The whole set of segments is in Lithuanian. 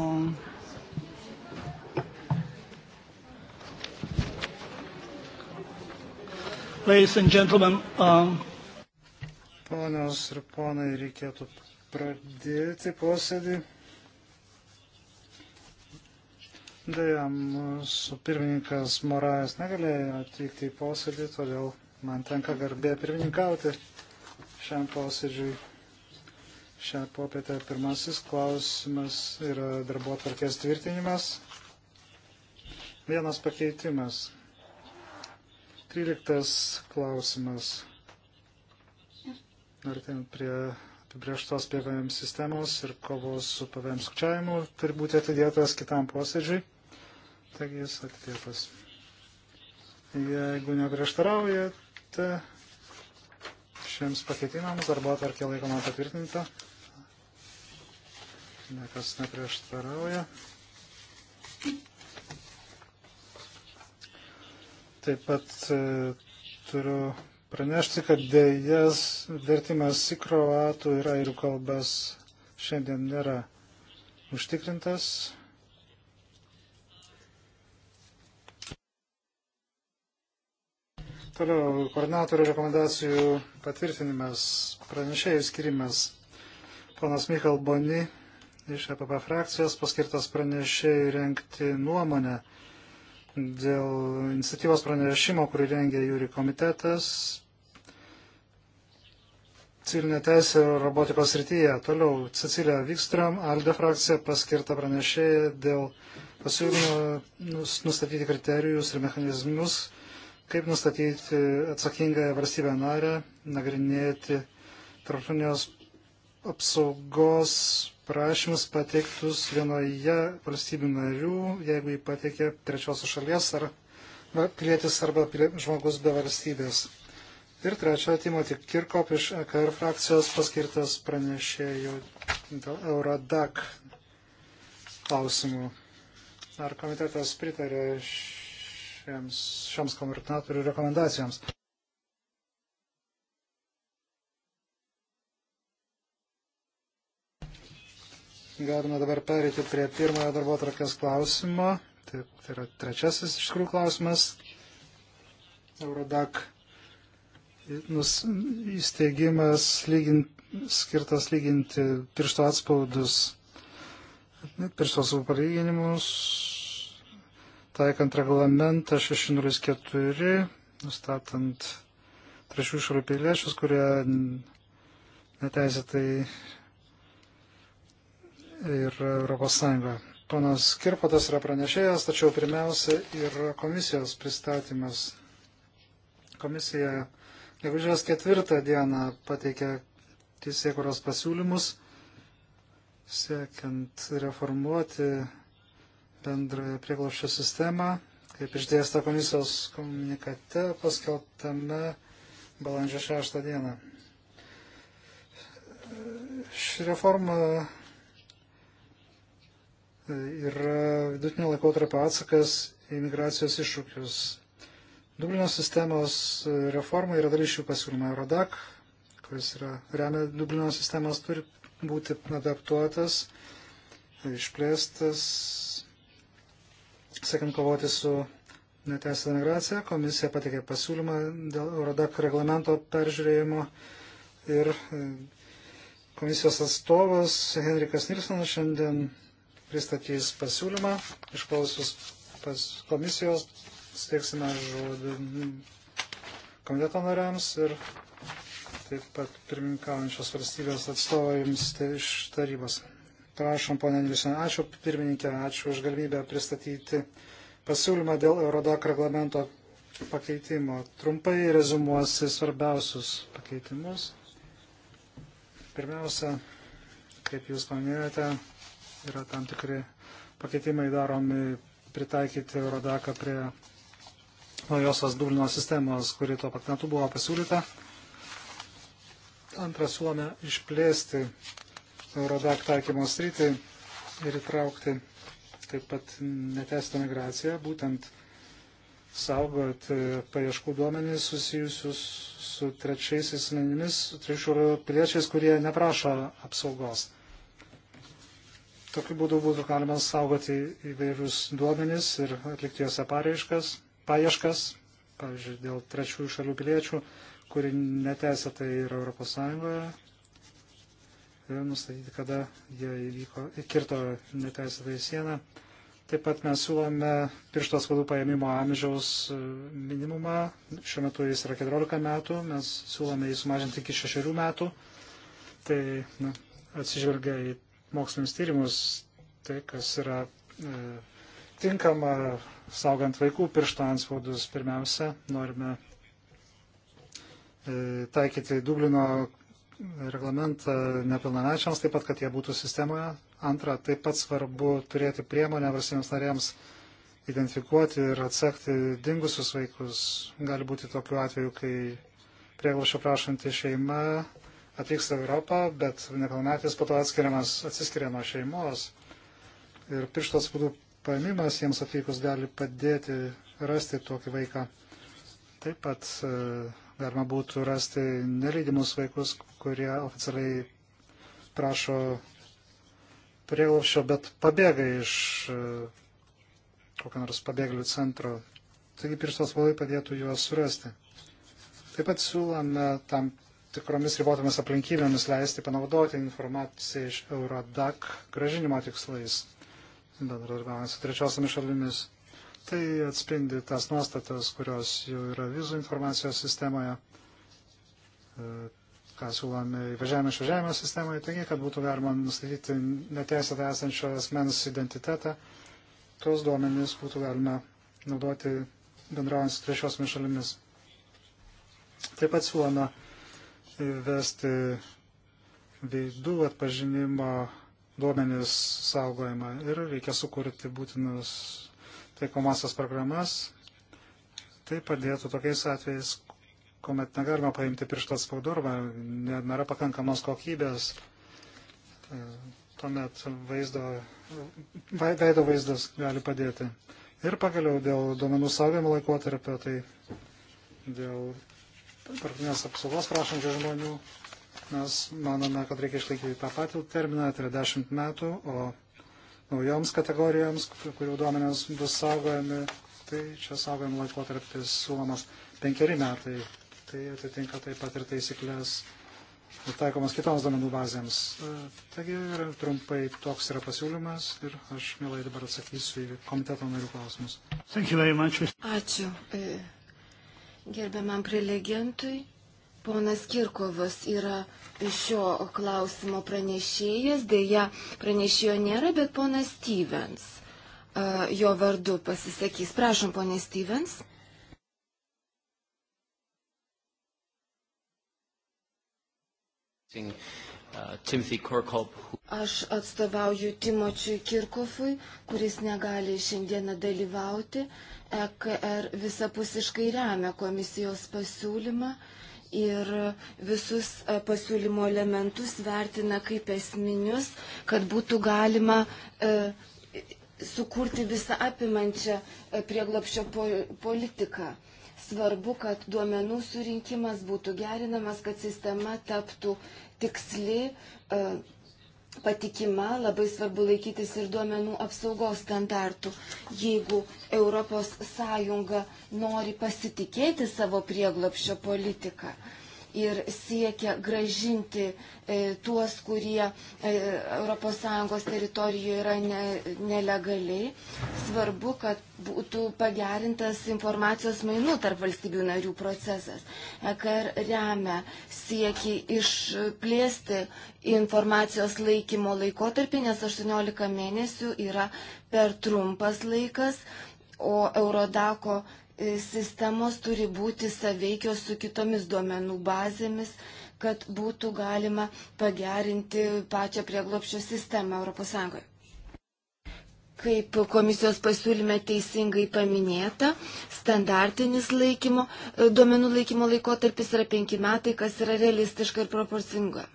on. Um, Ladies and gentlemen, um, Ponios ir ponai, reikėtų pradėti posėdį. Deja, mūsų pirmininkas Morajas negalėjo atvykti į posėdį, todėl man tenka garbė pirmininkauti šiam posėdžiui šią popietę. Pirmasis klausimas yra darbo atvarkės tvirtinimas. Vienas pakeitimas. Tryliktas klausimas. Artėjant prie apibrieštos PVM sistemos ir kovos su PVM skučiavimu turi būti atidėtas kitam posėdžiui. Taigi jis atidėtas. Jeigu neprieštaraujate šiems pakeitimams, darbo atvarkė laikoma patvirtinta. Niekas neprieštarauja. Taip pat e, turiu pranešti, kad dėjas vertimas į kroatų ir airių kalbas šiandien nėra užtikrintas. Toliau, koordinatorių rekomendacijų patvirtinimas, pranešėjų skirimas. Panas Michal Boni iš EPP frakcijos paskirtas pranešėjai renkti nuomonę dėl iniciatyvos pranešimo, kurį rengia jūri komitetas. Civilinė teisė robotikos srityje. Toliau Cecilija Vikström, Alde frakcija paskirta pranešėjai dėl pasiūlymo nustatyti kriterijus ir mechanizmus, kaip nustatyti atsakingąją valstybę narę, nagrinėti tarptautinės apsaugos prašymus pateiktus vienoje valstybių narių, jeigu jį pateikė trečiosios šalies ar pilietis arba žmogus be valstybės. Ir trečia, Timothy Kirkop iš EKR frakcijos paskirtas pranešėjų dėl Eurodac klausimų. Ar komitetas pritarė šiems, šiems koordinatorių rekomendacijoms? galime dabar perėti prie pirmojo darbo trakės klausimo. Tai, tai yra trečiasis iš tikrųjų klausimas. Eurodak nus, įsteigimas lygint, skirtas lyginti piršto atspaudus, piršto atspaudų palyginimus, taikant reglamentą 604, nustatant trečių šalių piliečius, kurie neteisėtai ir ES. Ponas Kirpotas yra pranešėjas, tačiau pirmiausia yra komisijos pristatymas. Komisija gegužės ketvirtą dieną pateikė teisėkuros pasiūlymus, siekiant reformuoti bendrąją prieglošio sistemą, kaip išdėsta komisijos komunikate paskeltame balandžio šeštą dieną. Ši reforma yra vidutinio laikotarpio atsakas į migracijos iššūkius. Dublino sistemos reforma yra dalis šių pasiūlymų. Eurodac, kuris yra, remia Dublino sistemas, turi būti adaptuotas, išplėstas, siekiant kovoti su neteisėta migracija. Komisija patikė pasiūlymą dėl Eurodac reglamento peržiūrėjimo ir e, komisijos atstovas Henrikas Nilsonas šiandien pristatys pasiūlymą. Išklausus pas komisijos, steiksime žodį komiteto nariams ir taip pat pirmininkaujančios valstybės atstovams tai iš tarybos. Prašom, ponė Nilsen, ačiū pirmininkė, ačiū už galimybę pristatyti pasiūlymą dėl Eurodak reglamento pakeitimo. Trumpai rezumuosi svarbiausius pakeitimus. Pirmiausia, kaip jūs paminėjote, yra tam tikri pakeitimai daromi pritaikyti Eurodaką prie naujosios Dublino sistemos, kuri tuo pat metu buvo pasiūlyta. Antra, siūlome išplėsti Eurodak taikymo sritį ir įtraukti taip pat netestą migraciją, būtent saugoti paieškų duomenys susijusius su trečiais asmenimis, trečių piliečiais, kurie neprašo apsaugos. Tokiu būdu būtų galima saugoti įvairius duomenis ir atlikti juose pareiškas, paieškas, pavyzdžiui, dėl trečiųjų šalių piliečių, kuri neteisėtai yra Europos Sąjungoje. Ir nustatyti, kada jie įvyko, kirto neteisėtai sieną. Taip pat mes siūlome piršto atspaudų paėmimo amžiaus e, minimumą. Šiuo metu jis yra 14 metų, mes siūlome jį sumažinti iki 6 metų. Tai na, atsižvelgia į mokslinius tyrimus, tai kas yra e, tinkama, saugant vaikų piršto anspaudus, pirmiausia, norime e, taikyti Dublino reglamentą nepilnamečiams, taip pat, kad jie būtų sistemoje. Antra, taip pat svarbu turėti priemonę valstybėms narėms identifikuoti ir atsekti dingusius vaikus. Gali būti tokiu atveju, kai prieglošio prašanti šeima atvyksta Europą, bet nepilnametis po to atskiriamas, atsiskiria nuo šeimos. Ir pirštos būdų paėmimas jiems atvykus gali padėti rasti tokį vaiką. Taip pat e, galima būtų rasti nelydimus vaikus, kurie oficialiai prašo prieglaušio, bet pabėga iš e, kokio nors pabėgėlių centro. Taigi pirštos valai padėtų juos surasti. Taip pat siūlome tam tikromis ribotomis aplinkybėmis leisti panaudoti informaciją iš Eurodac gražinimo tikslais, bendradarbiaujant su trečiosiamis šalimis. Tai atspindi tas nuostatas, kurios jau yra vizų informacijos sistemoje, e, ką siūlome įvažiavimo išvažiavimo sistemoje, taigi, kad būtų galima nustatyti neteisėtą esančio asmens identitetą, tuos duomenys būtų galima naudoti bendraujant su trečiosiamis šalimis. Taip pat siūlome įvesti veidų atpažinimo duomenys saugojimą ir reikia sukurti būtinus taikomasias programas. Tai padėtų tokiais atvejais, kuomet negalima paimti pirštą spaudų arba nėra pakankamos kokybės. E, tuomet vaizdo, veido vaizdas gali padėti. Ir pagaliau dėl duomenų saugojimo laikotarpio, tai dėl tarptautinės apsaugos prašančių žmonių, mes manome, kad reikia išlaikyti tą patį terminą, tai yra 10 metų, o naujoms kategorijoms, kurių duomenės bus saugojami, tai čia saugojimo laikotarpis siūlomas 5 metai. Tai atitinka taip pat ir taisyklės taikomas kitoms duomenų bazėms. E, taigi ir trumpai toks yra pasiūlymas ir aš mielai dabar atsakysiu į komiteto narių klausimus. Ačiū. E, Gerbiamam prelegentui, ponas Kirkovas yra šio klausimo pranešėjas, dėja pranešėjo nėra, bet ponas Stevens jo vardu pasisakys. Prašom, ponė Stevens. Aš atstovauju Timočiui Kirkofui, kuris negali šiandieną dalyvauti, EKR visapusiškai remia komisijos pasiūlymą ir visus e, pasiūlymo elementus vertina kaip esminius, kad būtų galima e, sukurti visą apimančią e, prieglapščio po, politiką. Svarbu, kad duomenų surinkimas būtų gerinamas, kad sistema taptų tiksli, e, patikima, labai svarbu laikytis ir duomenų apsaugos standartų. Jeigu ES nori pasitikėti savo prieglapšio politiką, ir siekia gražinti e, tuos, kurie e, ES teritorijoje yra ne, nelegaliai. Svarbu, kad būtų pagerintas informacijos mainų tarp valstybių narių procesas. EKR remia sieki išplėsti informacijos laikymo laikotarpį, nes 18 mėnesių yra per trumpas laikas, o Eurodako E, sistemos turi būti saveikios su kitomis duomenų bazėmis, kad būtų galima pagerinti pačią prieglopščio sistemą ES. Kaip komisijos pasiūlyme teisingai paminėta, standartinis laikymo, e, duomenų laikymo laikotarpis yra penki metai, kas yra realistiška ir proporcinga.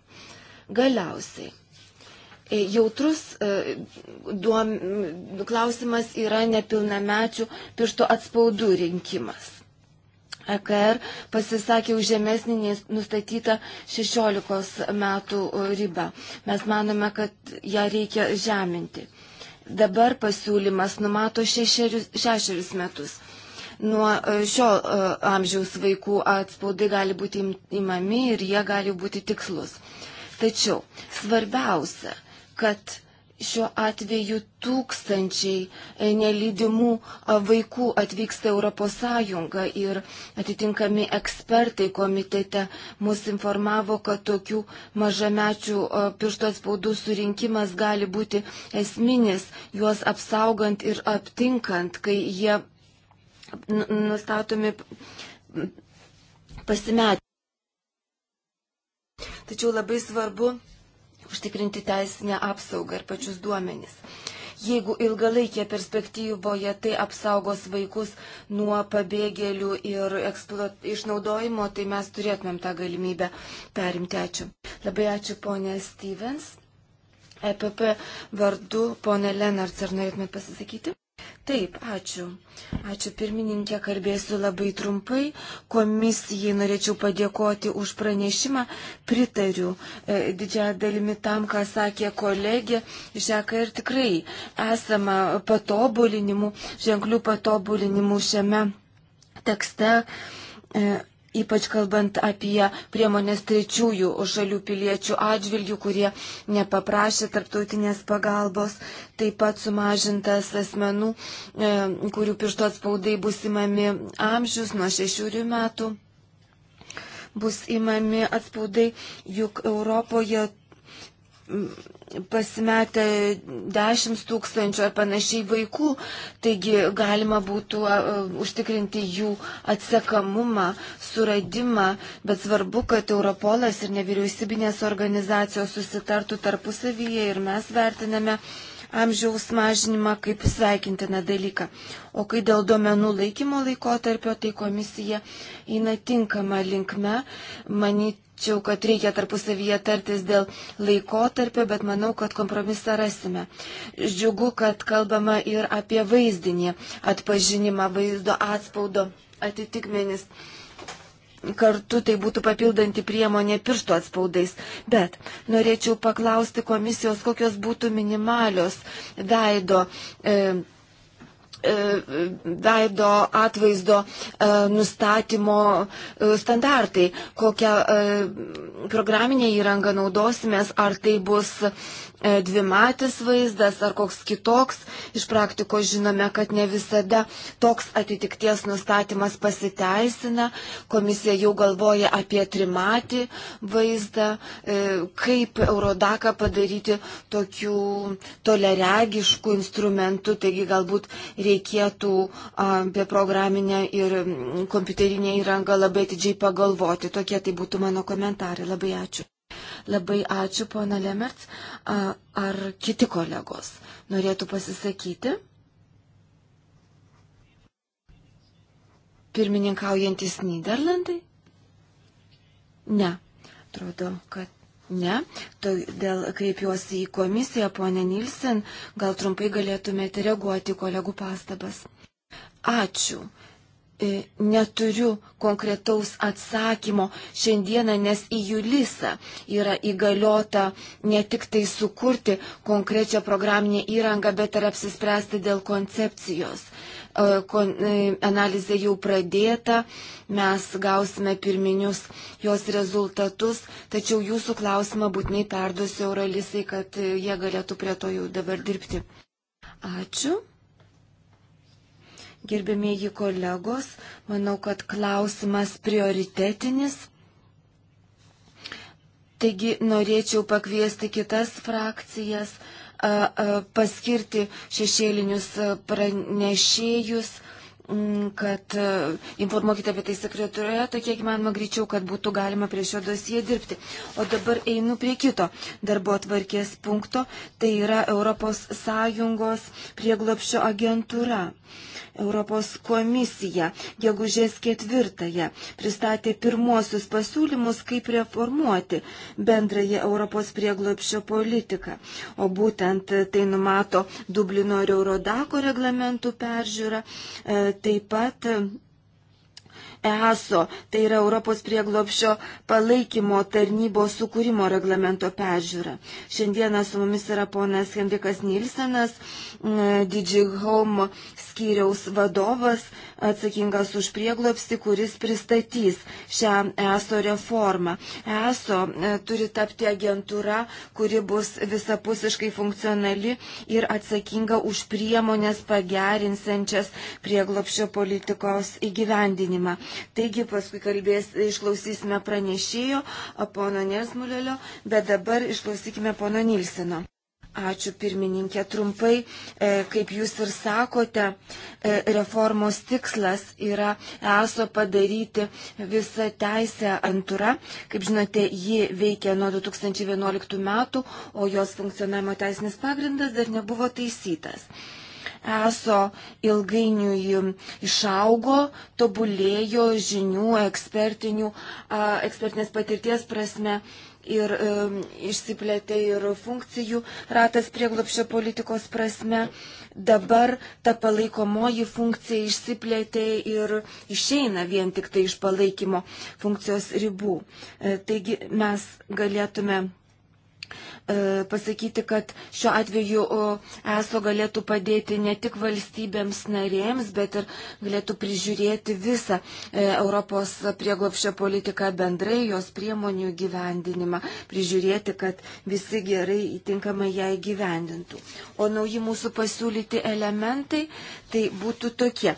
Galiausiai E, jautrus e, duom, klausimas yra nepilnamečių piršto atspaudų rinkimas. EKR pasisakė už žemesnį nustatytą 16 metų e, ribą. Mes manome, kad ją reikia žeminti. Dabar pasiūlymas numato šešerius, šešerius metus nuo šio amžiaus vaikų atspaudai gali būti imami ir jie gali būti tikslus. Tačiau svarbiausia kad šiuo atveju tūkstančiai e, nelydimų vaikų atvyksta Europos Sąjunga ir atitinkami ekspertai komitete mus informavo, kad tokių mažamečių pirštos spaudų surinkimas gali būti esminis, juos apsaugant ir aptinkant, kai jie nustatomi pasimetę. Tačiau labai svarbu užtikrinti teisinę apsaugą ir pačius duomenis. Jeigu ilgalaikė perspektyvoje tai apsaugos vaikus nuo pabėgėlių ir eksploat... išnaudojimo, tai mes turėtumėm tą galimybę perimti. Ačiū. Labai ačiū ponė Stevens. EPP vardu ponė Lenars, ar norėtumėt pasisakyti? Taip, ačiū. Ačiū pirmininkė, kalbėsiu labai trumpai. Komisijai norėčiau padėkoti už pranešimą. Pritariu e, didžiąją dalimi tam, ką sakė kolegė Žeka ir tikrai esama patobulinimų, ženklių patobulinimų šiame tekste. E, ypač kalbant apie priemonės trečiųjų šalių piliečių atžvilgių, kurie nepaprašė tarptautinės pagalbos, taip pat sumažintas asmenų, e, kurių piršto atspaudai bus imami amžius nuo šešiurių metų, bus imami atspaudai, juk Europoje pasimetę 10 tūkstančių ar panašiai vaikų, taigi galima būtų užtikrinti jų atsekamumą, suradimą, bet svarbu, kad Europolas ir nevyriausybinės organizacijos susitartų tarpusavyje ir mes vertiname amžiaus mažinimą kaip sveikintiną dalyką. O kai dėl duomenų laikymo laikotarpio, tai komisija eina tinkama linkme. Manyt, Tačiau, kad reikia tarpusavyje tartis dėl laikotarpio, bet manau, kad kompromisą rasime. Džiugu, kad kalbama ir apie vaizdinį atpažinimą, vaizdo atspaudo atitikmenis. Kartu tai būtų papildanti priemonė piršto atspaudais. Bet norėčiau paklausti komisijos, kokios būtų minimalios veido. E, E, veido atvaizdo e, nustatymo e, standartai, kokią programinę įrangą naudosimės, ar tai bus E, dvimatis vaizdas ar koks kitoks. Iš praktikos žinome, kad ne visada toks atitikties nustatymas pasiteisina. Komisija jau galvoja apie trimatį vaizdą, e, kaip Eurodaką padaryti tokių toleregiškų instrumentų. Taigi galbūt reikėtų apie programinę ir kompiuterinę įrangą labai atidžiai pagalvoti. Tokie tai būtų mano komentarai. Labai ačiū. Labai ačiū, pona Lemerts. Ar kiti kolegos norėtų pasisakyti? Pirmininkaujantis Niderlandai? Ne. Atrodo, kad Ne, todėl kreipiuosi į komisiją, ponė Nilsen, gal trumpai galėtumėte reaguoti kolegų pastabas. Ačiū. E, neturiu konkretaus atsakymo šiandieną, nes į Julisa yra įgaliota ne tik tai sukurti konkrečią programinę įrangą, bet ir apsispręsti dėl koncepcijos. E, e, analizė jau pradėta, mes gausime pirminius jos rezultatus, tačiau jūsų klausimą būtinai perduosiu Euralisai, kad jie galėtų prie to jau dabar dirbti. Ačiū. Gerbėmėji kolegos, manau, kad klausimas prioritetinis. Taigi norėčiau pakviesti kitas frakcijas, paskirti šešėlinius pranešėjus Mm, kad e, informuokite apie tai sekretoriatą, kiek manoma greičiau, kad būtų galima prie šio dosiją dirbti. O dabar einu prie kito darbo atvarkės punkto, tai yra Europos Sąjungos prieglopščio agentūra. Europos komisija gegužės ketvirtąją pristatė pirmuosius pasiūlymus, kaip reformuoti bendrąją Europos prieglopščio politiką. O būtent tai numato Dublino ir Eurodako reglamentų peržiūra, e, Taip pat EASO, tai yra Europos prieglopšio palaikymo tarnybos sukūrimo reglamento peržiūra. Šiandieną su mumis yra ponas Henrikas Nilsenas, DigiHome skyriaus vadovas, atsakingas už prieglopsti, kuris pristatys šią ESO reformą. ESO e, turi tapti agentūra, kuri bus visapusiškai funkcionali ir atsakinga už priemonės pagerinsiančias prieglopščio politikos įgyvendinimą. Taigi paskui kalbės, išklausysime pranešėjo, pono Nersmulelio, bet dabar išklausykime pono Nilsino. Ačiū pirmininkė. Trumpai, e, kaip jūs ir sakote, e, reformos tikslas yra ESO padaryti visą teisę antūrą. Kaip žinote, ji veikia nuo 2011 metų, o jos funkcionavimo teisinis pagrindas dar nebuvo taisytas. ESO ilgainiui išaugo, tobulėjo žinių, ekspertinių, ekspertinės patirties prasme ir e, išsiplėtė ir funkcijų ratas prieglopščio politikos prasme. Dabar ta palaikomoji funkcija išsiplėtė ir išeina vien tik tai iš palaikymo funkcijos ribų. E, taigi mes galėtume E, pasakyti, kad šiuo atveju ESO galėtų padėti ne tik valstybėms narėms, bet ir galėtų prižiūrėti visą e, Europos prieglopščio politiką bendrai, jos priemonių gyvendinimą, prižiūrėti, kad visi gerai įtinkamai ją įgyvendintų. O nauji mūsų pasiūlyti elementai tai būtų tokie.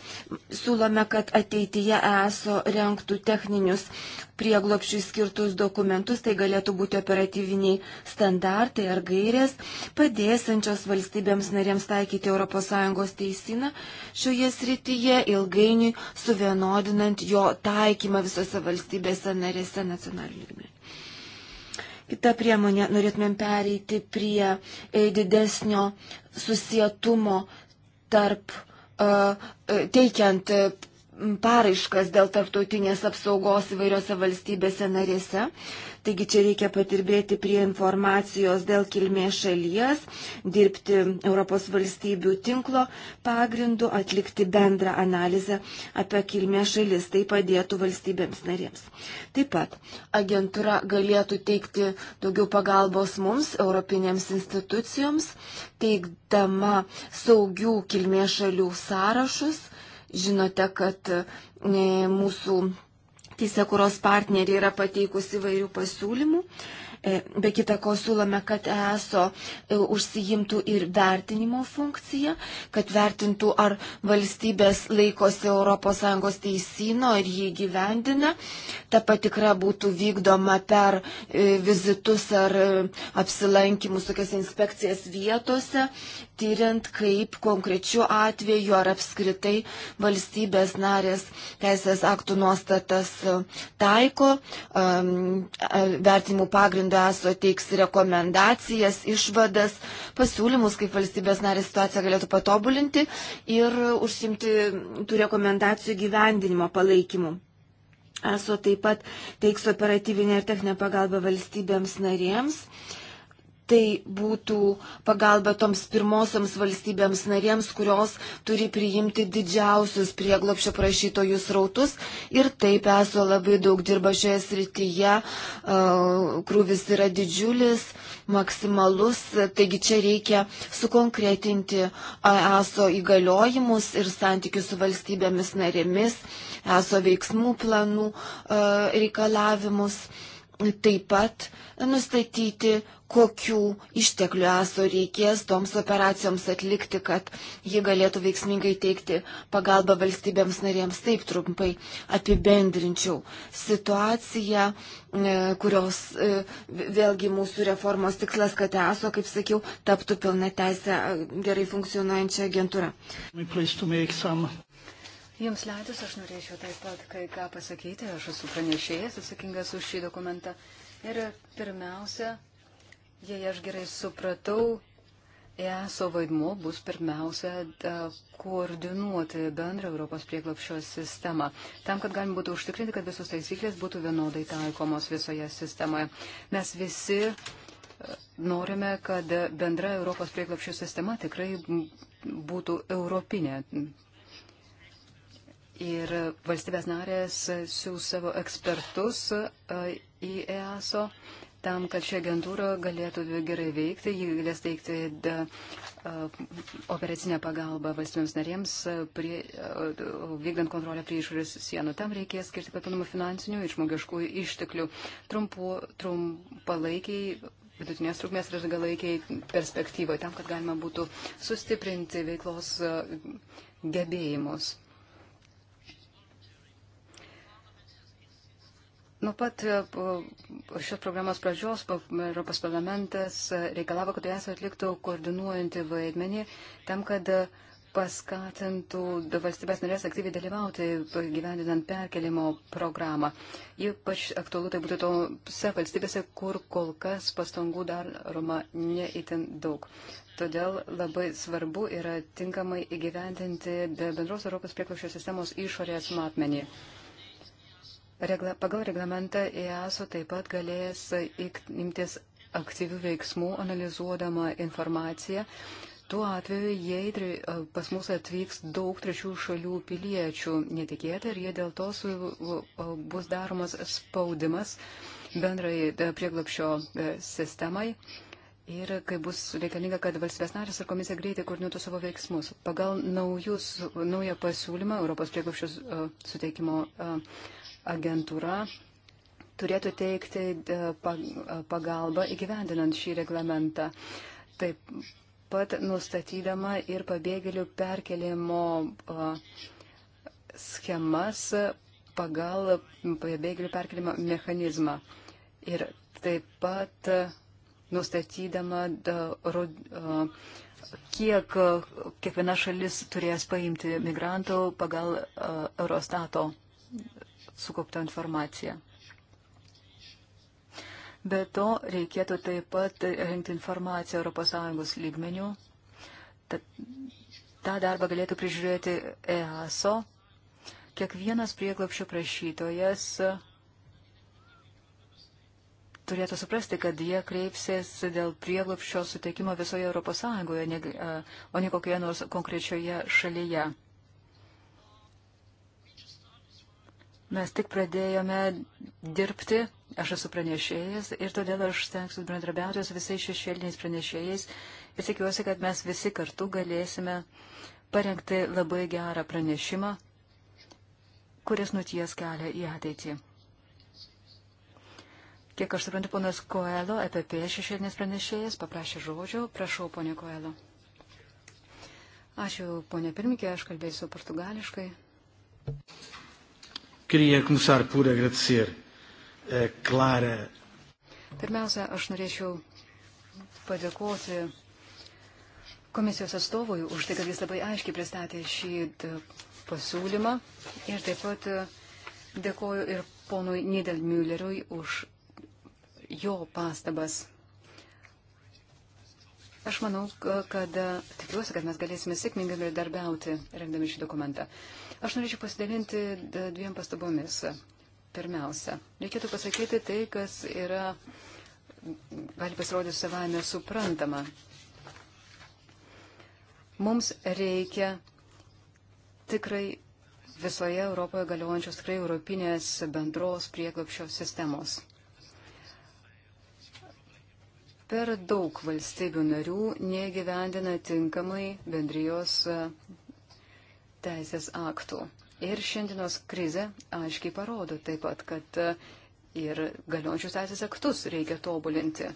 Siūlome, kad ateityje ESO renktų techninius prieglopšiui skirtus dokumentus, tai galėtų būti operatyviniai standartai ar gairės, padėsančios valstybėms narėms taikyti ES teisiną šioje srityje, ilgainiui suvienodinant jo taikymą visose valstybėse narėse nacionaliniu lygmeniu. Kita priemonė, norėtumėm pereiti prie e, didesnio susietumo tarp e, e, teikiant paraiškas dėl tarptautinės apsaugos įvairiose valstybėse narėse. Taigi čia reikia patirbėti prie informacijos dėl kilmės šalies, dirbti Europos valstybių tinklo pagrindu, atlikti bendrą analizę apie kilmės šalis. Tai padėtų valstybėms narėms. Taip pat agentūra galėtų teikti daugiau pagalbos mums, europinėms institucijoms, teikdama saugių kilmės šalių sąrašus Žinote, kad e, mūsų teisėkuros partneriai yra pateikusi vairių pasiūlymų. E, be kita ko siūlome, kad ESO e, užsijimtų ir vertinimo funkciją, kad vertintų, ar valstybės laikosi ES teisino ir jį gyvendina. Ta patikra būtų vykdoma per vizitus ar apsilankimus tokias inspekcijas vietose tyriant, kaip konkrečiu atveju ar apskritai valstybės narės teisės aktų nuostatas e, taiko, vertimų pagrindu esu teiks rekomendacijas, išvadas, pasiūlymus, kaip valstybės narės situaciją galėtų patobulinti ir užsimti tų rekomendacijų gyvendinimo palaikymu. ESO taip pat teiks operatyvinę ir techninę pagalbą valstybėms narėms. Uh, tai būtų pagalba toms pirmosioms valstybėms narėms, kurios turi priimti didžiausius prieglopšio prašytojų srautus. Ir taip esu labai daug dirba šioje srityje, krūvis yra didžiulis, maksimalus, taigi čia reikia sukonkretinti ESO įgaliojimus ir santykius su valstybėmis narėmis, ESO veiksmų planų reikalavimus. Uh, taip pat nustatyti, kokių išteklių eso reikės toms operacijoms atlikti, kad ji galėtų veiksmingai teikti pagalbą valstybėms narėms. Taip trumpai apibendrinčiau situaciją, e, kurios e, vėlgi mūsų reformos tikslas, kad eso, kaip sakiau, taptų pilna teisė gerai funkcionuojančią agentūrą. Jums leidus aš norėčiau taip pat kai ką pasakyti. Aš esu pranešėjas, atsakingas už šį dokumentą. Ir pirmiausia, jei aš gerai supratau, ESO vaidmuo bus pirmiausia da, koordinuoti bendrą Europos prieglapšio sistemą, tam, kad galim būtų užtikrinti, kad visos taisyklės būtų vienodai taikomos visoje sistemoje. Mes visi e, norime, kad bendra Europos prieglapšio sistema tikrai būtų europinė, ir valstybės narės siūs savo ekspertus e, į EASO tam, kad ši agentūra galėtų gerai veikti, ji galės teikti da, e, operacinę pagalbą valstybėms narėms, e, prie, vykdant kontrolę prie išorės sienų. Tam reikės skirti papildomų finansinių ir žmogiškų išteklių trumpų, trumpalaikiai vidutinės trukmės ir ilgalaikiai perspektyvoje, tam, kad galima būtų sustiprinti veiklos gebėjimus. Nuo pat e, šios programos pradžios Europos parlamentas e, reikalavo, kad ES atliktų koordinuojantį vaidmenį tam, kad paskatintų valstybės narės aktyviai dalyvauti gyvendinant perkelimo programą. Ypač aktualu tai būtų tose valstybėse, kur kol kas pastangų daroma neįtin daug. Todėl labai svarbu yra tinkamai įgyvendinti bendros Europos prieklaušio sistemos išorės matmenį regla, pagal reglamentą EASO taip pat galės imtis aktyvių veiksmų, analizuodama informaciją. Tuo atveju, jei pas mus atvyks daug trečių šalių piliečių netikėtai ir jie dėl to su, bus daromas spaudimas bendrai prieglapšio sistemai. Ir kai bus reikalinga, kad valstybės narės ir komisija greitai koordinuotų savo veiksmus. Pagal naujus, naują pasiūlymą Europos prieglapščios uh, suteikimo uh, agentūra turėtų teikti e, e, pagalbą įgyvendinant šį reglamentą. Taip pat nustatydama ir pabėgėlių perkelimo e, schemas pagal pabėgėlių perkelimo mechanizmą. Ir taip pat nustatydama, kiek kiekviena šalis turės paimti migrantų pagal Eurostato sukauptą informaciją. Be to, reikėtų taip pat rinkti informaciją ES lygmenių. Ta, tą darbą galėtų prižiūrėti EASO. Kiekvienas prieglapšio prašytojas turėtų suprasti, kad jie kreipsės dėl prieglapščio suteikimo visoje ES, o ne kokioje nors konkrečioje šalyje. Mes tik pradėjome dirbti, aš esu pranešėjas ir todėl aš stengsiu bendrabiauti su visais šešėliniais pranešėjais ir tikiuosi, kad mes visi kartu galėsime parengti labai gerą pranešimą, kuris nuties kelią į ateitį. Kiek aš suprantu, ponas Koelo, EPP šešėlinis pranešėjas, paprašė žodžio. Prašau, ponė Koelo. Ačiū, ponė pirmikė, aš kalbėsiu portugališkai. Queria começar por agradecer a Clara. Pirmiausia, aš norėčiau padėkoti komisijos atstovui už tai, kad jis labai aiškiai pristatė šį e, pasiūlymą. Ir taip pat e, dėkoju ir ponui Niedelmülleriui už jo pastabas. Aš manau, kad e, tikiuosi, kad mes galėsime sėkmingai darbiauti, remdami šį dokumentą. Aš norėčiau pasidalinti e, dviem pastabomis. Pirmiausia, reikėtų pasakyti tai, kas yra, gali pasirodyti savame suprantama. Mums reikia tikrai visoje Europoje galiojančios tikrai europinės bendros prieglapščio sistemos. Per daug valstybių narių negyvendina tinkamai bendrijos teisės aktų. Ir šiandienos krize aiškiai parodo taip pat, kad e, ir galiojančius teisės aktus reikia tobulinti.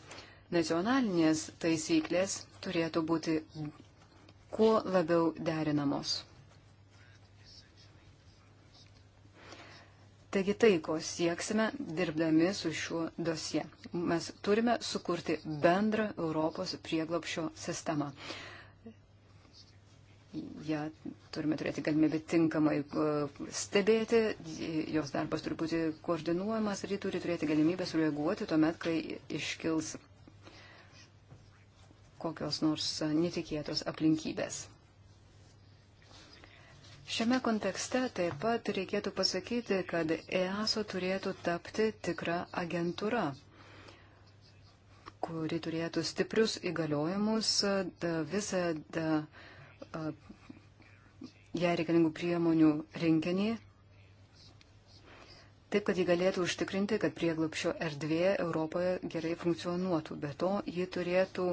Nacionalinės taisyklės turėtų būti kuo labiau derinamos. Taigi tai, ko sieksime dirbdami su šiuo dosie. Mes turime sukurti bendrą Europos prieglapšio sistemą ją ja, turime turėti galimybę tinkamai e, stebėti, jos darbas turi būti koordinuojamas ir ji turi turėti galimybę sureaguoti tuomet, kai iškils kokios nors netikėtos aplinkybės. Šiame kontekste taip pat reikėtų pasakyti, kad EASO turėtų tapti tikrą agentūrą, kuri turėtų stiprius įgaliojimus visą jai reikalingų priemonių rinkinį, taip kad ji galėtų užtikrinti, kad prieglopšio erdvė Europoje gerai funkcionuotų. Be to, ji turėtų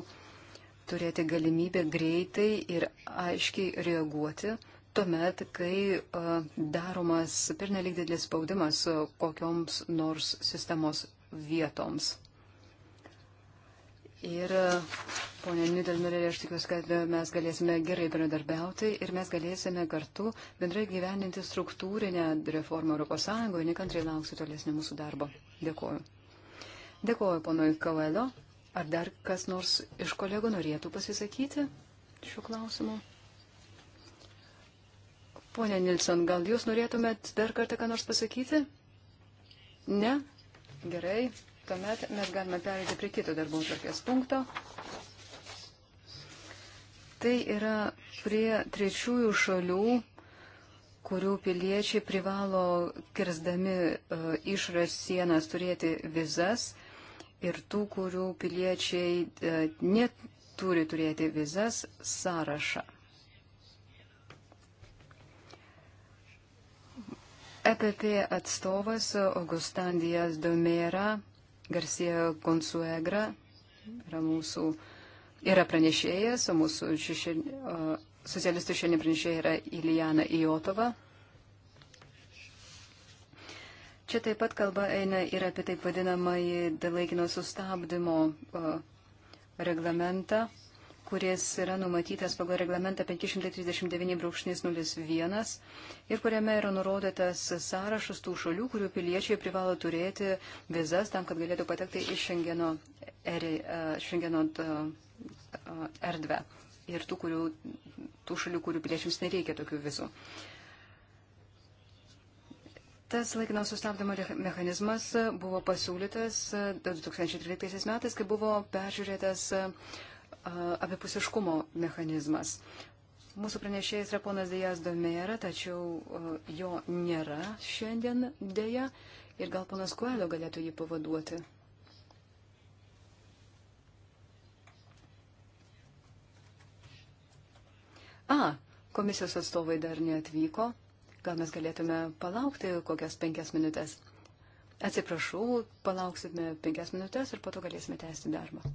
turėti galimybę greitai ir aiškiai reaguoti tuomet, kai daromas pernelyg didelis spaudimas kokioms nors sistemos vietoms. Ir e, Pone Nidelmirė, aš tikiuosi, kad mes galėsime gerai bendradarbiauti ir mes galėsime kartu bendrai gyveninti struktūrinę reformą ES. Nekantrai lauksiu tolesnio mūsų darbo. Dėkuoju. Dėkuoju ponui Kauelo. Ar dar kas nors iš kolegų norėtų pasisakyti šiuo klausimu? Pone Nilsson, gal jūs norėtumėt dar kartą ką nors pasakyti? Ne? Gerai. Tuomet mes galime perėti prie kito darbo tvarkės punkto. Tai yra prie trečiųjų šalių, kurių piliečiai privalo kirsdami e, išras sienas turėti vizas ir tų, kurių piliečiai e, neturi turėti vizas sąrašą. EPP atstovas Augustandijas Domėra Garcia Consuegra yra mūsų, yra pranešėjas, o mūsų šešien, socialistų šiandien pranešėja yra Ilijana Ijotova. Čia taip pat kalba eina ir apie taip vadinamąjį laikino sustabdymo reglamentą kuris yra numatytas pagal reglamentą 539.01 ir kuriame yra nurodytas sąrašas tų šalių, kurių piliečiai privalo turėti vizas tam, kad galėtų patekti į Šengeno, er, šengeno erdvę ir tų, kurių, tų šalių, kurių piliečiams nereikia tokių vizų. Tas laikino sustabdymo mechanizmas buvo pasiūlytas 2013 metais, kai buvo peržiūrėtas uh, abipusiškumo mechanizmas. Mūsų pranešėjas yra ponas Dėjas Domėra, tačiau e, jo nėra šiandien dėja ir gal ponas Kuelio galėtų jį pavaduoti. A, komisijos atstovai dar neatvyko. Gal mes galėtume palaukti kokias penkias minutės? Atsiprašau, palauksime penkias minutės ir po to galėsime tęsti darbą.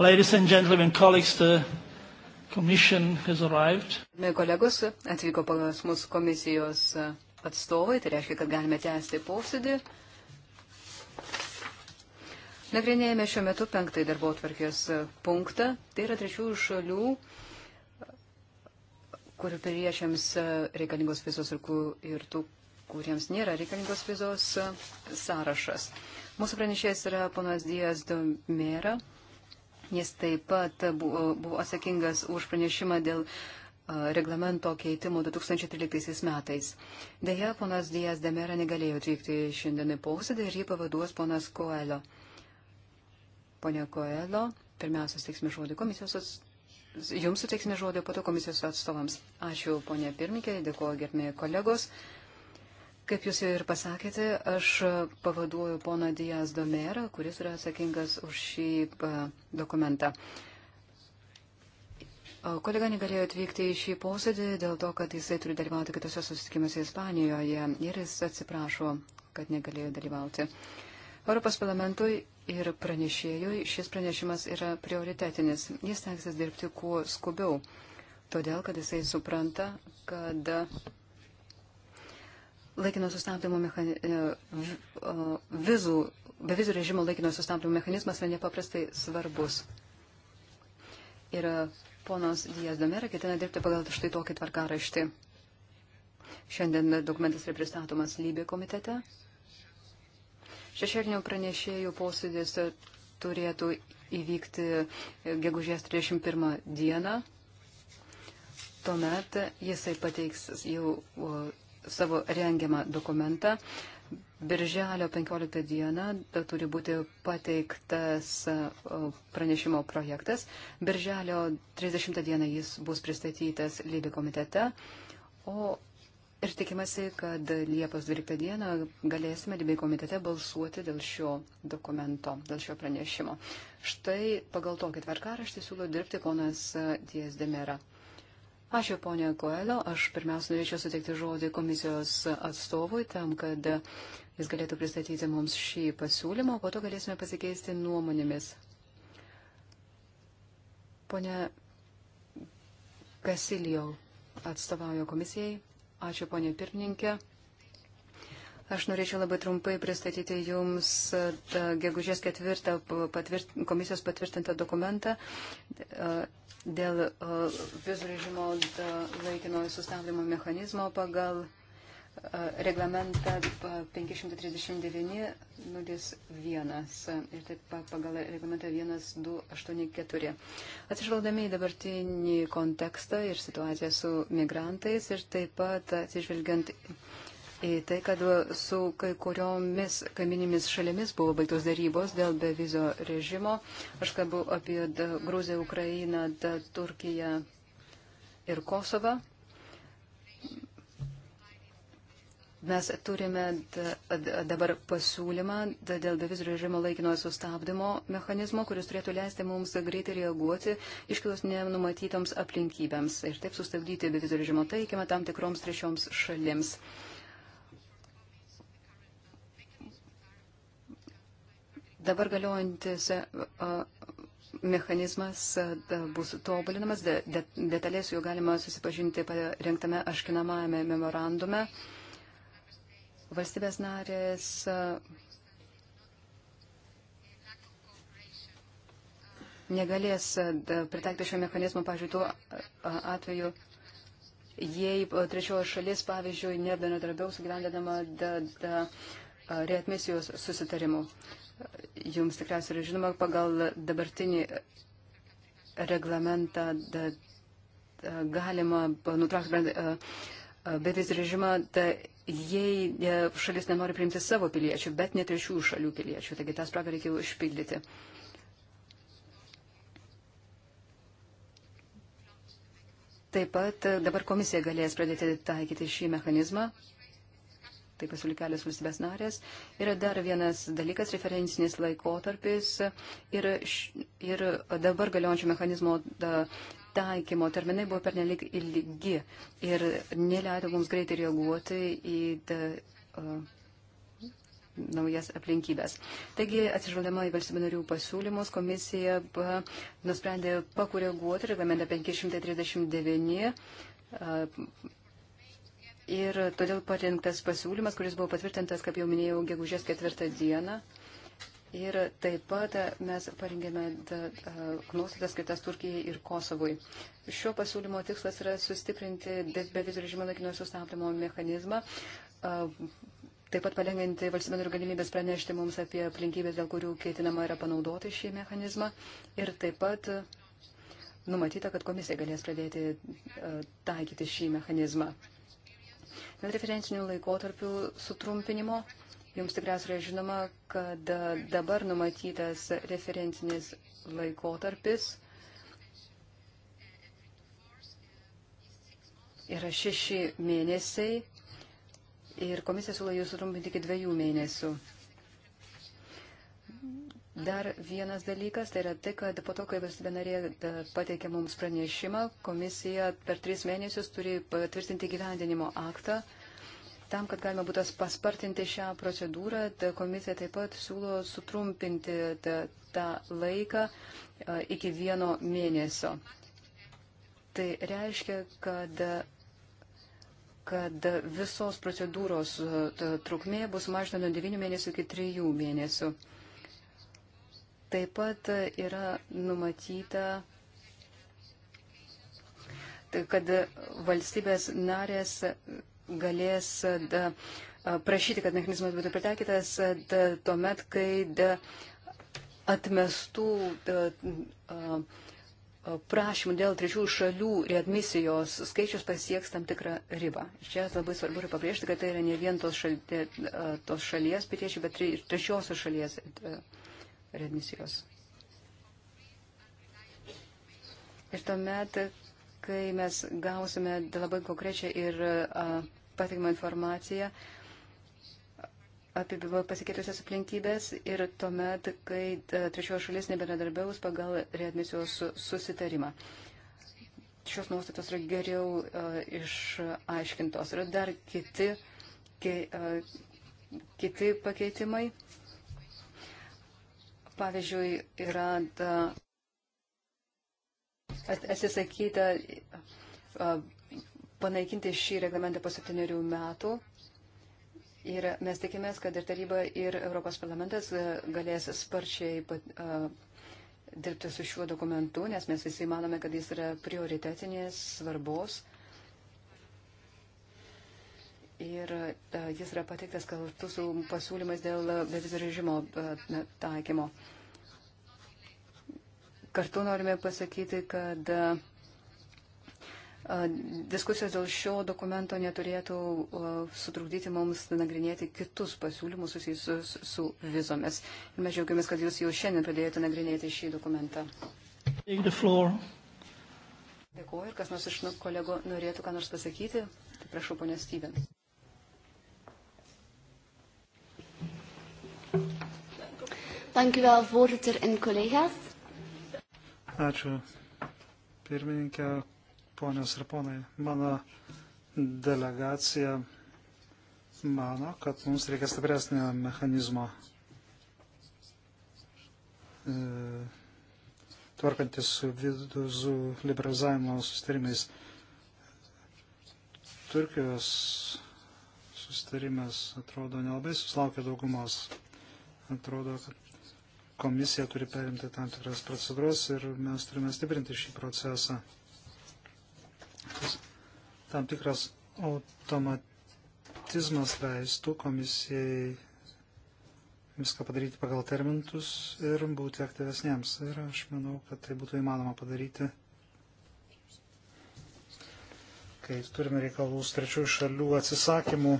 Ladies and gentlemen, colleagues, the commission has arrived. Mėly kolegos, atvyko pas mūsų komisijos atstovai, tai reiškia, kad galime tęsti posėdį. Nagrinėjame šiuo metu penktąjį darbo atvarkės punktą, tai yra trečiųjų šalių, kurių piliečiams reikalingos vizos ir, kur, ir tų, kuriems nėra reikalingos vizos sąrašas. Mūsų pranešėjas yra ponas Dijas Domera. Jis taip pat buvo, buvo atsakingas už pranešimą dėl reglamento keitimo 2013 metais. Deja, ponas Dijas Demera negalėjo atvykti šiandien į posėdį ir jį pavaduos ponas Koelio. Pone Koelio, pirmiausia, teiksime žodį komisijos atstovui. Jums suteiksime žodį po to komisijos atstovams. Ačiū, ponė pirmininkė, dėkuoju gerbėjai kolegos. Kaip jūs jau ir pasakėte, aš pavaduoju poną Dijas Domerą, kuris yra atsakingas už šį dokumentą. Kolega negalėjo atvykti į šį posėdį dėl to, kad jisai turi dalyvauti kitose susitikimuose Ispanijoje ir jis atsiprašo, kad negalėjo dalyvauti. Europos parlamentui ir pranešėjui šis pranešimas yra prioritetinis. Jis tenksis dirbti kuo skubiau, todėl kad jisai supranta, kad laikino sustabdymo mechanizmo, e, vizų, bevizų režimo laikino sustabdymo mechanizmas yra nepaprastai svarbus. Ir e, ponas Dijas Domera ketina dirbti pagal štai tokį tvarkaraštį. Šiandien dokumentas yra pristatomas lybė komitete. Šešėlinio pranešėjų posėdis turėtų įvykti gegužės 31 dieną. Tuomet jisai pateiks jau savo rengiamą dokumentą. Birželio 15 dieną turi būti pateiktas pranešimo projektas. Birželio 30 dieną jis bus pristatytas Lybi komitete. O ir tikimasi, kad Liepos 12 dieną galėsime Lybi komitete balsuoti dėl šio dokumento, dėl šio pranešimo. Štai pagal tokį tvarkaraštį siūlo dirbti ponas Dies Demera. Ačiū, ponė Koelio. Aš pirmiausia norėčiau suteikti žodį komisijos atstovui tam, kad jis galėtų pristatyti mums šį pasiūlymą, o po to galėsime pasikeisti nuomonėmis. Pone Kasilijau atstovauja komisijai. Ačiū, ponė pirmininkė. Aš norėčiau labai trumpai pristatyti Jums e, gegužės ketvirtą patvirt, komisijos patvirtintą dokumentą e, dėl e, vizų režimo laikinojo sustabdymo mechanizmo pagal reglamentą 539.01 ir taip pagal reglamentą 1284. Atsižvelgdami į dabartinį kontekstą ir situaciją su migrantais ir taip pat atsižvelgiant į tai, kad su kai kuriomis kaiminimis šalimis buvo baigtos darybos dėl bevizio režimo. Aš kalbu apie Gruziją, Ukrainą, Turkiją ir Kosovą. Mes turime dabar pasiūlymą dėl bevizio režimo laikinojo sustabdymo mechanizmo, kuris turėtų leisti mums greitai reaguoti iškilus nenumatytoms aplinkybėms ir taip sustabdyti bevizio režimo taikymą tam tikroms trečioms šalims. Uh, Dabar galiojantis e, e, mechanizmas e, bus tobulinamas, detalės su juo galima susipažinti parengtame aškinamajame memorandume. Valstybės narės negalės pritaikti šio mechanizmo, pavyzdžiui, tuo atveju, jei trečiojo šalis, pavyzdžiui, nebendradarbiaus gyvendinama readmisijos susitarimu jums tikriausiai yra žinoma, pagal dabartinį reglamentą da, da, galima nutraukti bevizį režimą, da, jei e, šalis nenori priimti savo piliečių, bet net ir šių šalių piliečių. Taigi tą spragą reikėjo išpildyti. Taip pat e, dabar komisija galės pradėti taikyti šį mechanizmą tai pasiūlė kelias valstybės narės. Yra dar vienas dalykas, referencinis laikotarpis ir, ir dabar galiojančio mechanizmo da, taikymo terminai buvo pernelik ilgi ir neleido mums greitai reaguoti į da, uh, naujas aplinkybės. Taigi, atsižvaldama į valstybių narių pasiūlymus, komisija ba, nusprendė pakoreguoti reglamentą 539. Uh, Ir todėl parinktas pasiūlymas, kuris buvo patvirtintas, kaip jau minėjau, gegužės ketvirtą dieną. Ir taip pat mes parengėme nuostatas skirtas Turkijai ir Kosovui. Šio pasiūlymo tikslas yra sustiprinti bevizų režimo laikinio sustabdymo mechanizmą, taip pat palengvinti valstybių ir galimybės pranešti mums apie aplinkybės, dėl kurių keitinama yra panaudoti šį mechanizmą. Ir taip pat numatyta, kad komisija galės pradėti taikyti šį mechanizmą. Dėl referencinių laikotarpių sutrumpinimo, jums tikriausiai yra žinoma, kad dabar numatytas referencinis laikotarpis yra šeši mėnesiai ir komisija siūlo jūs sutrumpinti iki dviejų mėnesių. Dar vienas dalykas, tai yra tai, kad po to, kai valstybė narė e, pateikė mums pranešimą, komisija per tris mėnesius turi patvirtinti gyvendinimo aktą. Tam, kad galima būtų paspartinti šią procedūrą, komisija taip pat siūlo sutrumpinti tą laiką e, iki vieno mėnesio. Tai reiškia, kad kad visos procedūros e, trukmė bus mažinama nuo 9 mėnesių iki 3 mėnesių. Taip pat yra numatyta, tai kad valstybės narės galės da, prašyti, kad mechanizmas būtų pritaikytas da, tuomet, kai da, atmestų da, a, prašymų dėl trečių šalių readmisijos skaičius pasieks tam tikrą ribą. Čia labai svarbu yra pabrėžti, kad tai yra ne vien tos, šal, tos šalies piliečiai, bet trečiosios šalies redmisijos. Ir tuomet, kai mes gausime labai konkrečią ir patikimą informaciją apie pasikeitusias aplinkybės ir tuomet, kai trečiojo šalis nebenadarbiaus pagal readmisijos susitarimą šios nuostatos yra geriau uh, išaiškintos. Yra dar kiti, ke, ki, uh, kiti pakeitimai pavyzdžiui, yra da, atsisakyta panaikinti šį reglamentą po septyniarių metų. Ir mes tikimės, kad ir taryba, ir Europos parlamentas galės sparčiai dirbti su šiuo dokumentu, nes mes visi manome, kad jis yra prioritetinės svarbos ir e, jis yra pateiktas kartu su pasiūlymais dėl bevizio režimo e, taikymo. Kartu norime pasakyti, kad e, diskusijos dėl šio dokumento neturėtų sutrukdyti mums nagrinėti kitus pasiūlymus susijusius su vizomis. Ir mes džiaugiamės, kad jūs jau šiandien pradėjote nagrinėti šį dokumentą. Dėkuoju ir kas nors iš nu- kolegų norėtų ką nors pasakyti. Tai prašau, ponė Stevens. Dank u wel, voorzitter en collega's. Ačiū, pirmininkė, ponios ir ponai. Mano delegacija mano, kad mums reikia stipresnio mechanizmo e, tvarkantis su viduzų liberalizavimo sustarimais. Turkijos sustarimas atrodo nelabai susilaukė daugumos. Atrodo, kad komisija turi perimti tam tikras procedūras ir mes turime stiprinti šį procesą. Tas tam tikras automatizmas leistų komisijai viską padaryti pagal termintus ir būti aktyvesniems. Ir aš manau, kad tai būtų įmanoma padaryti, kai turime reikalų trečiųjų šalių atsisakymų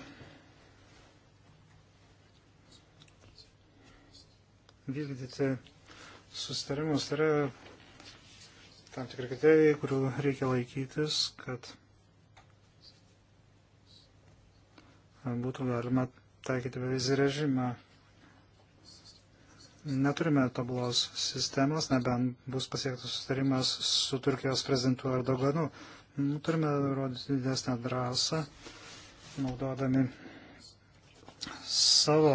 vykdyti sustarimus. Tai yra tam tikri kriterijai, kurių reikia laikytis, kad būtų galima taikyti bevizį režimą. Neturime tobulos sistemos, nebent bus pasiektas sustarimas su Turkijos prezidentu Erdoganu. Turime rodyti didesnę drąsą, naudodami savo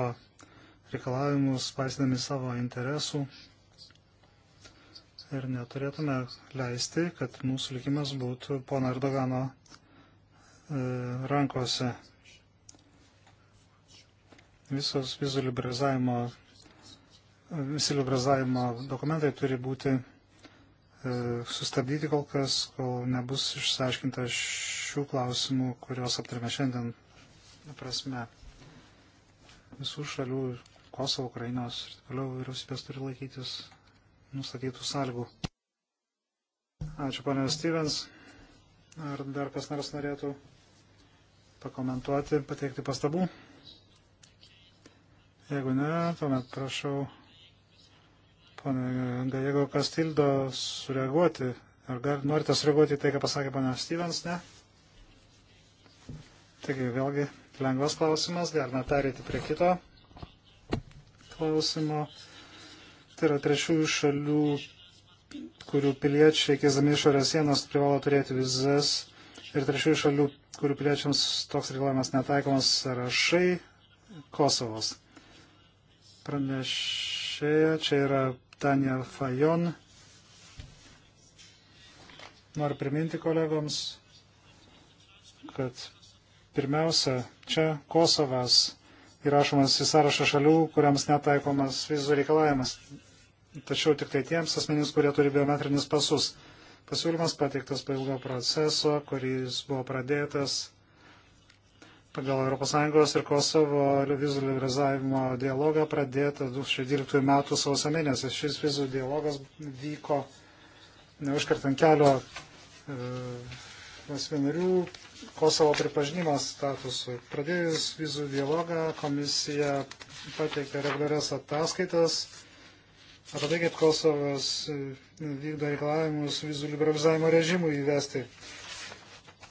reikalavimus, paisydami savo interesų. Ir neturėtume leisti, kad mūsų likimas būtų pono Erdogano e, rankose. Visos vizų liberalizavimo, visi liberalizavimo dokumentai turi būti e, sustabdyti kol kas, kol nebus išsiaiškinta šių klausimų, kuriuos aptarėme šiandien prasme. Visų šalių Kosovo, Ukrainos ir toliau vyriausybės turi laikytis nustatytų sąlygų. Ačiū, panė Stevens. Ar dar kas nors norėtų pakomentuoti, pateikti pastabų? Jeigu ne, tuomet prašau ponė Gajego Kastildo sureaguoti. Ar gal, norite sureaguoti į tai, ką pasakė ponė Stevens? Ne? Taigi vėlgi lengvas klausimas, galime perėti prie kito klausimo. Tai yra trečiųjų šalių, kurių piliečiai, keisdami išorės sienas, privalo turėti vizas. Ir trečiųjų šalių, kurių piliečiams toks reikalavimas netaikomas sąrašai Kosovos. Pranešėja, čia yra Tanja Fajon. Noriu priminti kolegoms, kad pirmiausia, čia Kosovas įrašomas į sąrašą šalių, kuriams netaikomas vizų reikalavimas. Tačiau tik tai tiems asmenys, kurie turi biometrinis pasus. Pasiūlymas pateiktas po ilgo proceso, kuris buvo pradėtas pagal ES ir Kosovo vizų liberalizavimo dialogą pradėtą 2012 m. sausio mėnesį. Šis vizų dialogas vyko neužkartant kelio e, asmenarių Kosovo pripažinimo statusui. Pradėjus vizų dialogą, komisija pateikė reguliarias ataskaitas apie tai, kaip Kosovas e, vykdo reikalavimus vizų liberalizavimo režimui įvesti.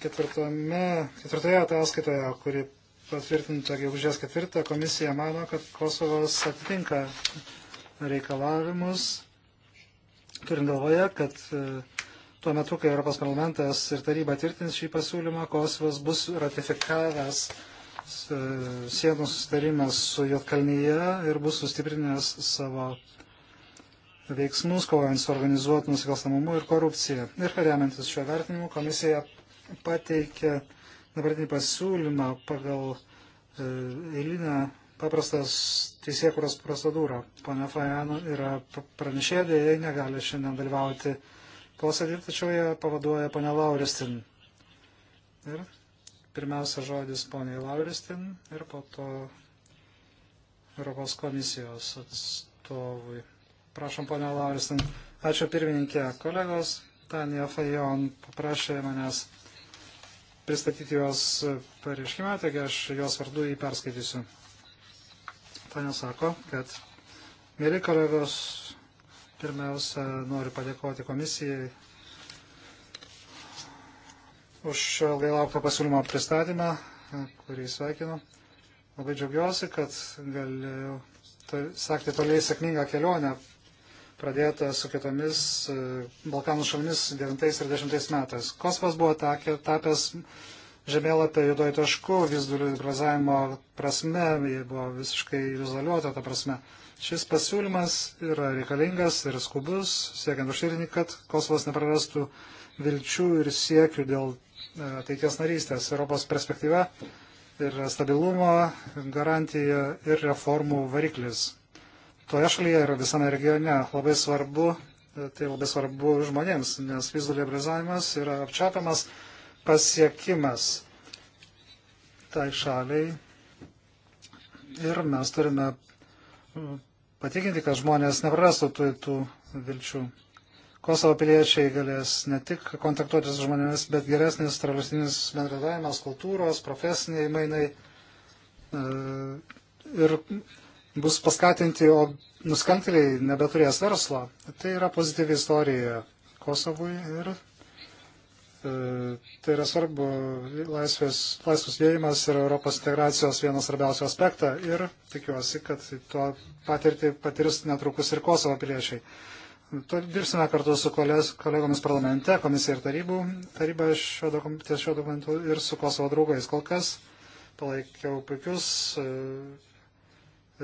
Ketvirtame, ketvirtoje ataskaitoje, kuri patvirtinta gegužės ketvirtą, komisija mano, kad Kosovas atitinka reikalavimus, turint galvoje, kad e, tuo metu, kai Europos parlamentas ir taryba tvirtins šį pasiūlymą, Kosovas bus ratifikavęs e, sienų sustarimas su Jotkalnyje ir bus sustiprinęs savo veiksmus, kovojant su organizuotų nusikalstamumu ir korupcija. Ir remiantis šio vertinimu, komisija pateikė dabartinį pasiūlymą pagal e, eilinę paprastą teisėkuros procedūrą. Pone Fajano yra pranešėdė, jie negali šiandien dalyvauti posėdį, tačiau ją pavaduoja ponia Lauristin. Ir pirmiausia žodis poniai Lauristin ir po to Europos komisijos atstovui. Prašom, ponia Lauristin. Ačiū pirmininkė. Kolegos Tanja Fajon paprašė manęs pristatyti jos pareiškimą, taigi aš jos vardu jį perskaitysiu. Tanja sako, kad, mėly kolegos, Pirmiausia, noriu padėkoti komisijai už ilgai lauktą pasiūlymo pristatymą, kurį sveikinu. Labai džiaugiuosi, kad galiu to, sakti toliai sėkmingą kelionę, pradėtą su kitomis e, Balkanų šalimis 9 ir 10 metais. Kosovas buvo tapęs žemėlapio judoji tašku, vizdų liberalizavimo prasme, jie buvo visiškai izoliuota ta prasme. Šis pasiūlymas yra reikalingas ir skubus, siekiant užtikrinti, kad Kosovas neprarastų vilčių ir siekių dėl e, ateities narystės. Europos perspektyva yra stabilumo garantija ir reformų variklis. Toje šalyje ir visame regione labai svarbu, e, tai labai svarbu žmonėms, nes vizų liberalizavimas yra apčiapiamas pasiekimas tai šaliai. Ir mes turime patikinti, kad žmonės neprarastų tų, tų vilčių. Kosovo piliečiai galės ne tik kontaktuoti su žmonėmis, bet geresnis tarptautinis bendradavimas, kultūros, profesiniai mainai e, ir bus paskatinti, o nuskantėliai nebeturės verslo. Tai yra pozityvi istorija Kosovui ir E, tai yra svarbu, laisvės, laisvės jėjimas ir Europos integracijos vienas svarbiausių aspektą ir tikiuosi, kad tuo patirtį patirs netrukus ir Kosovo priešiai. To dirbsime kartu su kolegos, kolegomis parlamente, komisija ir tarybų, taryba šio dokumentu, šio dokumentu ir su Kosovo draugais. Kol kas palaikiau puikius e,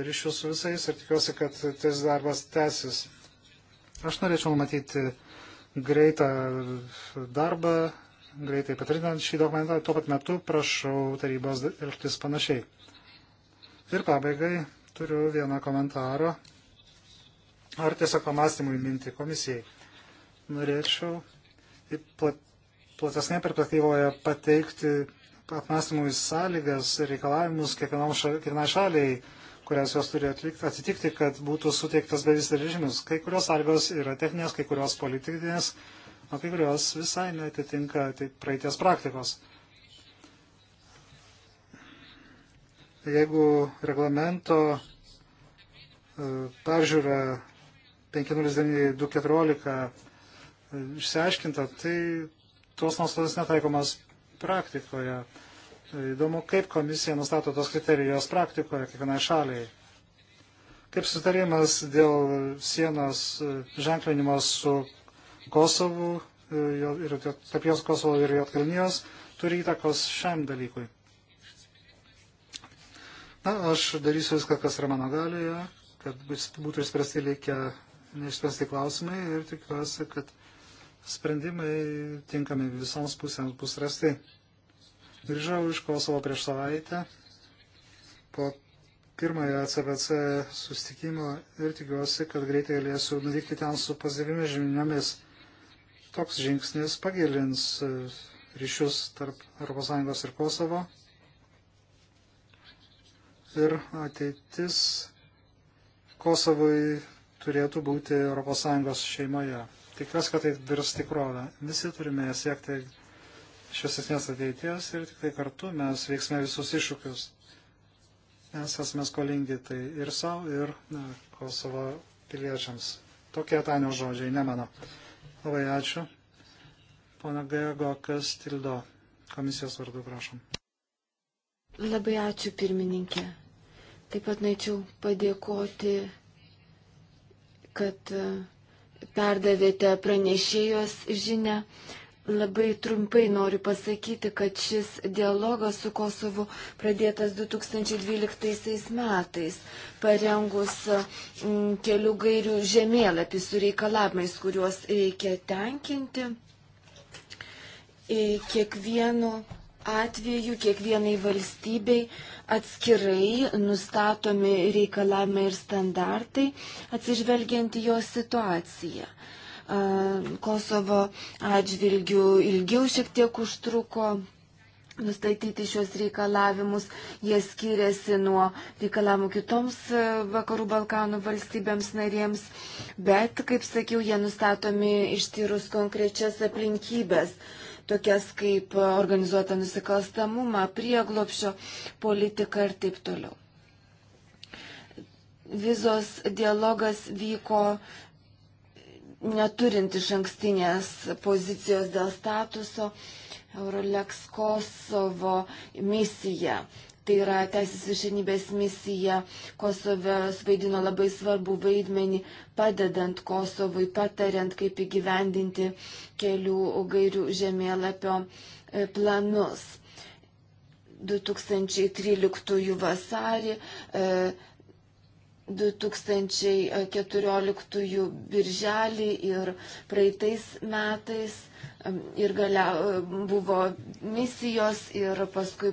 ryšius su visais ir tikiuosi, kad tas darbas tęsis. Aš norėčiau matyti greitą darbą, greitai patvirtinant šį dokumentą, tuo pat metu prašau tarybos elgtis panašiai. Ir pabaigai turiu vieną komentarą ar tiesiog pamastymui minti komisijai. Norėčiau platesnėje perspektyvoje pateikti apmastymui sąlygas ir reikalavimus kiekvienai šaliai kurias jos turi atlikti, atitikti, kad būtų suteiktas bevis režimis. Kai kurios sąlygos yra techninės, kai kurios politinės, o kai kurios visai netitinka tai praeities praktikos. Jeigu reglamento e, peržiūra 509.214 e, išsiaiškinta, tai tuos nuostatas netaikomas praktikoje. Tai įdomu, kaip komisija nustato tos kriterijos praktikoje kiekvienai šaliai. Kaip sutarimas dėl sienos e, ženklinimo su Kosovu e, ir tarp jos Kosovo ir Jotkalnijos turi įtakos šiam dalykui. Na, aš darysiu viską, kas yra mano galioje, kad būtų išspręsti likę neišspręsti klausimai ir tikiuosi, kad sprendimai tinkami visoms pusėms bus rasti. Grįžau iš Kosovo prieš savaitę po pirmojo e CPC sustikimo ir tikiuosi, kad greitai galėsiu nuvykti ten su pozityvimis žiniomis. Toks žingsnis pagilins e, ryšius tarp ES ir Kosovo ir ateitis Kosovui turėtų būti ES šeimoje. Tikiuosi, kad tai virs tikrovę. Visi turime siekti šviesesnės ateities ir tik tai kartu mes veiksime visus iššūkius. Mes esame skolingi tai ir savo, ir na, Kosovo piliečiams. Tokie Tanio žodžiai, ne mano. Labai ačiū. Pana Gego Kastildo, komisijos vardu, prašom. Labai ačiū, pirmininkė. Taip pat norėčiau padėkoti, kad e, perdavėte pranešėjos žinę. Labai trumpai noriu pasakyti, kad šis dialogas su Kosovu pradėtas 2012 metais, parengus mm, kelių gairių žemėlapį su reikalavimais, kuriuos reikia tenkinti. Kiekvienu atveju, kiekvienai valstybei atskirai nustatomi reikalavimai ir standartai, atsižvelgiant į jo situaciją. Kosovo atžvilgių ilgiau šiek tiek užtruko nustatyti šios reikalavimus. Jie skiriasi nuo reikalavimų kitoms e, Vakarų Balkanų valstybėms narėms, bet, kaip sakiau, jie nustatomi ištyrus konkrečias aplinkybės, tokias kaip organizuota nusikalstamumą, prieglopšio politiką ir taip toliau. Vizos dialogas vyko neturint iš ankstinės pozicijos dėl statuso, Eurolex Kosovo misija. Tai yra teisės viršenybės misija. Kosove vaidino labai svarbu vaidmenį, padedant Kosovui, patariant, kaip įgyvendinti kelių gairių žemėlapio e, planus. 2013 vasarį e, 2014 birželį ir praeitais metais um, ir galia, um, buvo misijos ir paskui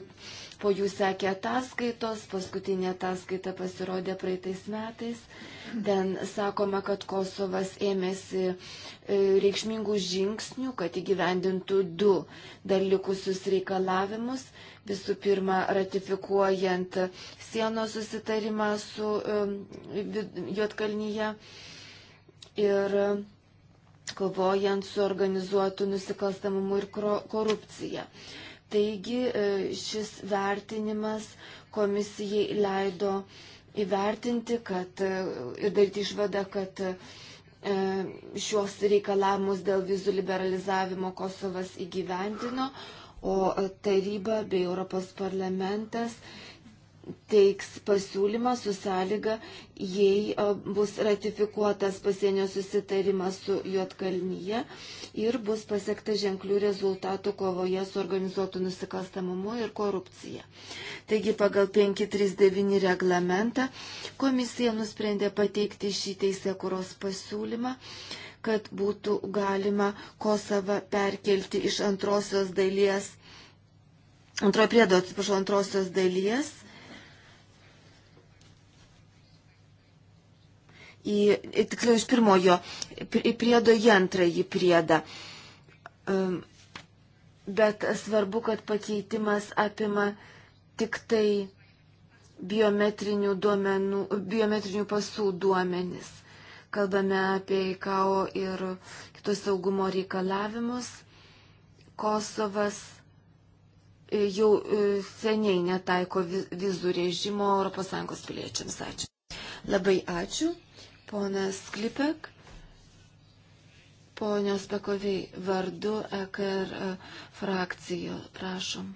po jų sekė ataskaitos, paskutinė ataskaita pasirodė praeitais metais. Ten sakoma, kad Kosovas ėmėsi e, reikšmingų žingsnių, kad įgyvendintų du dar likusius reikalavimus. Visų pirma, ratifikuojant sienos susitarimą su e, Jotkalnyje ir kovojant su organizuotu nusikalstamumu ir korupcija. Taigi e, šis vertinimas komisijai leido įvertinti kad, e, ir daryti išvadą, kad e, šios reikalavimus dėl vizų liberalizavimo Kosovas įgyvendino, o taryba bei Europos parlamentas teiks pasiūlymą su sąlyga, jei bus ratifikuotas pasienio susitarimas su Juotkalnyje ir bus pasiekta ženklių rezultatų kovoje su organizuotu nusikalstamumu ir korupcija. Taigi pagal 539 reglamentą komisija nusprendė pateikti šį teisėkuros pasiūlymą kad būtų galima Kosovą perkelti iš antrosios dalies, antrojo priedo, atsiprašau, antrosios dalies į, tiksliau iš pirmojo priedo į antrąjį priedą. Bet svarbu, kad pakeitimas apima tik tai biometrinių, duomenų, biometrinių pasų duomenis. Kalbame apie IKAO ir kitus saugumo reikalavimus. Kosovas e, jau e, seniai netaiko vizų režimo ES piliečiams. Ačiū. Labai ačiū. Ponas Klipek, ponios Pekoviai, vardu EKR e, frakcijo, prašom.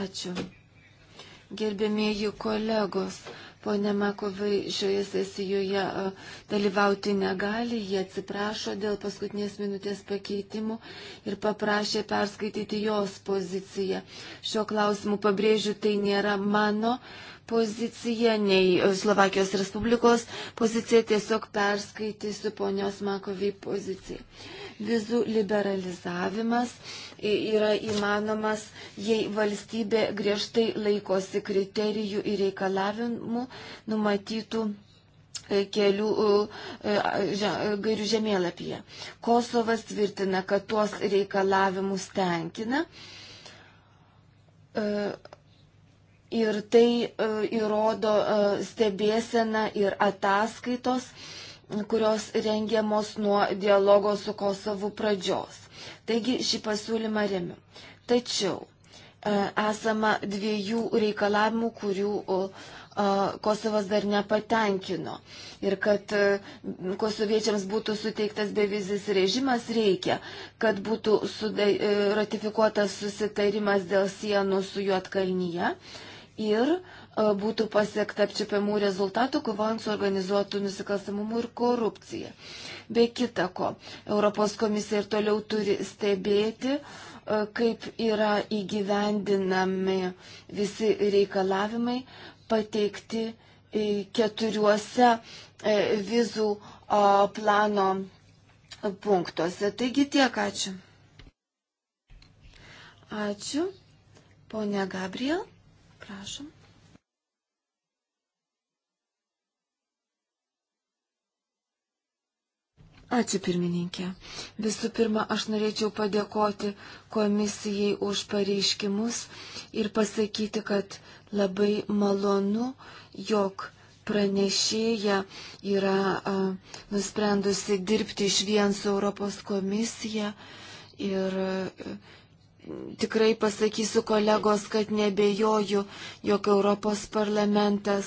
Ačiū. Gerbėmėji kolegos, Pone Makovai šioje sesijoje dalyvauti negali, jie atsiprašo dėl paskutinės minutės pakeitimų ir paprašė perskaityti jos poziciją. Šio klausimu pabrėžiu, tai nėra mano pozicija, nei e, Slovakijos Respublikos pozicija, tiesiog perskaitysiu ponios Makovai poziciją vizų liberalizavimas yra įmanomas, jei valstybė griežtai laikosi kriterijų ir reikalavimų numatytų e, kelių e, gairių žemėlapyje. Kosovas tvirtina, kad tuos reikalavimus tenkina. E, ir tai įrodo stebėsena ir ataskaitos kurios rengiamos nuo dialogo su Kosovu pradžios. Taigi šį pasiūlymą remiu. Tačiau e, esama dviejų reikalavimų, kurių Kosovas dar nepatenkino. Ir kad e, kosoviečiams būtų suteiktas bevizis režimas reikia, kad būtų sudai, e, ratifikuotas susitarimas dėl sienų su Juotkalnyje ir uh, E, būtų pasiekta apčiapiamų rezultatų, kovojant su organizuotu nusikalstamumu ir korupcija. Be kita ko, Europos komisija ir toliau turi stebėti, e, kaip yra įgyvendinami visi reikalavimai pateikti e, keturiuose vizų plano punktuose. Taigi tiek, ačiū. Ačiū. Pone Gabriel, prašom. Ačiū pirmininkė. Visų pirma, aš norėčiau padėkoti komisijai už pareiškimus ir pasakyti, kad labai malonu, jog pranešėja yra a, nusprendusi dirbti iš vien su Europos komisija ir a, tikrai pasakysiu kolegos, kad nebejoju, jog Europos parlamentas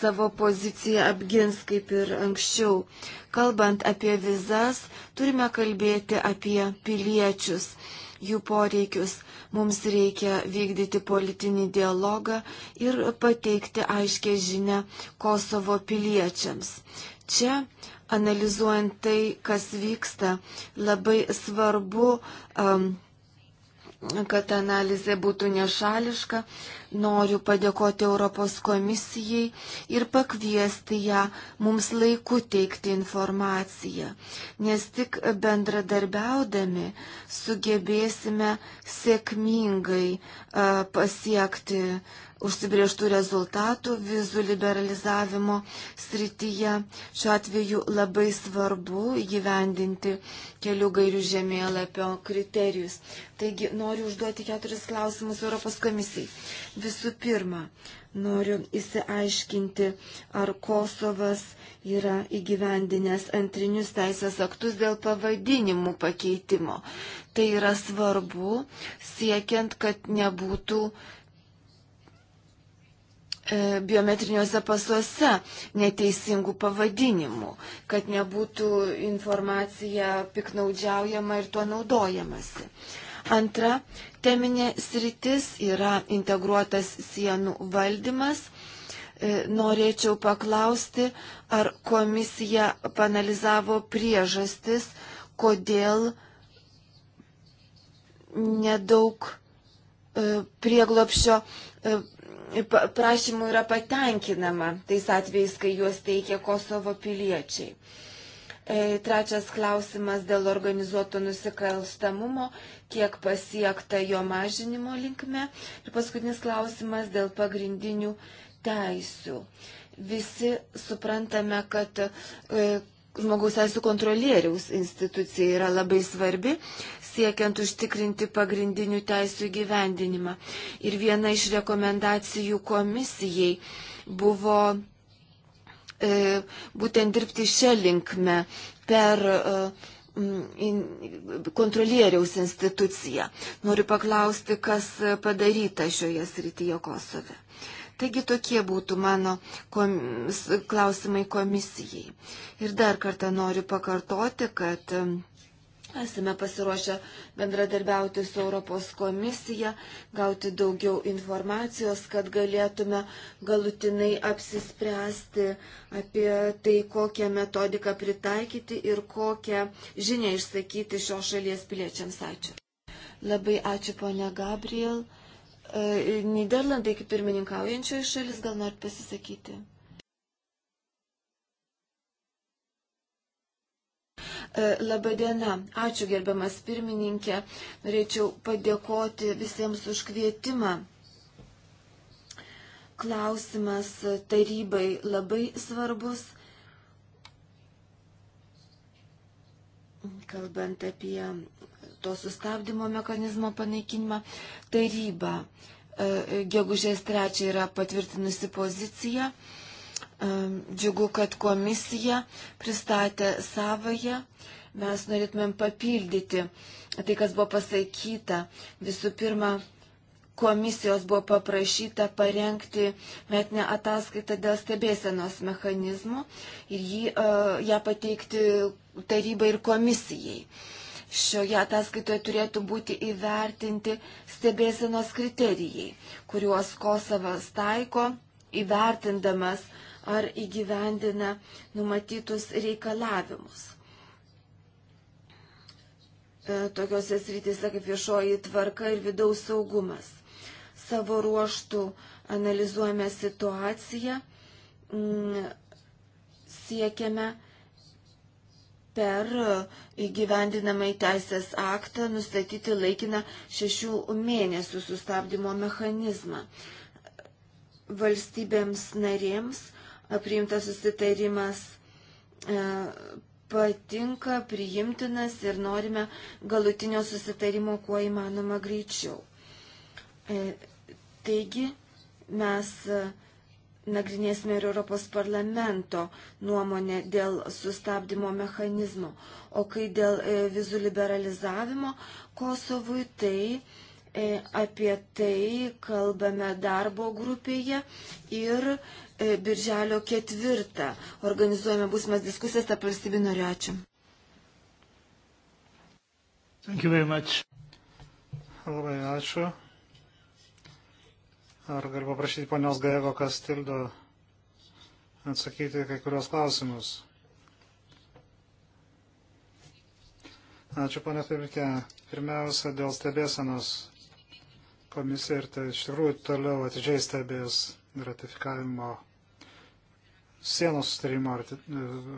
savo poziciją apgins kaip ir anksčiau. A, Kalbant apie vizas, turime kalbėti apie piliečius, jų poreikius. Mums reikia vykdyti politinį dialogą ir pateikti aiškę žinę Kosovo piliečiams. Čia analizuojant tai, kas vyksta, labai svarbu, um, kad analizė būtų nešališka, Noriu padėkoti Europos komisijai ir pakviesti ją mums laiku teikti informaciją, nes tik bendradarbiaudami sugebėsime sėkmingai e, pasiekti užsibrieštų rezultatų vizų liberalizavimo srityje. Šiuo atveju labai svarbu įgyvendinti kelių gairių žemėlapio kriterijus. Taigi noriu užduoti keturis klausimus Europos komisijai. Visų pirma, noriu įsiaiškinti, ar Kosovas yra įgyvendinęs antrinius teisės aktus dėl pavadinimų pakeitimo. Tai yra svarbu, siekiant, kad nebūtų e, biometriniuose pasuose neteisingų pavadinimų, kad nebūtų informacija piknaudžiaujama ir tuo naudojamasi. Antra, Teminė sritis yra integruotas sienų valdymas. E, norėčiau paklausti, ar komisija panalizavo priežastis, kodėl nedaug e, prieglopšio e, prašymų yra patenkinama tais atvejais, kai juos teikia Kosovo piliečiai. E, trečias klausimas dėl organizuoto nusikalstamumo, kiek pasiekta jo mažinimo linkme. Ir paskutinis klausimas dėl pagrindinių teisių. Visi suprantame, kad e, žmogaus teisų kontrolieriaus institucija yra labai svarbi, siekiant užtikrinti pagrindinių teisų įgyvendinimą. Ir viena iš rekomendacijų komisijai buvo E, būtent dirbti šią linkmę per e, kontrolieriaus instituciją. Noriu paklausti, kas padaryta šioje srityje Kosove. Taigi tokie būtų mano komis, klausimai komisijai. Ir dar kartą noriu pakartoti, kad um, Esame pasiruošę bendradarbiauti su Europos komisija, gauti daugiau informacijos, kad galėtume galutinai apsispręsti apie tai, kokią metodiką pritaikyti ir kokią žinią išsakyti šios šalies piliečiams. Ačiū. Labai ačiū, ponia Gabriel. E, Niderlandai kaip pirmininkaujančioji šalis, gal norit pasisakyti? E, labadiena, ačiū gerbiamas pirmininkė, norėčiau padėkoti visiems už kvietimą. Klausimas tarybai labai svarbus, kalbant apie to sustabdymo mechanizmo panaikinimą. Taryba e, gegužės trečią yra patvirtinusi poziciją Džiugu, kad komisija pristatė savoje. Mes norėtumėm papildyti tai, kas buvo pasakyta. Visų pirma, komisijos buvo paprašyta parengti metinę ataskaitą dėl stebėsenos mechanizmų ir jį, e, ją pateikti tarybai ir komisijai. Šioje ataskaitoje turėtų būti įvertinti stebėsenos kriterijai, kuriuos Kosovas taiko, įvertindamas uh, ar įgyvendina numatytus reikalavimus. E, tokiose srityse kaip viešoji tvarka ir vidaus saugumas. Savo ruoštų analizuojame situaciją, mm, siekiame per įgyvendinamą į teisės aktą nustatyti laikiną šešių mėnesių sustabdymo mechanizmą. Valstybėms narėms priimtas susitarimas e, patinka, priimtinas ir norime galutinio susitarimo kuo įmanoma greičiau. E, taigi mes e, nagrinėsime ir Europos parlamento nuomonę dėl sustabdymo mechanizmo. O kai dėl vizų liberalizavimo Kosovui, tai apie tai kalbame darbo grupėje ir E, birželio ketvirtą. Organizuojame būsimas diskusijas tarp valstybių narių. Ačiū. Labai ačiū. Ar galiu paprašyti ponios Gaevo Kastildo atsakyti kai kurios klausimus? Ačiū, ponia Pirmikė. Pirmiausia, dėl stebėsenos komisija ir tai iš tikrųjų toliau atidžiai stebės ratifikavimo sienos sustarimo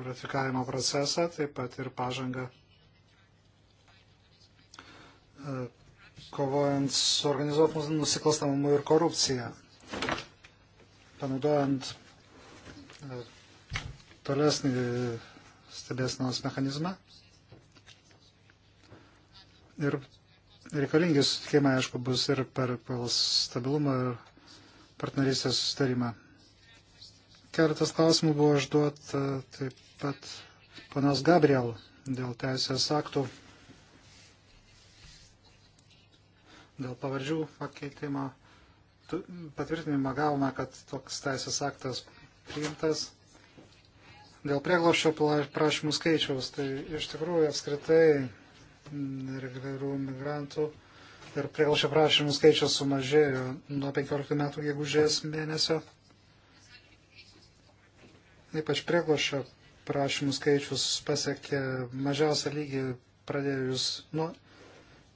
ratifikavimo procesą, taip pat ir pažangą e, kovojant su organizuotų nusikalstamumu ir korupcija, panaudojant e, tolesnį stebėsinos mechanizmą. Ir reikalingi sutikimai, aišku, bus ir per stabilumą ir partnerystės sustarimą. Keletas klausimų buvo užduota taip pat panas Gabriel dėl teisės aktų, dėl pavardžių pakeitimo. Patvirtinimą gavome, kad toks teisės aktas priimtas. Dėl prieglošio prašymų skaičiaus, tai iš tikrųjų apskritai nereguliarių migrantų ir prieglošio prašymų skaičius sumažėjo nuo 15 metų gegužės mėnesio ypač prieglošio prašymų skaičius pasiekė mažiausią lygį pradėjus nuo,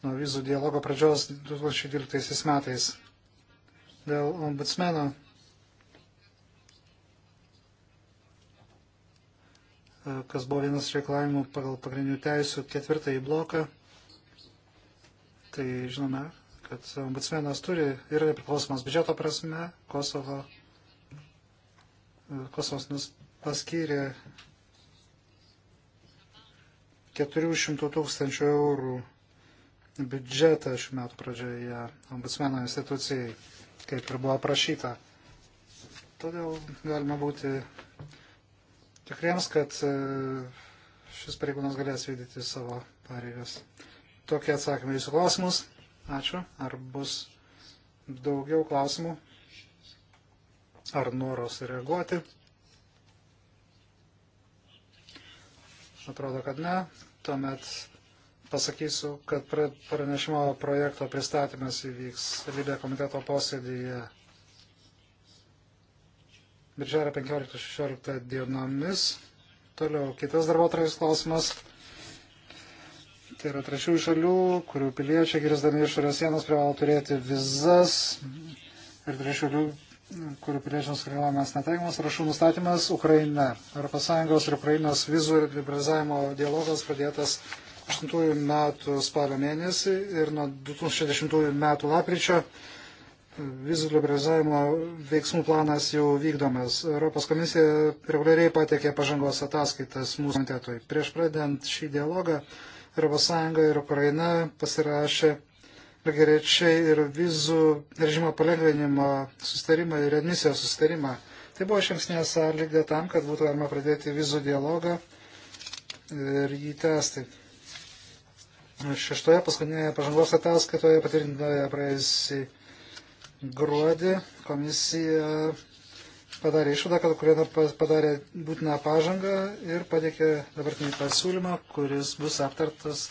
nuo vizų dialogo pradžios 2012 metais. Dėl ombudsmeno e, kas buvo vienas reikalavimų pagal pagrindinių teisų ketvirtąjį bloką. Tai žinome, kad ombudsmenas turi ir nepriklausomas biudžeto prasme Kosovo, e, Kosovos paskyrė 400 tūkstančių eurų biudžetą šių metų pradžioje ombudsmeno institucijai, kaip ir buvo aprašyta. Todėl galima būti tikriems, kad e, šis pareigūnas galės vykdyti savo pareigas. Tokie atsakymai jūsų klausimus. Ačiū. Ar bus daugiau klausimų? Ar noros reaguoti? Atrodo, kad ne. Tuomet pasakysiu, kad pranešimo projekto pristatymas įvyks Libė komiteto posėdėje birželio 15-16 dienomis. Toliau kitas darbo klausimas. Tai yra trečiųjų šalių, kurių piliečiai, girsdami išorės sienas, privalo turėti vizas ir trečiųjų kurių piliečiams reikalavimas netaikymas, rašų nustatymas Ukraina. ES ir Ukrainos vizų ir liberalizavimo dialogas pradėtas 8 metų spalio mėnesį ir nuo 2010 metų lapryčio vizų liberalizavimo veiksmų planas jau vykdomas. Europos komisija reguliariai patekė pažangos ataskaitas mūsų komitetui. Prieš pradedant šį dialogą ES ir Ukraina pasirašė lygiai ir vizų režimo palengvinimo sustarimą ir admisijos sustarimą. Tai buvo išankstinė sąlyga tam, kad būtų galima pradėti vizų dialogą ir jį tęsti. Šeštoje paskutinėje pažangos ataskaitoje patvirtintoje praėjusį gruodį komisija padarė išvadą, kad Ukraina padarė būtiną pažangą ir pateikė dabartinį pasiūlymą, kuris bus aptartas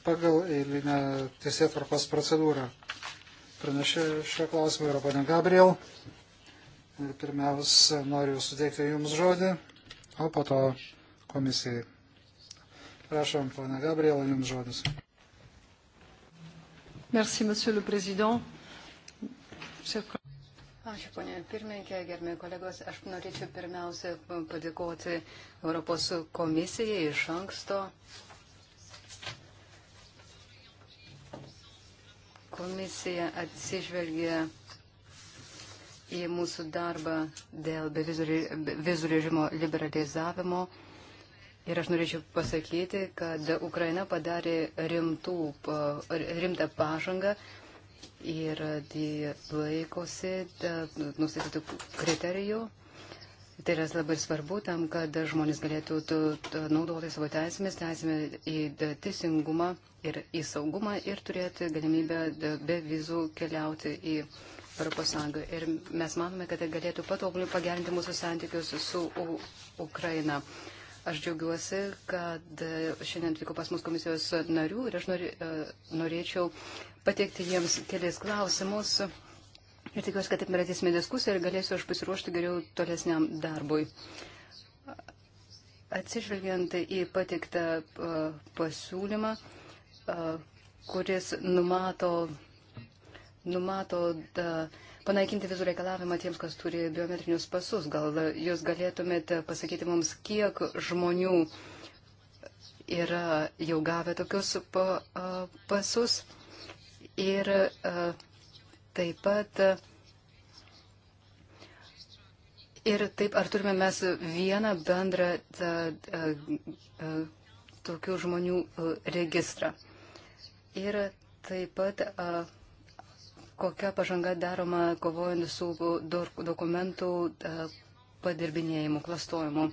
pagal eilinę teisėtvarkos procedūrą. Pranešė šio klausimo yra pana Gabriel. Ir pirmiausia, noriu suteikti Jums žodį, o po to komisijai. Prašom, pana Gabriel, Jums žodis. Merci, monsieur le président. Ačiū, ponė pirmininkė, gerbėjai kolegos. Aš norėčiau pirmiausia padėkoti Europos komisijai iš anksto komisija atsižvelgia į mūsų darbą dėl vizų režimo liberalizavimo. Ir aš norėčiau pasakyti, kad Ukraina padarė rimtų, rimtą pažangą ir laikosi nustatytų kriterijų Tai yra labai svarbu tam, kad žmonės galėtų naudoti savo teisėmis, teisėmis į teisingumą ir į saugumą ir turėti galimybę be vizų keliauti į ES. Ir mes manome, kad tai galėtų patobulinti, pagerinti mūsų santykius su U Ukraina. Aš džiaugiuosi, kad šiandien atvyko pas mus komisijos narių ir aš e, norėčiau pateikti jiems kelias klausimus. Ir tikiuosi, kad taip meratysime diskusiją ir galėsiu aš pasiruošti geriau tolesniam darbui. Atsižvelgiant į patiktą pasiūlymą, kuris numato, numato da, panaikinti vizų reikalavimą tiems, kas turi biometrinius pasus. Gal jūs galėtumėte pasakyti mums, kiek žmonių yra jau gavę tokius pa, pasus ir uh, Taip pat ir taip, ar turime mes vieną bendrą ta, ta, ta, tokių žmonių registrą. Ir taip pat, a, kokia pažanga daroma kovojant su dokumentų a, padirbinėjimu, klastojimu.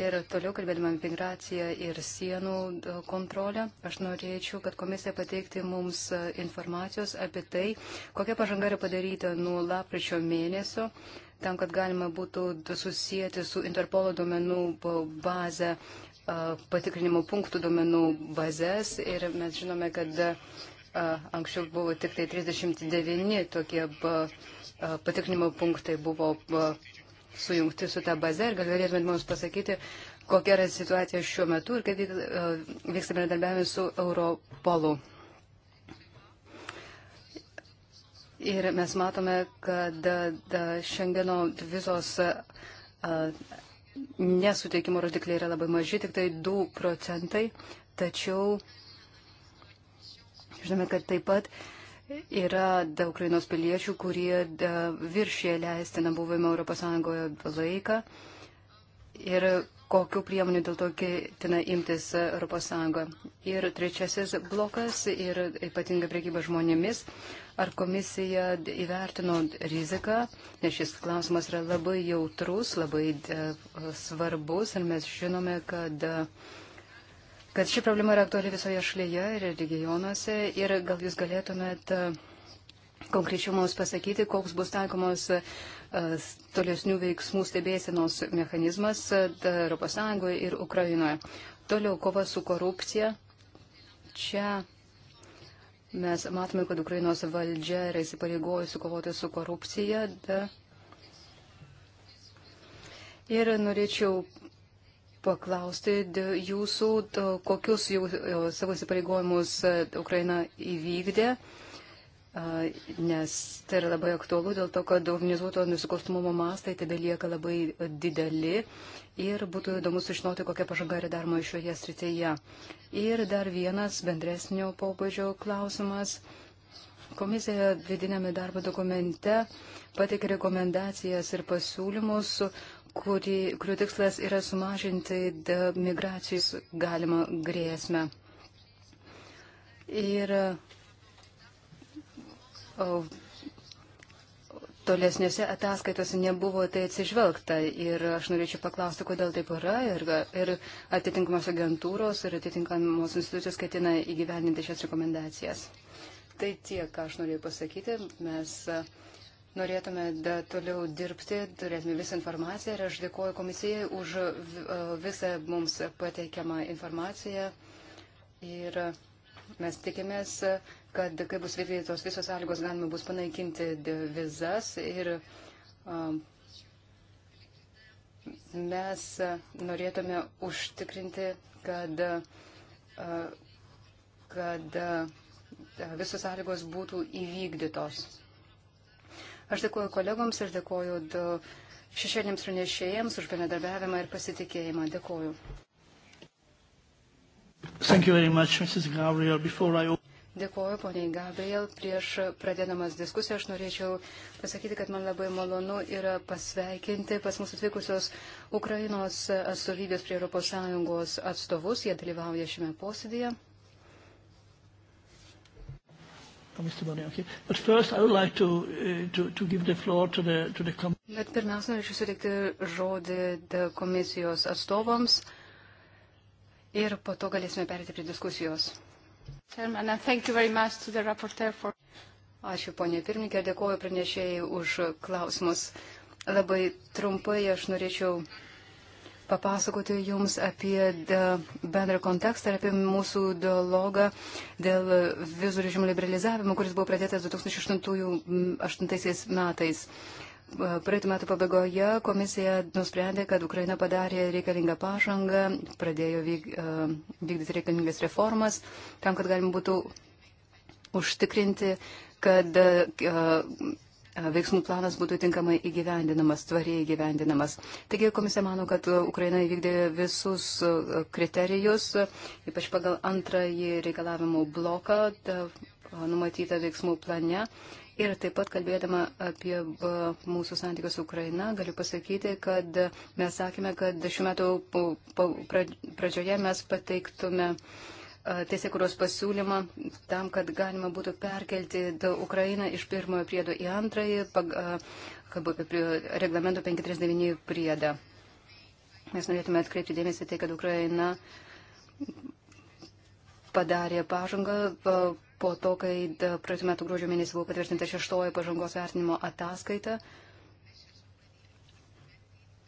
Ir toliau kalbėdama apie migraciją ir sienų e, kontrolę, aš norėčiau, kad komisija pateikti mums e, informacijos apie tai, kokia pažanga yra padaryta nuo lapkričio mėnesio, tam, kad galima būtų susijęti su Interpolo duomenų e, bazę patikrinimo punktų duomenų bazės. Ir mes žinome, kad anksčiau buvo tik tai 39 tokie patikrinimo punktai buvo sujungti su tą bazę ir galėtumėt mums pasakyti, kokia yra situacija šiuo metu ir kaip e, vyksta bendradarbiavimas su Europolu. Ir mes matome, kad Šengeno e, vizos e, nesuteikimo rodikliai yra labai maži, tik tai 2 procentai, tačiau žinome, kad taip pat uh, Yra daug Ukrainos piliečių, kurie viršė leistiną buvimą ES laiką. Ir kokiu priemoniu dėl to ketina imtis ES. Ir trečiasis blokas ir ypatinga priekyba žmonėmis. Ar komisija įvertino riziką, nes šis klausimas yra labai jautrus, labai svarbus ir mes žinome, kad uh, kad ši problema yra aktuali visoje šalyje ir regionuose ir gal jūs galėtumėt e, konkrečiau mums pasakyti, koks bus taikomos e, tolesnių veiksmų stebėsienos mechanizmas ES ir Ukrainoje. Toliau kova su korupcija. Čia mes matome, kad Ukrainos valdžia yra įsipareigojusi kovoti su korupcija. Da. Ir norėčiau paklausti jūsų, kokius jau savo įsipareigojimus e, Ukraina įvykdė, nes tai yra labai aktualu dėl to, kad organizuoto nusikalstumumo mastai tebelieka tai labai dideli ir būtų įdomu sužinoti, kokia pažanga yra daroma šioje srityje. Ir dar vienas bendresnio pobūdžio klausimas. Komisija vidinėme darbo dokumente pateikė rekomendacijas ir pasiūlymus, kuri, kurio tikslas yra sumažinti migracijos galimą grėsmę. Ir o, tolesniuose ataskaitose nebuvo tai atsižvelgta ir aš norėčiau paklausti, kodėl taip yra ir, ir atitinkamos agentūros ir atitinkamos institucijos ketina įgyvendinti šias rekomendacijas. Tai tiek, ką aš norėjau pasakyti. Mes norėtume da, toliau dirbti, turėtume visą informaciją ir aš dėkoju komisijai už e, visą mums pateikiamą informaciją. Ir mes tikimės, kad kai bus vykdytos visos sąlygos, galima bus panaikinti vizas ir um, mes norėtume užtikrinti, kad, kad visos sąlygos būtų įvykdytos. Aš dėkuoju kolegoms ir dėkuoju šešėlėms pranešėjams už bendradarbiavimą ir pasitikėjimą. Dėkuoju. Much, Dėkuoju, poniai Gabriel. Prieš pradėdamas diskusiją aš norėčiau pasakyti, kad man labai malonu yra pasveikinti pas mūsų atvykusios Ukrainos atstovybės prie ES atstovus. Jie dalyvauja šiame posėdėje. Mr. Bonnet, okay. But first, I would like to, uh, to, to give the floor to the, to the Bet pirmiausia, norėčiau suteikti žodį komisijos atstovams ir po to galėsime perėti prie diskusijos. Chairman, and thank you very much to the rapporteur for... Ačiū, ponė pirmininkė, dėkoju pranešėjai už klausimus. Labai trumpai aš norėčiau papasakoti Jums apie e, bendrą kontekstą ir apie mūsų dialogą dėl vizų režimo liberalizavimo, kuris buvo pradėtas 2008 metais. E, praeitų metų pabaigoje komisija nusprendė, kad Ukraina padarė reikalingą pažangą, pradėjo vyk, e, vykdyti reikalingas reformas, tam, kad galima būtų užtikrinti, kad E, veiksmų planas būtų tinkamai įgyvendinamas, tvariai įgyvendinamas. Taigi komisija mano, kad Ukraina įvykdė visus e, kriterijus, ypač pagal antrąjį reikalavimų bloką e, numatytą veiksmų plane. Ir taip pat kalbėdama apie mūsų santykius su Ukraina, galiu pasakyti, kad mes sakėme, kad šiuo metu pradžioje mes pateiktume uh, E, tiesiekuros pasiūlymą tam, kad galima būtų perkelti Ukrainą iš pirmojo priedo į antrąjį, e, kalbu apie reglamento 539 priedą. Mes norėtume atkreipti dėmesį tai, kad Ukraina padarė pažangą e, po to, kai praeitų metų gruodžio mėnesį buvo patvirtinta šeštoji pažangos vertinimo ataskaita.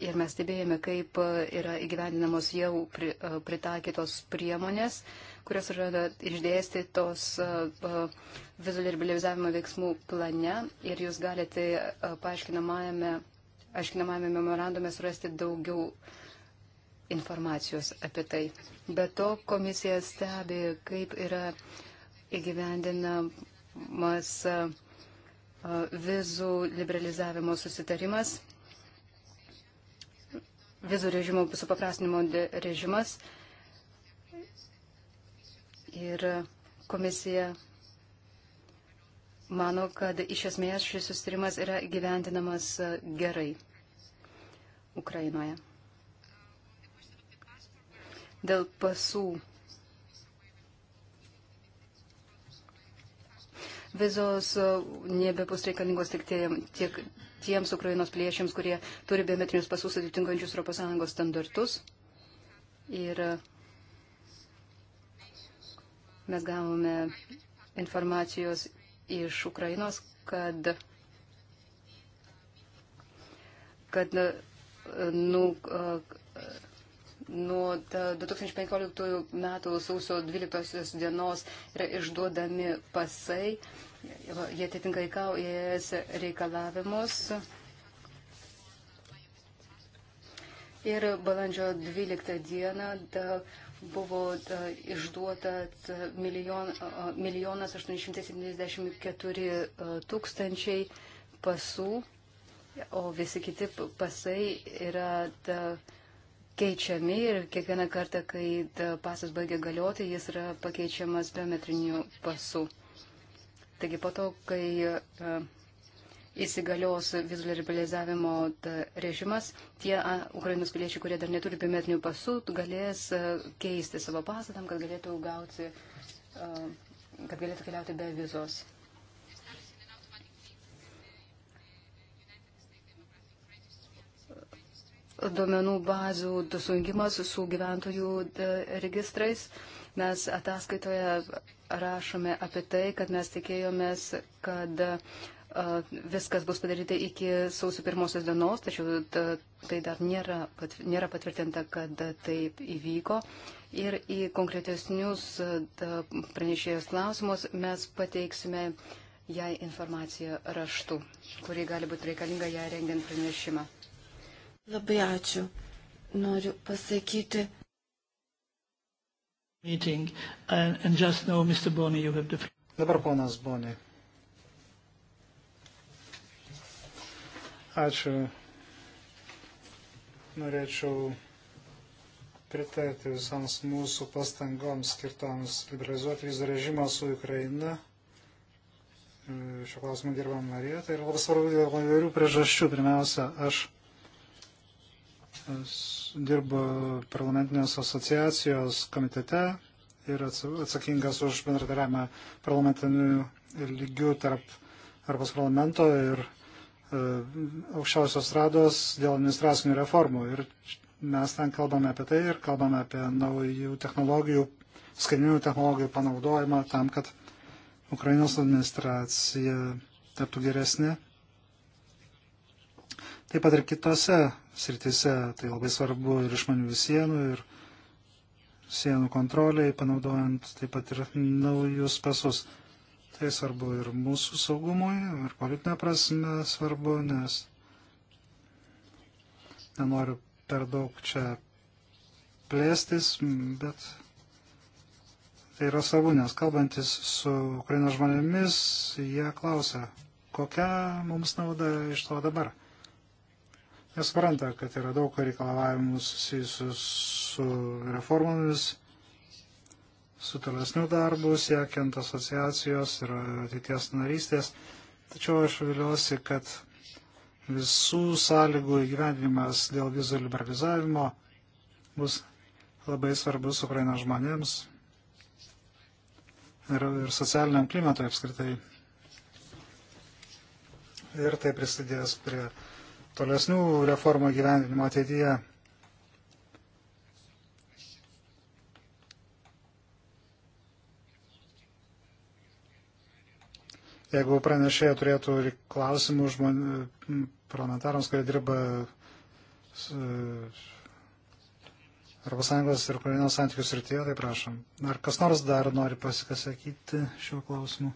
Ir mes stebėjome, kaip yra įgyvendinamos jau pritaikytos priemonės. Uh, kurios yra išdėstytos vizų liberalizavimo veiksmų plane ir jūs galite paaiškinamajame, aiškinamajame memorandume surasti daugiau informacijos apie tai. Be to, komisija stebi, kaip yra įgyvendinamas vizų liberalizavimo susitarimas, vizų režimo supaprastinimo režimas. Ir komisija mano, kad iš esmės šis sustarimas yra gyvendinamas e, gerai Ukrainoje. Dėl pasų vizos e, nebebus reikalingos tik, tie, tiek tiems Ukrainos piliečiams, kurie turi biometrinius pasus atitinkančius ES standartus. Ir Mes gavome informacijos iš Ukrainos, kad, kad nu, nuo 2015 metų sausio 12 dienos yra išduodami pasai, jie atitinka įkau ES reikalavimus. Ir balandžio 12 dieną da, buvo e, išduota e, milijon, e, milijonas 874 tūkstančiai pasų, o visi kiti pasai yra da, keičiami ir kiekvieną kartą, kai da, pasas baigia galioti, jis yra pakeičiamas biometriniu pasu. Taigi po to, kai uh, įsigalios vizų liberalizavimo režimas, tie Ukrainos piliečiai, kurie dar neturi biometrinių pasų, galės keisti savo pasą tam, kad galėtų gauti, kad galėtų keliauti be vizos. Duomenų bazių sujungimas su gyventojų registrais. Mes ataskaitoje rašome apie tai, kad mes tikėjomės, kad uh, viskas bus padaryta iki sausio pirmosios dienos, tačiau tai dar nėra, nėra patvirtinta, kad taip įvyko. Ir į konkretesnius pranešėjos klausimus mes pateiksime jai informaciją raštu, kuri gali būti reikalinga ją rengiant pranešimą. Labai ačiū. Noriu pasakyti. Meeting, and, and just know, Mr. Boni, you have the... Dabar ponas Boni. Ačiū. Norėčiau pritarti visams mūsų pastangoms skirtoms liberalizuoti vizų režimą su Ukraina. Šio klausimu dirba Marija. Tai yra labai svarbu dėl įvairių priežasčių. Pirmiausia, aš dirbu parlamentinės asociacijos komitete ir atsakingas už bendradarbiavimą parlamentinių lygių tarp Europos parlamento ir E, aukščiausios rados dėl administracinių reformų. Ir mes ten kalbame apie tai ir kalbame apie naujų technologijų, skaitmeninių technologijų panaudojimą tam, kad Ukrainos administracija taptų geresnė. Taip pat ir kitose srityse tai labai svarbu ir išmanių sienų, ir sienų kontroliai, panaudojant taip pat ir naujus pasus. Tai svarbu ir mūsų saugumui, ir politinė prasme svarbu, nes nenoriu per daug čia plėstis, bet tai yra svarbu, nes kalbantis su Ukrainos žmonėmis, jie klausia, kokia mums nauda iš to dabar. Jie supranta, kad yra daug reikalavimų susijusių su reformomis, su tolesniu darbu siekiant asociacijos ir ateities narystės. Tačiau aš viliuosi, kad visų sąlygų įgyvendinimas dėl vizų liberalizavimo bus labai svarbus Ukrainos žmonėms ir, ir socialiniam klimatui apskritai. Ir tai prisidės prie tolesnių reformų gyvendinimo ateityje. Jeigu pranešėjai turėtų klausimų žmon... parlamentarams, kurie dirba Europos Sąjungos ir Ukrainos santykių srityje, tai prašom. Ar kas nors dar nori pasisakyti šiuo klausimu?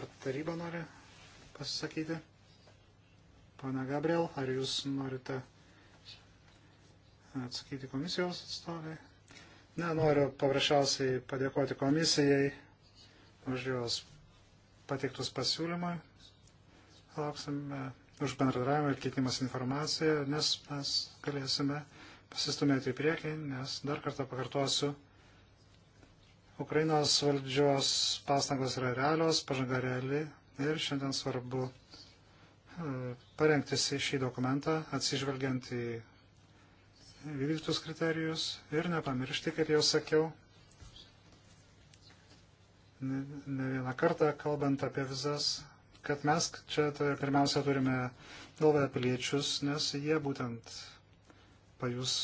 Ar taryba nori pasisakyti? Pana Gabriel, ar jūs norite atsakyti komisijos atstovai? Ne, noriu paprasčiausiai padėkoti komisijai už jos pateiktus pasiūlymą. Lauksime už bendradarbiavimą ir keitimas informaciją, nes mes galėsime pasistumėti į priekį, nes dar kartą pakartosiu, Ukrainos valdžios pastangos yra realios, pažanga reali ir šiandien svarbu e, parengti šį dokumentą, atsižvelgiant į vykdytus kriterijus ir nepamiršti, kaip jau sakiau, ne, ne vieną kartą, kalbant apie vizas, kad mes čia tai pirmiausia turime galvoje piliečius, nes jie būtent pajus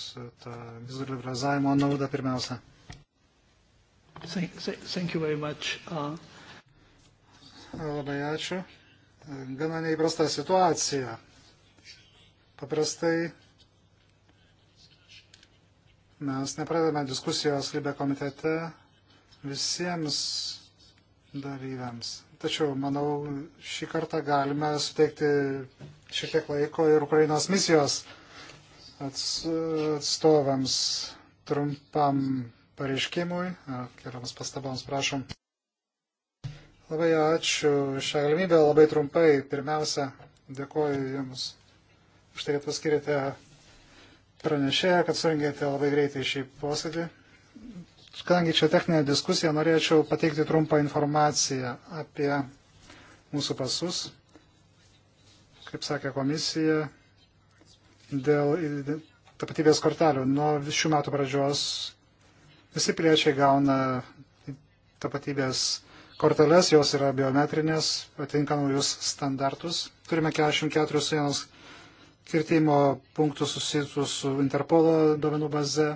tą vizų liberalizavimo naudą pirmiausia. Thank, thank you very much. Uh... Labai ačiū. Gana neįprasta situacija. Paprastai mes nepradedame diskusijos Libė komitete visiems dalyviams. Tačiau, manau, šį kartą galime suteikti šiek tiek laiko ir Ukrainos misijos atstovams trumpam pareiškimui, kelioms pastaboms prašom. Labai ačiū šią galimybę, labai trumpai. Pirmiausia, dėkoju Jums už tai, kad paskirėte pranešėją, kad surinkėte labai greitai šį posėdį. Kadangi čia techninė diskusija, norėčiau pateikti trumpą informaciją apie mūsų pasus, kaip sakė komisija, dėl tapatybės kortelių. Nuo šių metų pradžios visi piliečiai gauna tapatybės korteles, jos yra biometrinės, atinka naujus standartus. Turime 44 sienos kirtimo punktus susijusius su Interpolo duomenų baze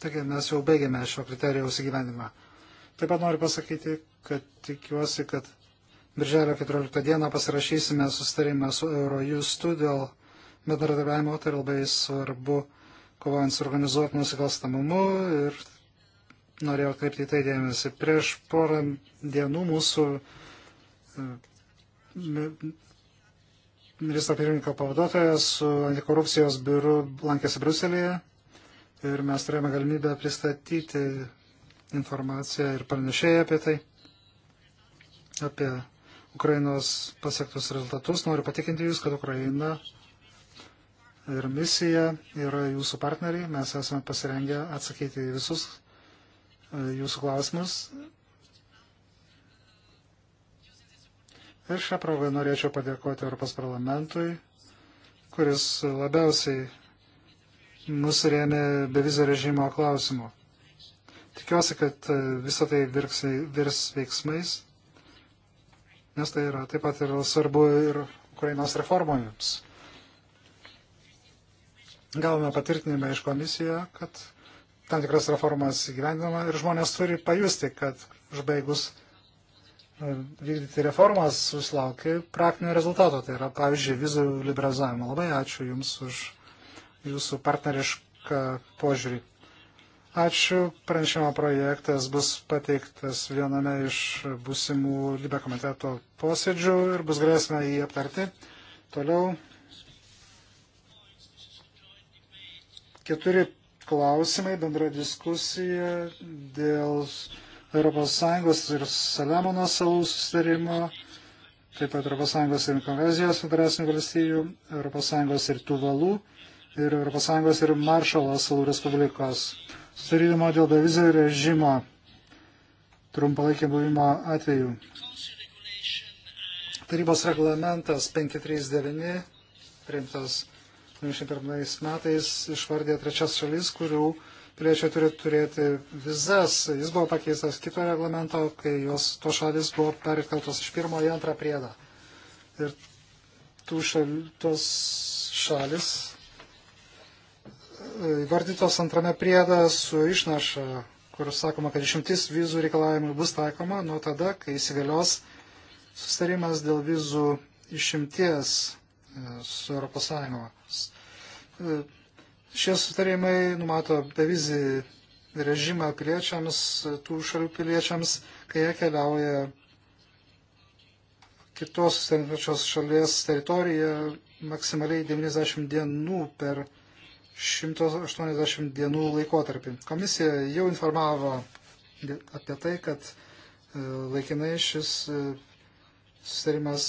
Taigi mes jau baigėme šio kriterijaus įgyvendimą. Taip pat noriu pasakyti, kad tikiuosi, kad Birželio 14 dieną pasirašysime sustarimą su Eurojustu dėl bendradarbiavimo, tai labai svarbu kovojant su organizuotų nusikalstamumu ir norėjau atkreipti į tai dėmesį. Prieš porą dienų mūsų e, ministro pirmininko pavaduotojas su antikorupcijos biuru lankėsi Bruselėje ir mes turėjome galimybę pristatyti informaciją ir pranešėjai apie tai, apie Ukrainos pasiektus rezultatus. Noriu patikinti Jūs, kad Ukraina ir misija yra Jūsų partneriai. Mes esame pasirengę atsakyti į visus e, Jūsų klausimus. Ir šią progą norėčiau padėkoti Europos parlamentui, kuris labiausiai mus rėmė bevizio režimo klausimu. Tikiuosi, kad e, visą tai virks, virs veiksmais, nes tai yra taip pat yra svarbu ir Ukrainos reformoms. Gavome patvirtinimą iš komisiją, kad tam tikras reformas įgyvendinama ir žmonės turi pajusti, kad užbaigus e, vykdyti reformas susilaukia praktinio rezultato. Tai yra, pavyzdžiui, vizų liberalizavimo. Labai ačiū Jums už jūsų partnerišką požiūrį. Ačiū. Pranešimo projektas bus pateiktas viename iš būsimų Libe komiteto posėdžių ir bus galėsime jį aptarti. Toliau. Keturi klausimai, bendra diskusija dėl ES ir Salemono salų susitarimo, taip pat ES ir Konvezijos federacinių valstybių, ES ir Tuvalų ir ES ir Maršalo salų Respublikos. Sutarydimo dėl bevizio režimo trumpalaikį buvimo atveju. Tarybos reglamentas 539, priimtas 2021 metais, išvardė trečias šalis, kurių piliečiai turi turėti vizas. Jis buvo pakeistas kito reglamento, kai jos to šalis buvo perkeltos iš pirmo į antrą priedą. Ir tų šal, tos šalis vardytos antrame priedė su išnaša, kur sakoma, kad išimtis vizų reikalavimų bus taikoma nuo tada, kai įsigalios sustarimas dėl vizų išimties e, su ES. E, šie sustarimai numato bevizį režimą piliečiams, tų šalių piliečiams, kai jie keliauja kitos susirinkančios šalies teritoriją maksimaliai 90 dienų per metus 180 dienų laikotarpį. Komisija jau informavo apie tai, kad e, laikinai šis e, susitarimas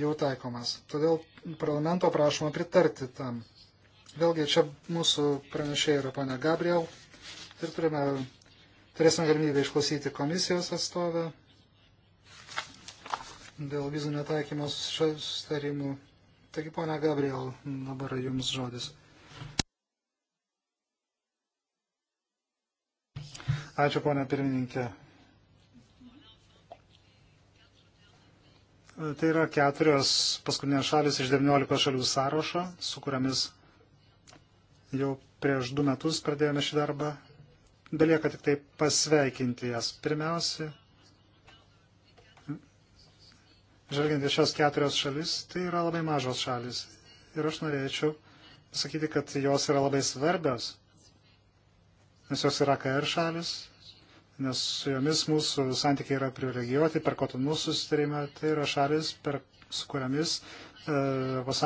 jau taikomas. Todėl parlamento prašoma pritarti tam. Vėlgi čia mūsų pranešėja yra ponia Gabriel ir turime, turėsime galimybę išklausyti komisijos atstovę dėl vizų netaikymo susitarimų. Taigi, ponia Gabriel, dabar jums žodis. Ačiū, ponė pirmininkė. Tai yra keturios paskutinės šalis iš 19 šalių sąrašo, su kuriamis jau prieš du metus pradėjome šį darbą. Belieka tik tai pasveikinti jas. Pirmiausia, žvelgiant į šios keturios šalis, tai yra labai mažos šalis. Ir aš norėčiau pasakyti, kad jos yra labai svarbios nes jos yra KR šalis, nes su jomis mūsų santykiai yra privilegijuoti per kotonų susitarimą, tai yra šalis, per, su kuriamis ES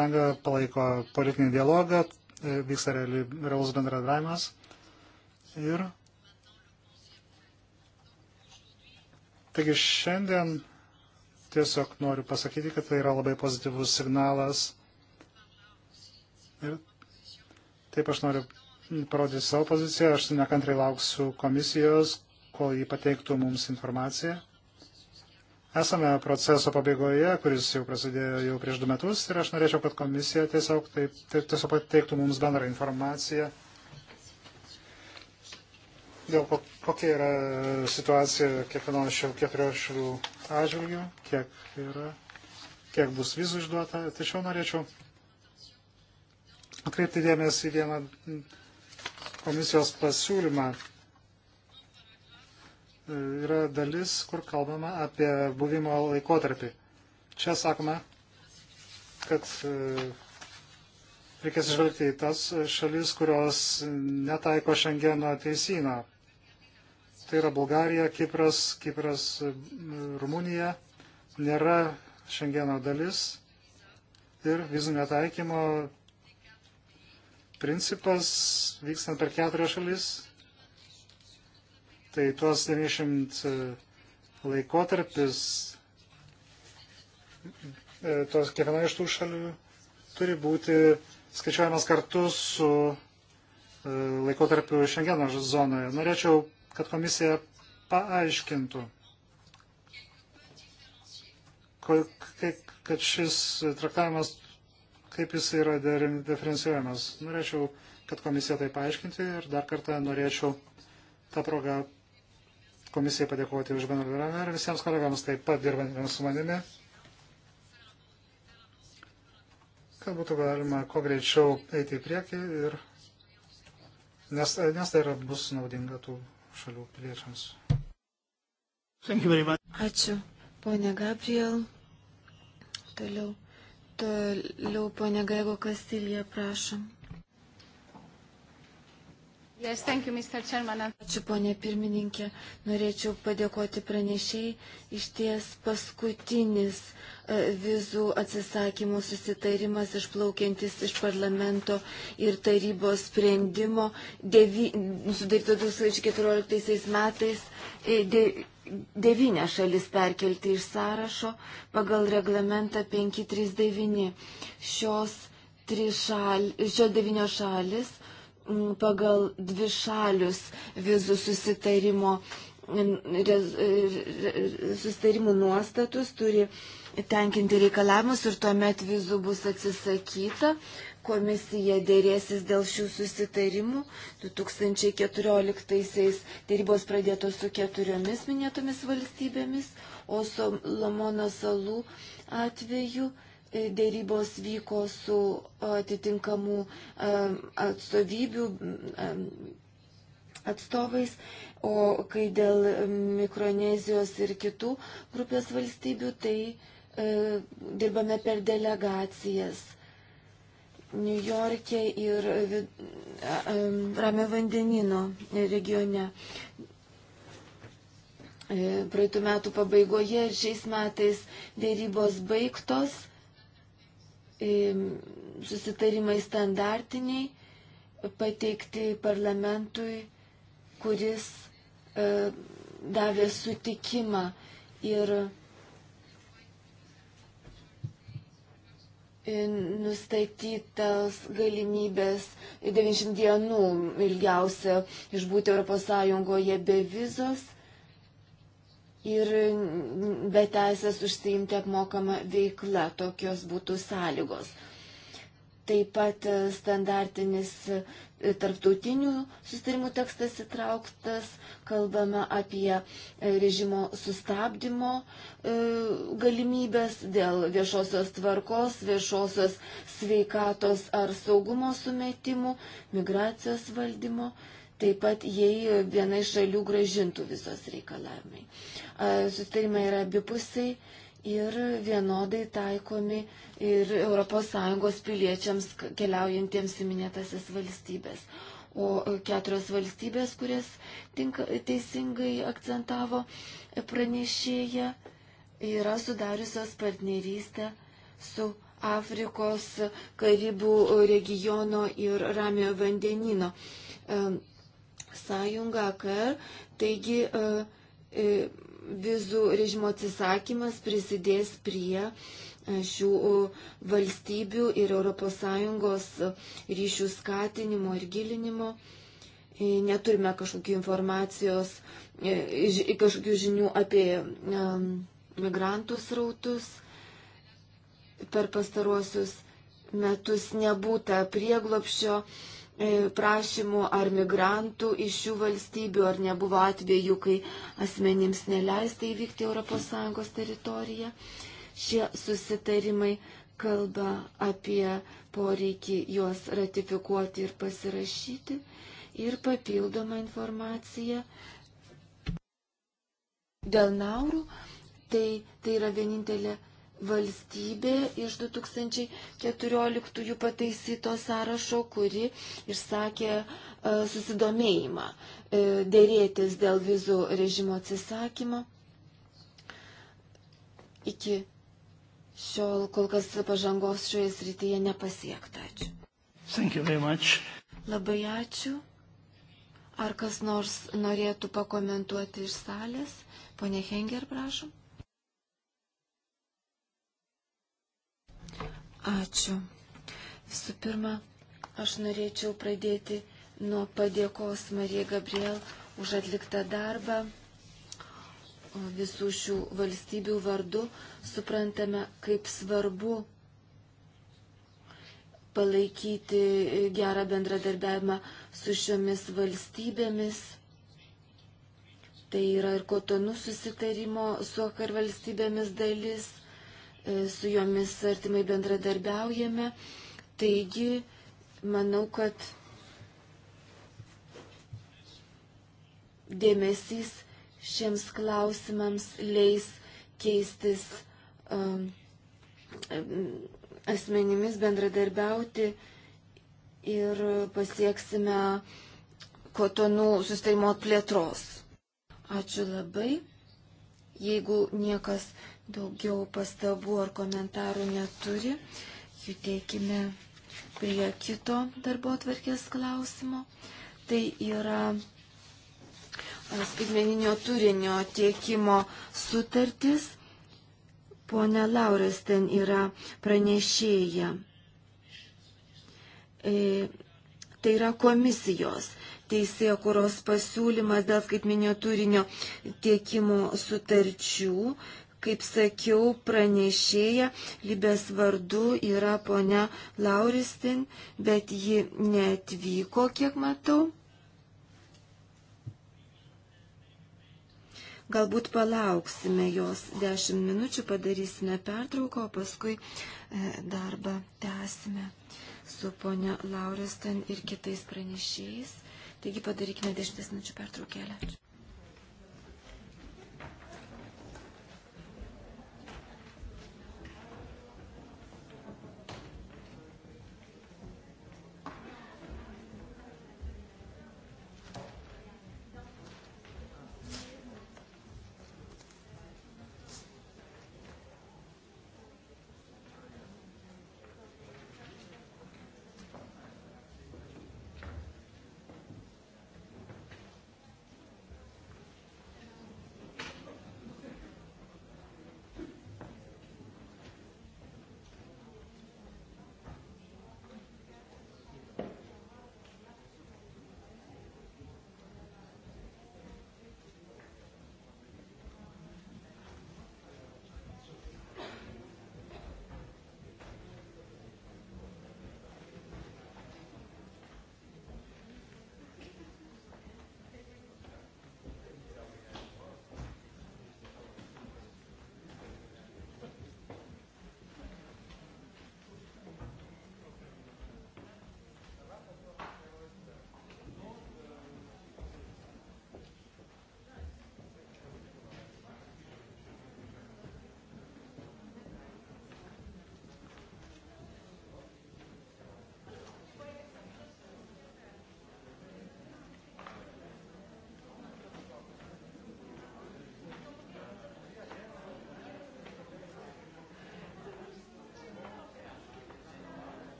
palaiko politinį dialogą, e, vyksta reali, realus bendradavimas ir Taigi šiandien tiesiog noriu pasakyti, kad tai yra labai pozityvus signalas. Ir taip aš noriu parodyti savo poziciją. Aš nekantrai lauksiu komisijos, kol jį pateiktų mums informaciją. Esame proceso pabaigoje, kuris jau prasidėjo jau prieš du metus ir aš norėčiau, kad komisija tiesiog, taip, taip, tiesiog pateiktų mums bendrą informaciją dėl ko, kokia yra situacija kiekvienos šių keturių šalių atžvilgių, kiek, yra, kiek bus vizų išduota. Tačiau norėčiau atkreipti dėmesį į vieną komisijos pasiūlymą e, yra dalis, kur kalbama apie buvimo laikotarpį. Čia sakoma, kad e, reikės žvelgti į tas šalis, kurios netaiko Šengeno teisyną. Tai yra Bulgarija, Kipras, Kipras, e, Rumunija nėra Šengeno dalis ir vizų netaikymo principas vykstant per keturias šalis. Tai tuos 90 e, laikotarpis, e, tuos kiekviena iš tų šalių turi būti skaičiuojamas kartu su e, laikotarpiu Šengeno zonoje. Norėčiau, kad komisija paaiškintų, kad šis traktavimas kaip jis yra diferencijuojamas. Norėčiau, kad komisija tai paaiškinti ir dar kartą norėčiau tą progą komisijai padėkoti už bendradarbiavimą ir visiems kolegams taip pat dirbantiems su manimi, kad būtų galima kuo greičiau eiti į priekį ir nes, nes tai yra, bus naudinga tų šalių piliečiams. Ačiū, ponė Gabriel. Toliau. Toliau, ponė Gaego Kastilija, prašom. Yes, thank you, Mr. Chairman. Ačiū, ponė pirmininkė. Norėčiau padėkoti pranešiai. Iš ties paskutinis e, vizų atsisakymų susitarimas išplaukiantis iš parlamento ir tarybos sprendimo sudaryto 2014 metais. E, de, devynę šalis perkelti iš sąrašo pagal reglamentą 539. Šios, šal, šios devynios šalis mm, pagal dvi šalius vizų susitarimo mm, susitarimų nuostatus turi tenkinti reikalavimus ir tuomet vizų bus atsisakyta. Komisija dėrėsis dėl šių susitarimų. 2014-aisiais dėrybos pradėtos su keturiomis minėtomis valstybėmis, o Solomono salų atveju e, dėrybos vyko su atitinkamų e, atstovybių e, atstovais, o kai dėl Mikronezijos ir kitų grupės valstybių, tai e, dirbame per delegacijas. Niujorke ir Ramio vandenino regione. E, praeitų metų pabaigoje ir šiais metais dėrybos baigtos, e, susitarimai standartiniai, pateikti parlamentui, kuris e, davė sutikimą ir nustatytas galimybės 90 dienų ilgiausia išbūti ES be vizos ir be teisės užsiimti apmokamą veiklą. Tokios būtų sąlygos. Taip pat standartinis tarptautinių sustarimų tekstas įtrauktas, kalbame apie režimo sustabdymo e, galimybės dėl viešosios tvarkos, viešosios sveikatos ar saugumo sumetimų, migracijos valdymo taip pat jei viena iš šalių gražintų visos reikalavimai. E, Susitarimai yra abipusiai ir vienodai taikomi ir ES piliečiams keliaujantiems į minėtasis valstybės. O e, keturios valstybės, kurias tinka, teisingai akcentavo pranešėja, yra sudariusios partnerystę su Afrikos, Karibų regiono ir Ramiojo vandenino e, sąjunga AKR. Taigi e, vizų režimo atsisakymas prisidės prie e, šių e, valstybių ir ES e, ryšių skatinimo ir gilinimo. Neturime kažkokių informacijos, kažkokių žinių apie migrantų srautus per pastaruosius metus nebūta prieglopščio E, prašymų ar migrantų iš šių valstybių, ar nebuvo atvejų, kai asmenims neleista įvykti ES teritoriją. Šie susitarimai kalba apie poreikį juos ratifikuoti ir pasirašyti. Ir papildoma informacija dėl naurų, tai, tai yra vienintelė valstybė iš 2014 pataisyto sąrašo, kuri išsakė e, susidomėjimą e, dėrėtis dėl vizų režimo atsisakymą. Iki šiol kol kas pažangos šioje srityje nepasiekta. Ačiū. Labai ačiū. Ar kas nors norėtų pakomentuoti iš salės? Pone Henger, prašom. Ačiū. Visų pirma, aš norėčiau pradėti nuo padėkos Marija Gabriel už atliktą darbą visų šių valstybių vardu. Suprantame, kaip svarbu palaikyti gerą bendradarbiavimą su šiomis valstybėmis. Tai yra ir kotonų susitarimo su akar valstybėmis dalis su jomis artimai bendradarbiaujame. Taigi, manau, kad dėmesys šiems klausimams leis keistis um, asmenimis, bendradarbiauti ir pasieksime kotonų sustaimo plėtros. Ačiū labai. Jeigu niekas daugiau pastabų ar komentarų neturi, judėkime prie kito darbo atvarkės klausimo. Tai yra skaitmeninio turinio tiekimo sutartis. Pone Lauras ten yra pranešėja. E, tai yra komisijos teisėjo kuros pasiūlymas dėl skaitminio turinio tiekimo sutarčių Kaip sakiau, pranešėja Libės vardu yra ponia Lauristin, bet ji netvyko, kiek matau. Galbūt palauksime jos 10 minučių, padarysime pertrauką, o paskui e, darbą tęsime su ponia Lauristin ir kitais pranešėjais. Taigi padarykime 10 minučių pertraukėlę.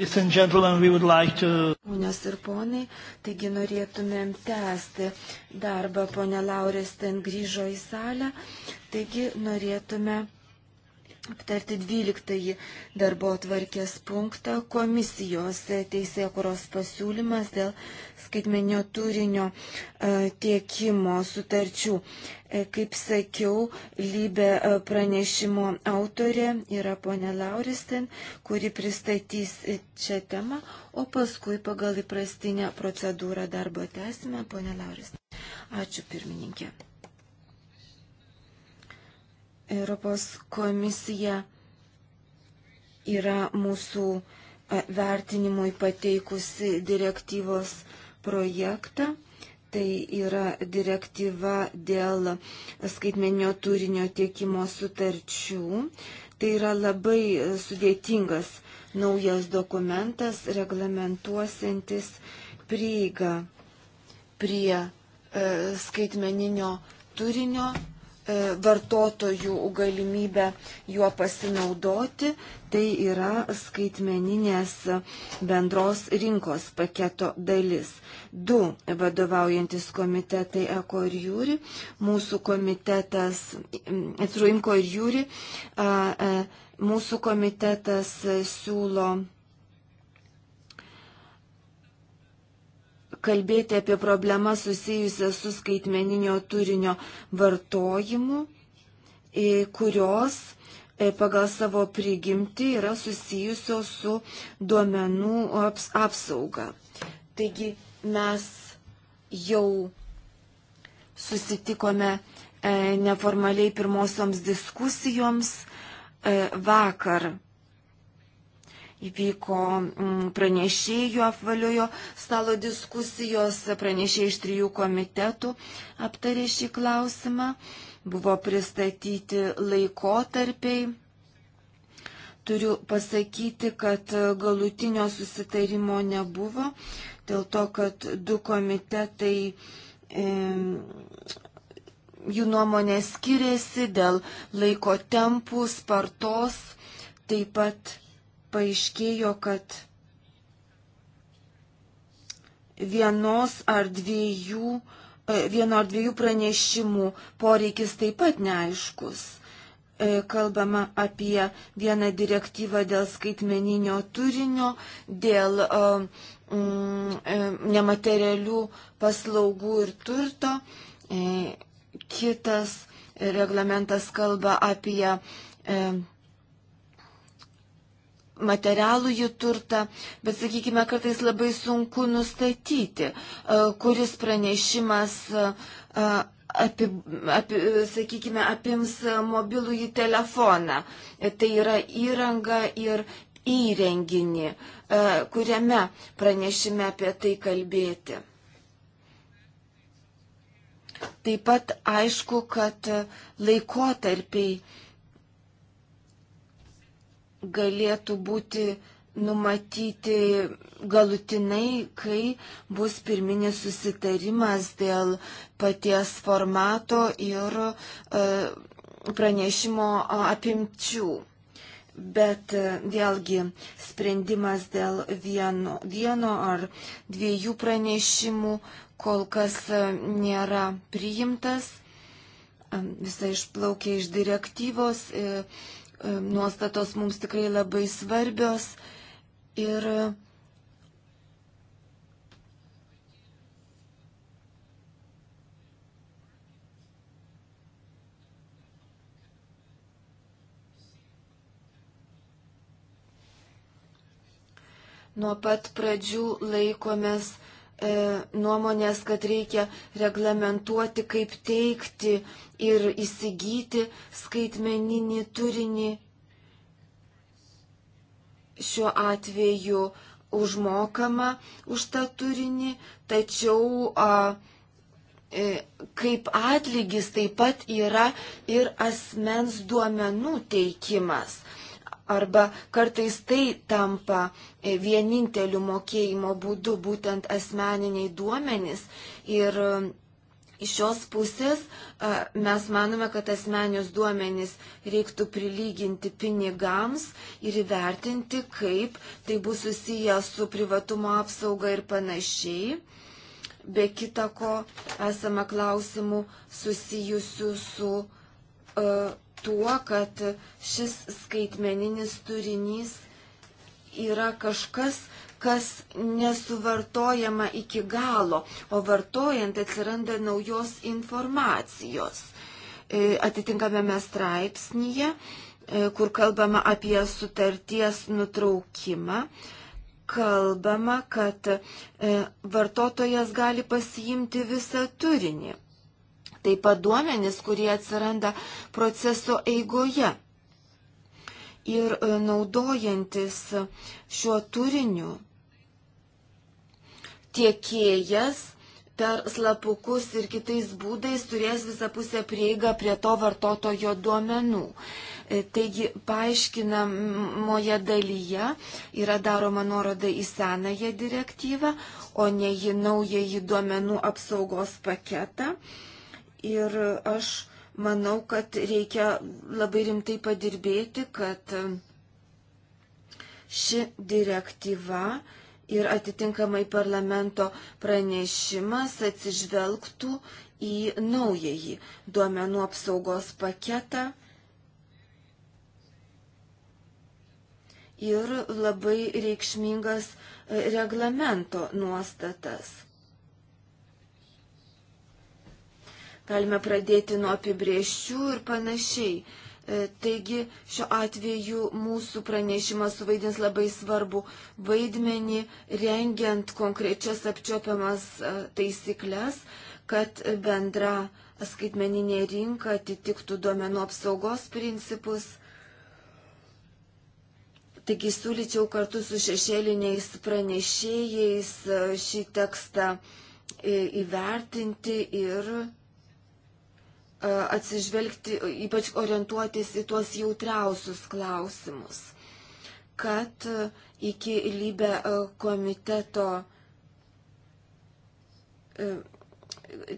Like to... Ponios ir ponai, taigi norėtumėm tęsti darbą. Pone Laurės ten grįžo į salę, taigi norėtume aptarti 12 darbo atvarkės punktą komisijos teisėkuros pasiūlymas dėl skaitmenio turinio e, tiekimo sutarčių. E, kaip sakiau, lybė e, pranešimo autorė yra ponė Lauristin, kuri pristatys čia temą, o paskui pagal įprastinę procedūrą darbo tęsime. Ponė Lauristin. Ačiū pirmininkė. Europos komisija yra mūsų e, vertinimui pateikusi direktyvos projektą. Tai yra direktyva dėl skaitmenio turinio tiekimo sutarčių. Tai yra labai sudėtingas naujas dokumentas reglamentuosintis prieigą prie e, skaitmeninio turinio E, vartotojų galimybę juo pasinaudoti, tai yra skaitmeninės bendros rinkos paketo dalis. Du vadovaujantis komitetai Eko ir Jūri, mūsų komitetas, atsiprašau, Imko ir Jūri, e, mūsų komitetas siūlo kalbėti apie problemą susijusią su skaitmeninio turinio vartojimu, kurios e, pagal savo prigimti yra susijusios su duomenų apsauga. Taigi mes jau susitikome e, neformaliai pirmosioms diskusijoms e, vakar Įvyko mm, pranešėjų apvaliojo stalo diskusijos, pranešėjai iš trijų komitetų aptarė šį klausimą, buvo pristatyti laikotarpiai. Turiu pasakyti, kad galutinio susitarimo nebuvo, dėl to, kad du komitetai e, jų nuomonė skiriasi dėl laiko tempų, spartos, taip pat paaiškėjo, kad vienos ar dviejų, e, vieno ar dviejų pranešimų poreikis taip pat neaiškus. E, kalbama apie vieną direktyvą dėl skaitmeninio turinio, dėl e, mm, nematerialių paslaugų ir turto. Kitas reglamentas kalba apie mm, materialų jų turtą, bet, sakykime, kartais labai sunku nustatyti, e, kuris pranešimas, e, e, api, api, sakykime, apims mobilų į telefoną. Tai yra įranga ir įrenginį, kuriame pranešime apie tai kalbėti. Taip pat aišku, kad laikotarpiai galėtų būti numatyti galutinai, kai bus pirminis susitarimas dėl paties formato ir e, pranešimo apimčių. Bet e, vėlgi sprendimas dėl vieno, vieno ar dviejų pranešimų kol kas e, nėra priimtas. Visai išplaukia iš direktyvos. E, nuostatos mums tikrai labai svarbios ir nuo pat pradžių laikomės E, nuomonės, kad reikia reglamentuoti, kaip teikti ir įsigyti skaitmeninį turinį. Šiuo atveju užmokama už tą turinį, tačiau a, e, kaip atlygis taip pat yra ir asmens duomenų teikimas arba kartais tai tampa e, vieninteliu mokėjimo būdu, būtent asmeniniai duomenys. Ir um, iš šios pusės mes manome, kad asmenius duomenys reiktų prilyginti pinigams ir įvertinti, kaip tai bus susiję su privatumo apsauga ir panašiai. Be kita ko, esame klausimų susijusių su uh, tuo, kad šis skaitmeninis turinys yra kažkas, kas nesuvartojama iki galo, o vartojant atsiranda naujos informacijos. E, Atitinkamėme straipsnyje, e, kur kalbama apie sutarties nutraukimą, kalbama, kad e, vartotojas gali pasiimti visą turinį taip pat duomenys, kurie atsiranda proceso eigoje. Ir e, naudojantis šiuo turiniu, tiekėjas per slapukus ir kitais būdais turės visapusę prieigą prie to vartotojo duomenų. E, taigi paaiškinamoje dalyje yra daroma nuoroda į senąją direktyvą, o ne į naująjį duomenų apsaugos paketą. Ir aš manau, kad reikia labai rimtai padirbėti, kad ši direktyva ir atitinkamai parlamento pranešimas atsižvelgtų į naująjį duomenų apsaugos paketą. Ir labai reikšmingas reglamento nuostatas. galime pradėti nuo apibrieščių ir panašiai. E, taigi šiuo atveju mūsų pranešimas suvaidins labai svarbu vaidmenį, rengiant konkrečias apčiopiamas e, taisyklės, kad bendra skaitmeninė rinka atitiktų duomenų apsaugos principus. Taigi siūlyčiau kartu su šešėliniais pranešėjais e, šį tekstą įvertinti ir atsižvelgti, ypač orientuotis į tuos jautriausius klausimus, kad iki lybę komiteto,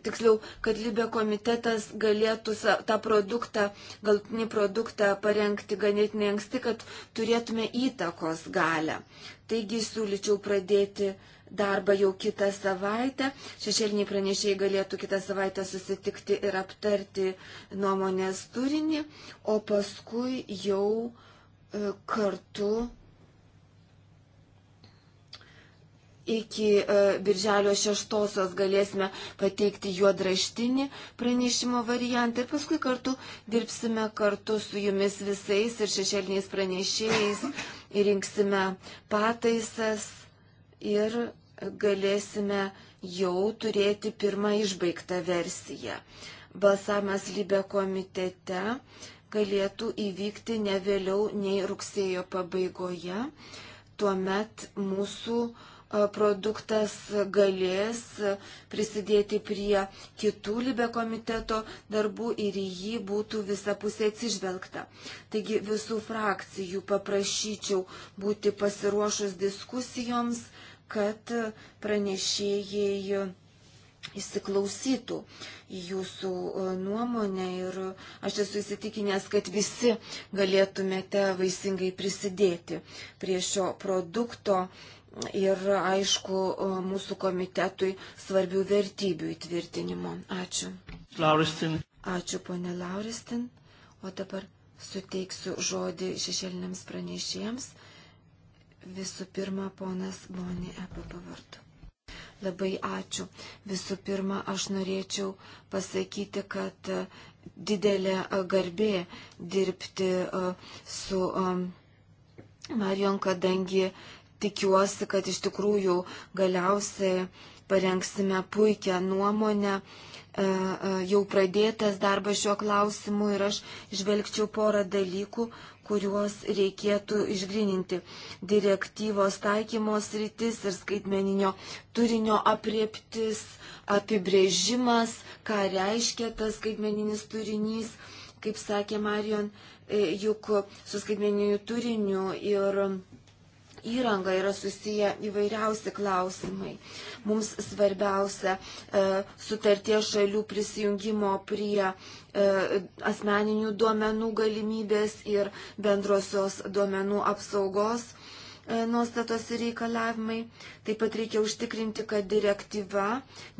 tiksliau, kad lybė komitetas galėtų tą produktą, galtinį produktą parengti ganėtinai anksti, kad turėtume įtakos galę. Taigi siūlyčiau pradėti uh, darbą jau kitą savaitę. Šešėliniai pranešėjai galėtų kitą savaitę susitikti ir aptarti nuomonės turinį, o paskui jau e, kartu iki e, birželio šeštosios galėsime pateikti juodraštinį pranešimo variantą ir paskui kartu dirbsime kartu su jumis visais ir šešėliniais pranešėjais, rinksime pataisas ir galėsime jau turėti pirmą išbaigtą versiją. Balsavimas Libė komitete galėtų įvykti ne vėliau nei rugsėjo pabaigoje. Tuomet mūsų produktas galės prisidėti prie kitų libe komiteto darbų ir į jį būtų visapusė atsižvelgta. Taigi visų frakcijų paprašyčiau būti pasiruošus diskusijoms kad pranešėjai įsiklausytų į jūsų e, nuomonę ir aš esu įsitikinęs, kad visi galėtumėte vaisingai prisidėti prie šio produkto ir, aišku, e, mūsų komitetui svarbių vertybių įtvirtinimo. Ačiū. Lauristin. Ačiū, ponė Lauristin. O dabar suteiksiu žodį šešėliniams pranešėjams. Visų pirma, ponas Boni EPP vardu. Labai ačiū. Visų pirma, aš norėčiau pasakyti, kad e, didelė e, garbė dirbti e, su Marion, kadangi tikiuosi, kad iš tikrųjų galiausiai parengsime puikią nuomonę. Jau pradėtas darbas šiuo klausimu ir aš žvelgčiau porą dalykų, kuriuos reikėtų išgrininti. Direktyvos taikymos rytis ir skaitmeninio turinio apriektis, apibrėžimas, ką reiškia tas skaitmeninis turinys, kaip sakė Marion, e, juk su skaitmeniniu turiniu ir įranga yra susiję įvairiausi klausimai. Mums svarbiausia e, sutarties šalių prisijungimo prie e, asmeninių duomenų galimybės ir bendrosios duomenų apsaugos E, nuostatos ir reikalavimai. Taip pat reikia užtikrinti, kad direktyva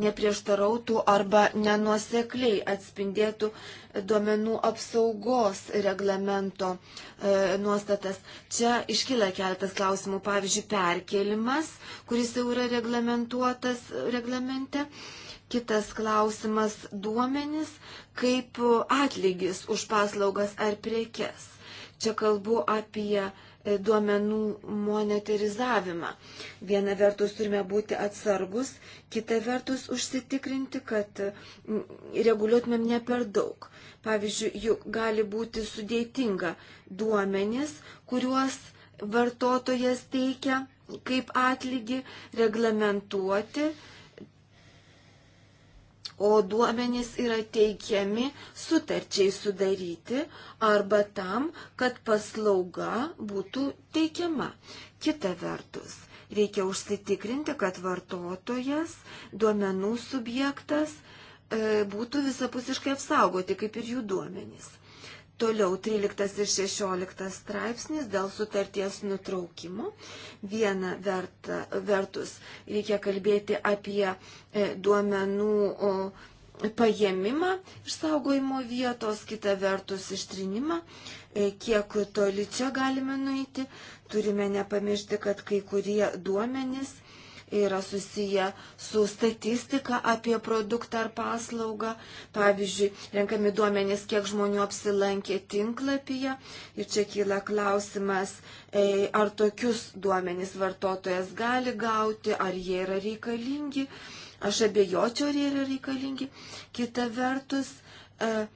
neprieštarautų arba nenuosekliai atspindėtų duomenų apsaugos reglamento e, nuostatas. Čia iškyla keletas klausimų, pavyzdžiui, perkelimas, kuris jau yra reglamentuotas reglamente. Kitas klausimas - duomenis kaip atlygis už paslaugas ar priekes. Čia kalbu apie E, duomenų monitorizavimą. Viena vertus turime būti atsargus, kita vertus užsitikrinti, kad reguliuotumėm ne per daug. Pavyzdžiui, juk gali būti sudėtinga duomenis, kuriuos vartotojas teikia kaip atlygį reglamentuoti, o duomenys yra teikiami sutarčiai sudaryti arba tam, kad paslauga būtų teikiama. Kita vertus, reikia užsitikrinti, kad vartotojas, duomenų subjektas e, būtų visapusiškai apsaugoti, kaip ir jų duomenys. Toliau 13 ir 16 straipsnis dėl sutarties nutraukimo. Viena verta, vertus reikia kalbėti apie e, duomenų paėmimą iš saugojimo vietos, kita vertus ištrinimą, e, kiek toli čia galime nueiti. Turime nepamiršti, kad kai kurie duomenys yra susiję su statistika apie produktą ar paslaugą. Pavyzdžiui, renkami duomenys, kiek žmonių apsilankė tinklapyje. Ir čia kyla klausimas, e, ar tokius duomenys vartotojas gali gauti, ar jie yra reikalingi. Aš abejočiau, ar jie yra reikalingi. Kita vertus, e,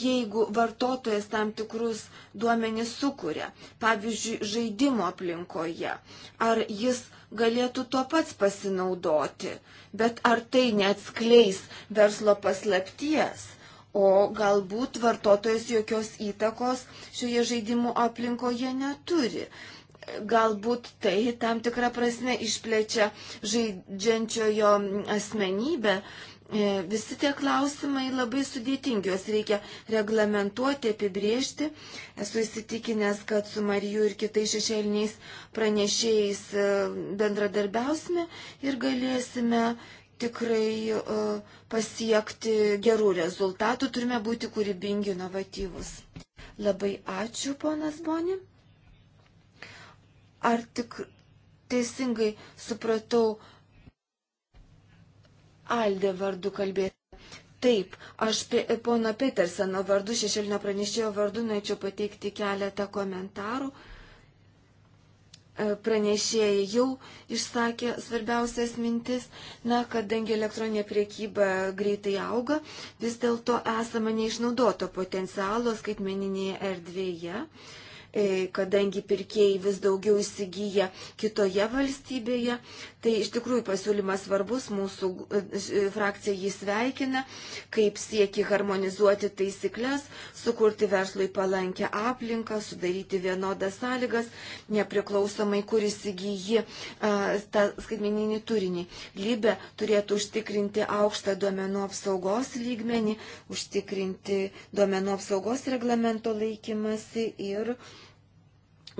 jeigu vartotojas tam tikrus duomenys sukuria, pavyzdžiui, žaidimo aplinkoje, ar jis galėtų tuo pats pasinaudoti. Bet ar tai neatskleis verslo paslapties? O galbūt vartotojas jokios įtakos šioje žaidimų aplinkoje neturi. Galbūt tai tam tikrą prasme išplečia žaidžiančiojo asmenybę, E, visi tie klausimai labai sudėtingi, juos reikia reglamentuoti, apibriežti. Esu įsitikinęs, kad su Mariju ir kitais šešėliniais pranešėjais e, bendradarbiausime ir galėsime tikrai e, pasiekti gerų rezultatų. Turime būti kūrybingi, inovatyvus. Labai ačiū, ponas Boni. Ar tik teisingai supratau, Aldė vardu kalbėti. Taip, aš pono Peterseno vardu, šešėlinio pranešėjo vardu, norėčiau pateikti keletą komentarų. E, pranešėjai jau išsakė svarbiausias mintis, na, kadangi elektroninė priekyba greitai auga, vis dėlto esama neišnaudoto potencialo skaitmeninėje erdvėje e, kadangi pirkėjai vis daugiau įsigyja kitoje valstybėje, Tai iš tikrųjų pasiūlymas svarbus, mūsų e, e, frakcija jį sveikina, kaip sieki harmonizuoti taisyklės, sukurti verslui palankę aplinką, sudaryti vienodas sąlygas, nepriklausomai, kur įsigyji tą skaitmeninį turinį. Lybė turėtų užtikrinti aukštą duomenų apsaugos lygmenį, užtikrinti duomenų apsaugos reglamento laikymasi ir uh,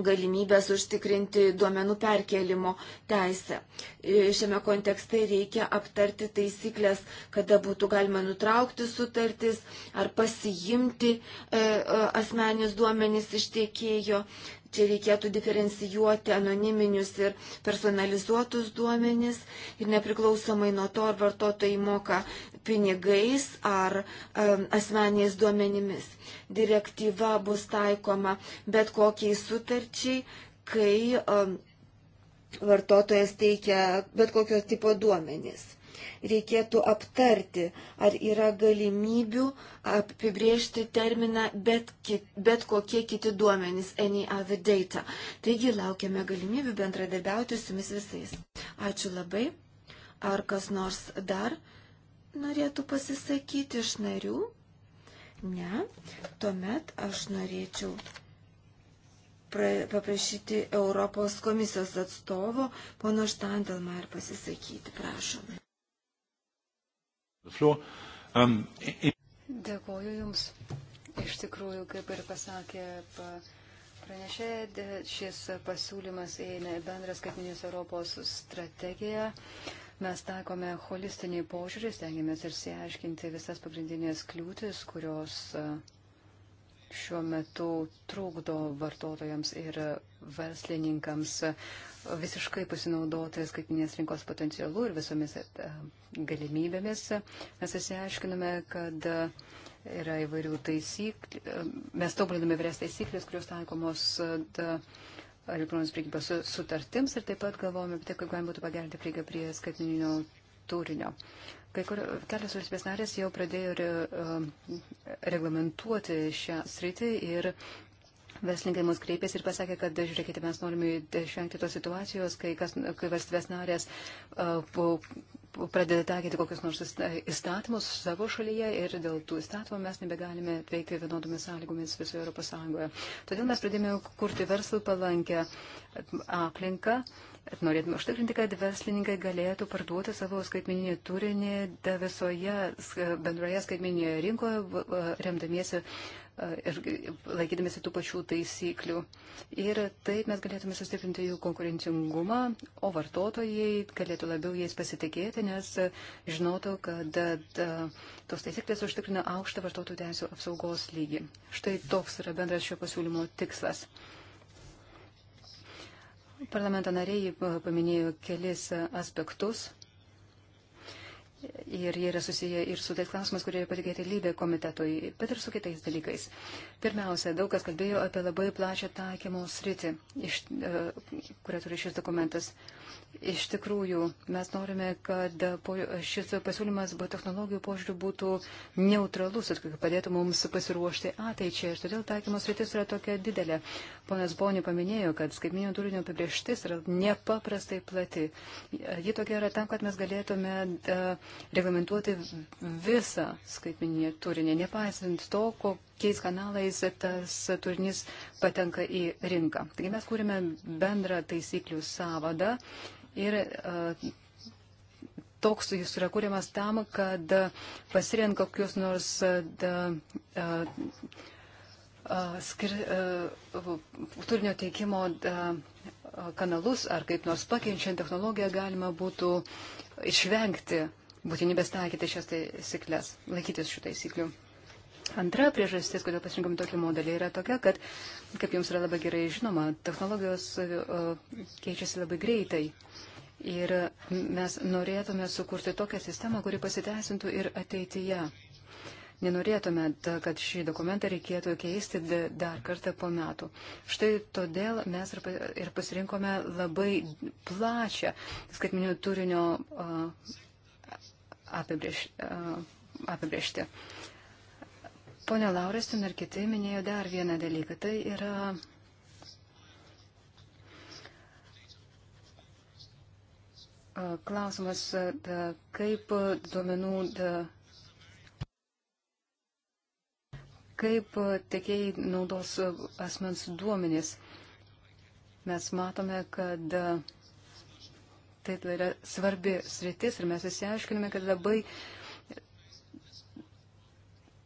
galimybės užtikrinti duomenų perkelimo teisę. E, šiame kontekste reikia aptarti taisyklės, kada būtų galima nutraukti sutartis ar pasijimti e, e asmenis duomenis iš tiekėjo. Čia reikėtų diferencijuoti anoniminius ir personalizuotus duomenis ir nepriklausomai nuo to, ar vartotojai moka pinigais ar um, asmeniais duomenimis. Direktyva bus taikoma bet kokiai sutarčiai, kai um, vartotojas teikia bet kokio tipo duomenis reikėtų aptarti, ar yra galimybių apibriežti terminą bet, kit, bet kokie kiti duomenys, any other data. Taigi laukiame galimybių bendradarbiauti su jumis visais. Ačiū labai. Ar kas nors dar norėtų pasisakyti iš narių? Ne. Tuomet aš norėčiau paprašyti Europos komisijos atstovo, pono Štantelmą, ir pasisakyti, prašom. Um, Dėkuoju Jums. Iš tikrųjų, kaip ir pasakė pranešė, šis pasiūlymas eina bendras skaitminės Europos strategija. Mes taikome holistinį požiūrį, stengiamės ir siaiškinti visas pagrindinės kliūtis, kurios uh, šiuo metu trukdo vartotojams ir verslininkams visiškai pasinaudoti skaitinės rinkos potencialu ir visomis e, galimybėmis. Mes įsiaiškiname, kad yra įvairių taisyklių, e, mes tobuliname įvairias taisyklės, kurios taikomos e, elektroninės prekybos sutartims ir taip pat galvojame apie tai, kaip galima būtų pagerinti prieigą prie skaitinio turinio. Uh, Kai kur, kelios valstybės narės jau pradėjo re, um, reglamentuoti šią sritį ir Veslininkai mus kreipėsi ir pasakė, kad žiūrėkite, mes norime išvengti tos situacijos, kai, kas, kai valstybės narės uh, pradeda taikyti kokius nors įstatymus savo šalyje ir dėl tų įstatymų mes nebegalime veikti vienodomis sąlygomis visoje Europos Sąjungoje. Todėl mes pradėjome kurti verslų palankę aplinką, norėtume užtikrinti, kad verslininkai galėtų parduoti savo skaitmeninį turinį visoje bendroje skaitmeninėje rinkoje, remdamiesi ir laikydamėsi tų pačių taisyklių. Ir taip mes galėtume sustiprinti jų konkurencingumą, o vartotojai galėtų labiau jais pasitikėti, nes žinotų, kad tos taisyklės užtikrina aukštą vartotojų teisų apsaugos lygį. Štai toks yra bendras šio pasiūlymo tikslas. Parlamento nariai paminėjo kelis aspektus Ir jie yra susiję ir su tais klausimais, kurie patikėti lybė komitetui, bet ir su kitais dalykais. Pirmiausia, daug kas kalbėjo apie labai plačią taikymo sritį, iš, uh, kurią turi šis dokumentas. Uh, Iš tikrųjų, mes norime, kad šis pasiūlymas technologijų požiūrių būtų neutralus, kad padėtų mums pasiruošti ateičiai. Ir todėl taikymos rytis yra tokia didelė. Ponas Boni paminėjo, kad skaitminio turinio apibrieštis yra nepaprastai plati. Ji tokia yra tam, kad mes galėtume e, reglamentuoti visą skaitminį turinį, nepaisant to, kok kokiais kanalais tas turinys patenka į rinką. Taigi mes kūrėme bendrą taisyklių savadą ir e, toks jis yra kūriamas tam, kad pasirink kokius nors e, da, da, e, skir, turinio teikimo da, kanalus ar kaip nors pakeičiant technologiją galima būtų išvengti būtinybės taikyti šias taisyklės, laikytis šių taisyklių. Antra priežastis, kodėl pasirinkom tokį modelį, yra tokia, kad, kaip jums yra labai gerai žinoma, technologijos e, keičiasi labai greitai. Ir mes norėtume sukurti tokią sistemą, kuri pasiteisintų ir ateityje. Nenorėtume, kad šį dokumentą reikėtų keisti dar kartą po metų. Štai todėl mes ir pasirinkome labai plačią skaitminio turinio e, e, apibrėžti. Pone Laurestin ir kiti minėjo dar vieną dalyką. Tai yra klausimas, da, kaip duomenų, da, kaip tekėjai naudos asmens duomenys. Mes matome, kad da, tai yra svarbi sritis ir mes visi aiškiname, kad labai uh,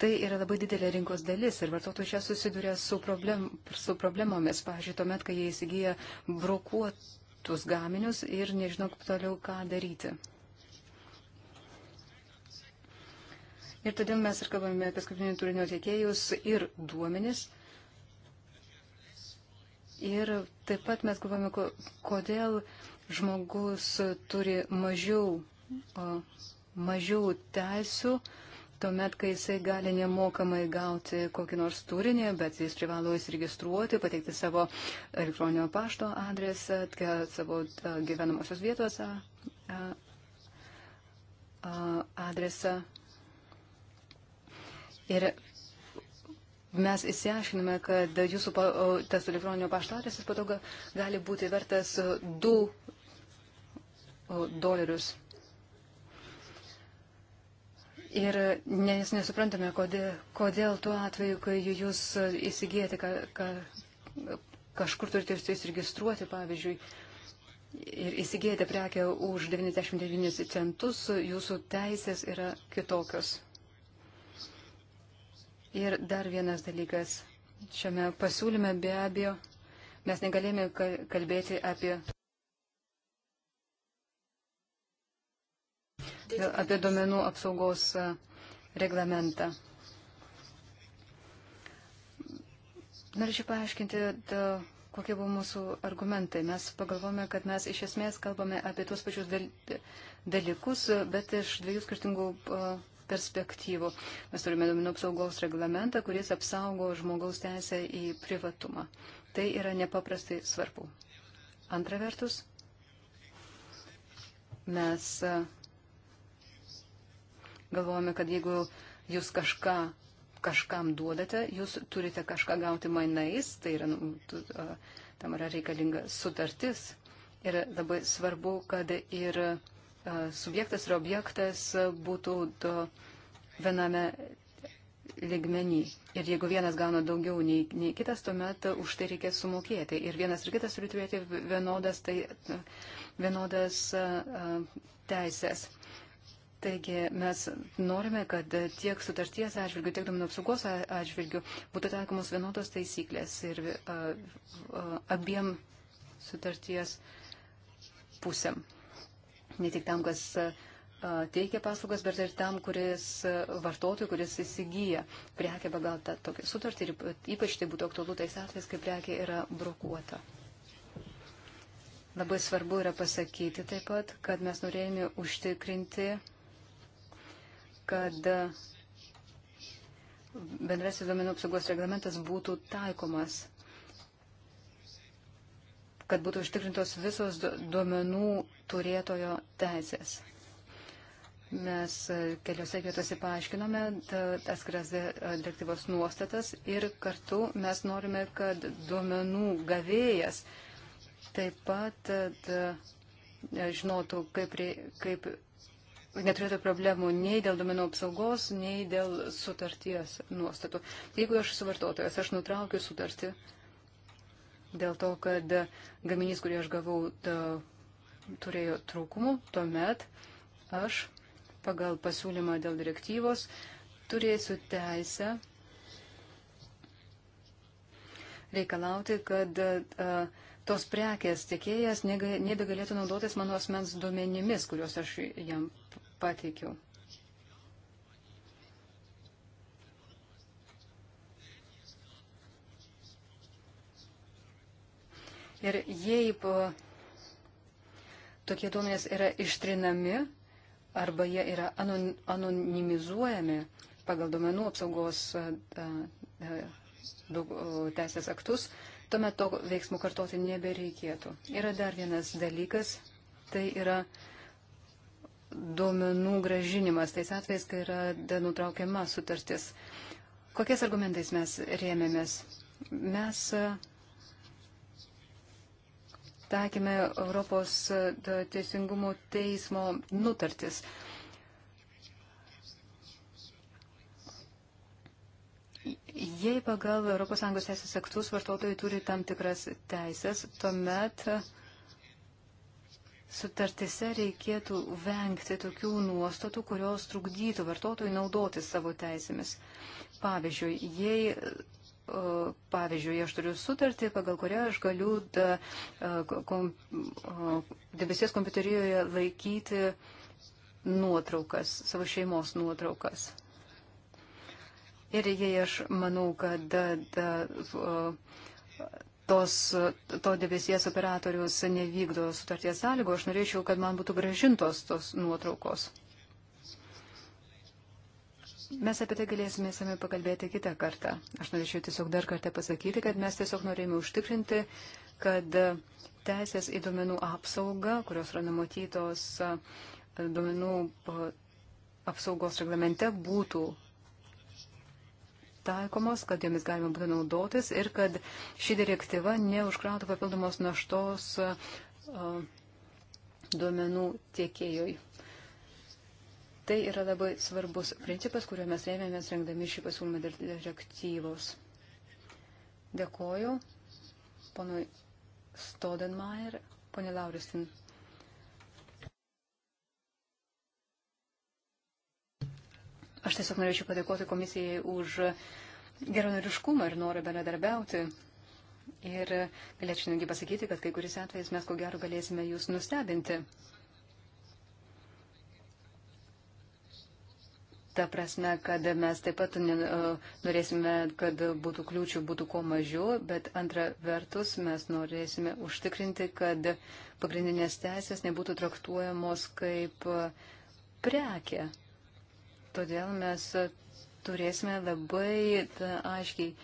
Tai yra labai didelė rinkos dalis ir vartotojai čia susiduria su, problem, su problemomis. Pavyzdžiui, tuomet, kai jie įsigyja brokuotus gaminius ir nežino toliau, ką daryti. Ir todėl mes ir kalbame apie skaitmeninio turinio tiekėjus ir duomenis. Ir taip pat mes galvojame, kodėl žmogus turi mažiau, mažiau teisų uh, tuomet, kai jisai gali nemokamai gauti kokį nors turinį, bet jis privalo įsiregistruoti, pateikti savo elektroninio pašto adresą, savo gyvenamosios vietos adresą. Ir mes įsiaiškiname, kad jūsų tas elektroninio pašto adresas patoga gali būti vertas 2 dolerius Ir nes nesuprantame, kodėl, kodėl tuo atveju, kai jūs įsigijate ka, ka, kažkur turite įsiregistruoti, pavyzdžiui, ir įsigijate prekę už 99 centus, jūsų teisės yra kitokios. Ir dar vienas dalykas. Šiame pasiūlyme be abejo mes negalėjome kalbėti apie apie domenų apsaugos e, reglamentą. Norėčiau paaiškinti, kokie buvo mūsų argumentai. Mes pagalvome, kad mes iš esmės kalbame apie tuos pačius dalykus, bet iš dviejų skirtingų e, perspektyvų. Mes turime duomenų apsaugos reglamentą, kuris apsaugo žmogaus teisę į privatumą. Tai yra nepaprastai svarbu. Antra vertus, mes e, galvojame, kad jeigu jūs kažką, kažkam duodate, jūs turite kažką gauti mainais, tai yra, nu, tam yra reikalinga sutartis. Ir labai svarbu, kad ir subjektas ir objektas būtų viename ligmenį. Ir jeigu vienas gauna daugiau nei, nei kitas, tuomet už tai reikės sumokėti. Ir vienas ir kitas turi turėti vienodas, tai, vienodas a, teisės. Taigi mes norime, kad tiek sutarties atžvilgių, tiek duomenų apsaugos atžvilgių būtų taikomos vienodos taisyklės ir a, a, abiem sutarties pusėm. Ne tik tam, kas a, teikia paslaugas, bet ir tam, kuris vartotojų, kuris įsigyja prekę pagal tą tokią sutartį ir ypač tai būtų aktualu tais atvejais, kai prekė yra brokuota. Labai svarbu yra pasakyti taip pat, kad mes norėjome užtikrinti kad bendrasis duomenų apsaugos reglamentas būtų taikomas, kad būtų užtikrintos visos duomenų turėtojo teisės. Mes keliose vietose paaiškinome atskiras direktyvos nuostatas ir kartu mes norime, kad duomenų gavėjas taip pat e, žinotų, kaip, kaip neturėtų problemų nei dėl domenų apsaugos, nei dėl sutarties nuostatų. Jeigu aš esu vartotojas, aš nutraukiu sutartį dėl to, kad gaminys, kurį aš gavau, ta, turėjo trūkumų, tuomet aš pagal pasiūlymą dėl direktyvos turėsiu teisę reikalauti, kad a, tos prekės tiekėjas nebegalėtų naudotis mano asmens duomenimis, kuriuos aš jam pateikiau. Ir jeigu tokie duomenys yra ištrinami arba jie yra anonimizuojami pagal duomenų apsaugos teisės aktus, tuomet to veiksmų kartoti nebereikėtų. Yra dar vienas dalykas, tai yra duomenų gražinimas, tais atvejais, kai yra nutraukiama sutartis. Kokiais argumentais mes rėmėmės? Mes e, taikėme Europos e, teisingumo teismo nutartis. Jei pagal ES teisės aktus vartotojai turi tam tikras teisės, tuomet uh, sutartise reikėtų vengti tokių nuostatų, kurios trukdytų vartotojui naudotis savo teisėmis. Pavyzdžiui, jei e, pavyzdžiui, aš turiu sutartį, pagal kurią aš galiu da, e, e, kom, debesies kompiuterijoje laikyti nuotraukas, savo šeimos nuotraukas. Ir jei aš manau, kad da, da, tos, to debesies operatorius nevykdo sutarties sąlygų, aš norėčiau, kad man būtų gražintos tos nuotraukos. Mes apie tai galėsime įsame pakalbėti kitą kartą. Aš norėčiau tiesiog dar kartą pasakyti, kad mes tiesiog norėjome užtikrinti, kad teisės į duomenų apsaugą, kurios yra numatytos duomenų apsaugos reglamente, būtų taikomos, kad jomis galima būtų naudotis ir kad ši direktyva neužkrautų papildomos naštos duomenų tiekėjui. Tai yra labai svarbus principas, kuriuo mes rėmėmės rengdami šį pasiūlymą direktyvos. Dėkoju ponui Stodenmaier, ponė Lauristin. Aš tiesiog norėčiau padėkoti komisijai už geronoriškumą ir norą bendradarbiauti. Ir galėčiau netgi pasakyti, kad kai kuris atvejais mes ko gero galėsime jūs nustebinti. Ta prasme, kad mes taip pat norėsime, kad būtų kliūčių, būtų kuo mažiau, bet antra vertus mes norėsime užtikrinti, kad pagrindinės teisės nebūtų traktuojamos kaip prekė. Todėl mes turėsime labai ta, aiškiai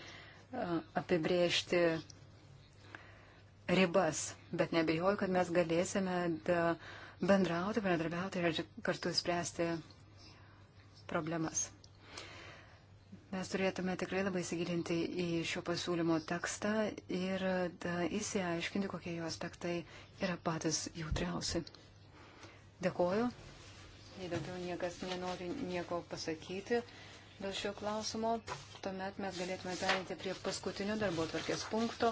apibriežti ribas, bet nebejoju, kad mes galėsime da, bendrauti, bendradarbiauti ir kartu spręsti problemas. Mes turėtume tikrai labai įsigilinti į šio pasiūlymo tekstą ir da, įsiaiškinti, kokie jo aspektai yra patys jautriausi. Dėkuoju jei daugiau niekas nenori nieko pasakyti dėl šio klausimo, tuomet mes galėtume perėti prie paskutinio darbo tvarkės punkto.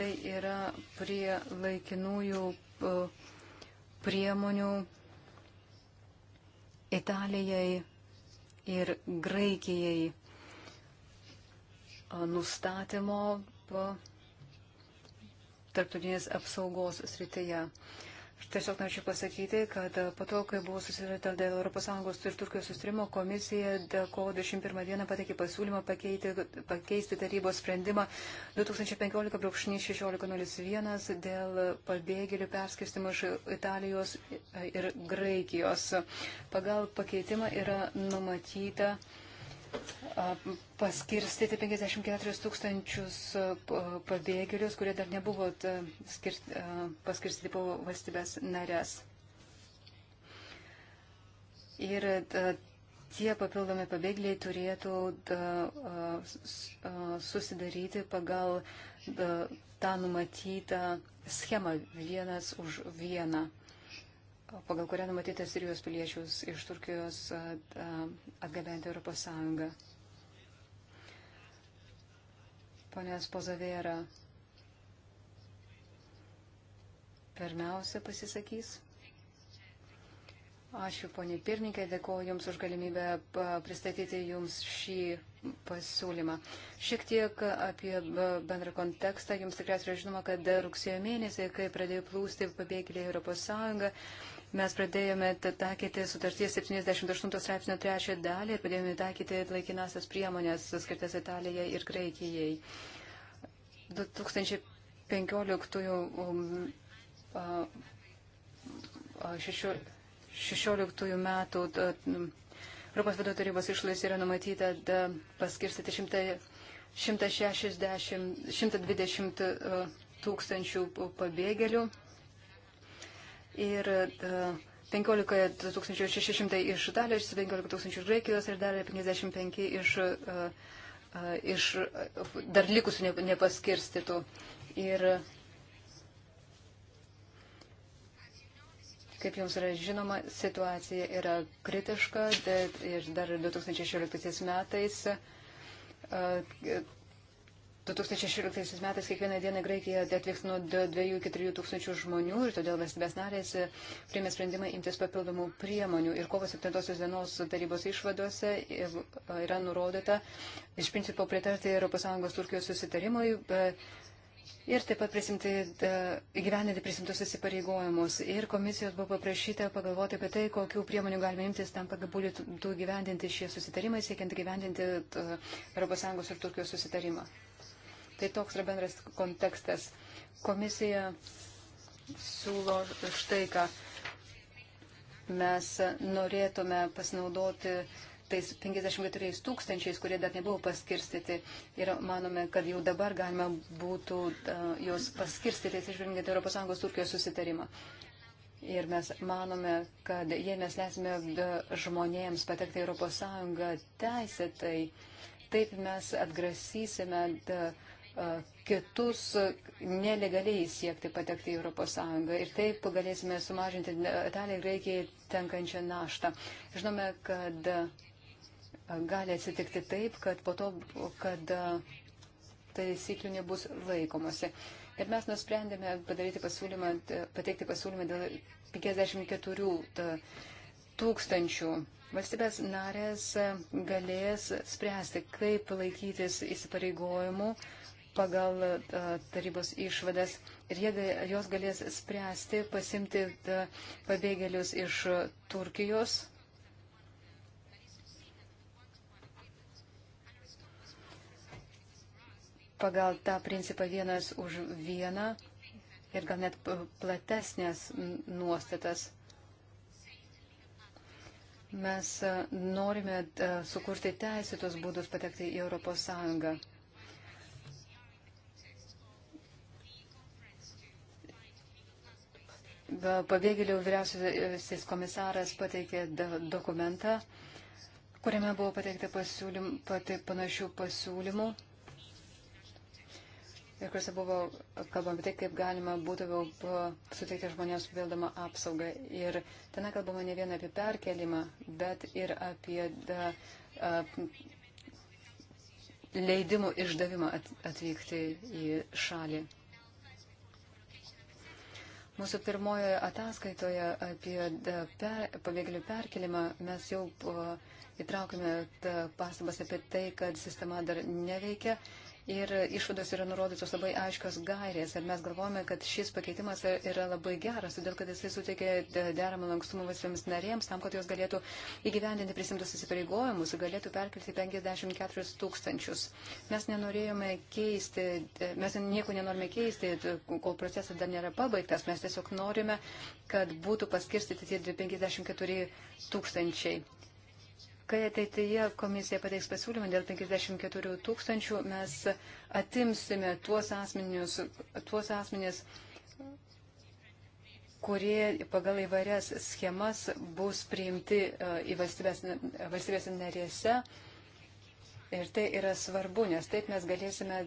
Tai yra prie laikinųjų e, priemonių Italijai ir Graikijai e, nustatymo e, tarptautinės apsaugos srityje. Tiesiog norėčiau pasakyti, kad po to, kai buvo susitarta dėl ES ir Turkijos sustrimo, komisija kovo 21 dieną pateikė pasiūlymą pakeiti, pakeisti tarybos sprendimą 2015-1601 dėl pabėgėlių perskirstimo iš Italijos ir Graikijos. Pagal pakeitimą yra numatyta paskirstyti 54 tūkstančius pabėgėlius, kurie dar nebuvo skirt, paskirstyti po valstybės narės. Ir tie papildomi pabėgėliai turėtų susidaryti pagal tą numatytą schemą vienas už vieną pagal kurią numatyta Sirijos piliečius iš Turkijos atgabenti Europos Sąjungą. Ponės Pozavėra pirmiausia pasisakys. Ačiū, ponė pirmininkė, dėkoju Jums už galimybę pristatyti Jums šį pasiūlymą. Šiek tiek apie bendrą kontekstą. Jums tikriausiai yra žinoma, kad rugsėjo mėnesį, kai pradėjo plūsti pabėgėliai Europos Sąjungą, Mes pradėjome taikyti sutarties 78 straipsnio trečią dalį ir pradėjome taikyti laikinasias priemonės skirtas Italijai ir Graikijai. 2015-2016 um, metų Europos vadovų tarybos išlaidos yra numatyta paskirstyti 160, 120 tūkstančių pabėgėlių ir 15 e, 600 iš Italijos, 15 tūkstančių iš Graikijos ir dar 55 iš, e, e, iš dar likusių nepaskirstytų. Ir Kaip jums yra žinoma, situacija yra kritiška ir dar 2016 metais 2016 metais kiekvieną dieną Graikija atvyks nuo 2 iki 3 tūkstančių žmonių ir todėl valstybės narės e, priėmė sprendimą imtis papildomų priemonių. Ir kovo 7 dienos tarybos išvadose e, yra nurodyta iš principo pritarti ES Turkijos susitarimui. E, ir taip pat prisimti, įgyveninti prisimtus įsipareigojimus. Ir komisijos buvo paprašyta pagalvoti apie tai, kokių priemonių galime imtis tam, kad būtų gyvendinti šie susitarimai, siekiant gyvendinti ES ir Turkijos susitarimą. Tai toks yra bendras kontekstas. Komisija siūlo štai ką. Mes norėtume pasinaudoti tais 54 tūkstančiais, kurie dar nebuvo paskirstyti. Ir manome, kad jau dabar galima būtų uh, juos paskirstyti, išvengiant ES Turkijos susitarimą. Ir mes manome, kad jei mes leisime žmonėms patekti ES teisėtai, taip mes atgrasysime. Da, uh, kitus nelegaliai siekti patekti į ES ir taip galėsime sumažinti Italijai Graikijai tenkančią naštą. Žinome, kad gali atsitikti taip, kad po to, kad taisyklių nebus laikomasi. Ir mes nusprendėme padaryti pasiūlymą, pateikti pasiūlymą dėl 54 tūkstančių Valstybės narės galės spręsti, kaip laikytis įsipareigojimų pagal e, tarybos išvadas ir jie, jos galės spręsti, pasimti e, pabėgėlius iš Turkijos. pagal tą principą vienas už vieną ir gal net platesnės nuostatas. Mes e, norime sukurti teisėtos būdus patekti į Europos Sąjungą. pabėgėlių vyriausiasis komisaras pateikė dokumentą, kuriame buvo pateikta pasiūlym, pate, panašių pasiūlymų. Ir kuriuose buvo kalbama apie tai, kaip galima būtų suteikti žmonėms papildomą apsaugą. Ir ten kalbama ne vien apie perkelimą, bet ir apie da, a, leidimų išdavimą at, atvykti į šalį. Mūsų pirmojoje ataskaitoje apie e, pabėgėlių perkelimą mes jau įtraukime e, pastabas apie tai, kad sistema dar neveikia Ir išvados yra nurodytos labai aiškios gairės. Ir mes galvojame, kad šis pakeitimas yra labai geras, todėl kad jisai suteikia deramą lankstumą visiems narėms, tam, kad jos galėtų įgyvendinti prisimtus įsipareigojimus ir galėtų perkelti 54 tūkstančius. Mes nenorėjome keisti, mes nieko nenorime keisti, kol procesas dar nėra pabaigtas. Mes tiesiog norime, kad būtų paskirstyti tie 54 tūkstančiai. Kai ateityje komisija pateiks pasiūlymą dėl 54 tūkstančių, mes atimsime tuos, asmenius, tuos asmenys, kurie pagal įvairias schemas bus priimti e, į valstybės, valstybės narėse. Ir tai yra svarbu, nes taip mes galėsime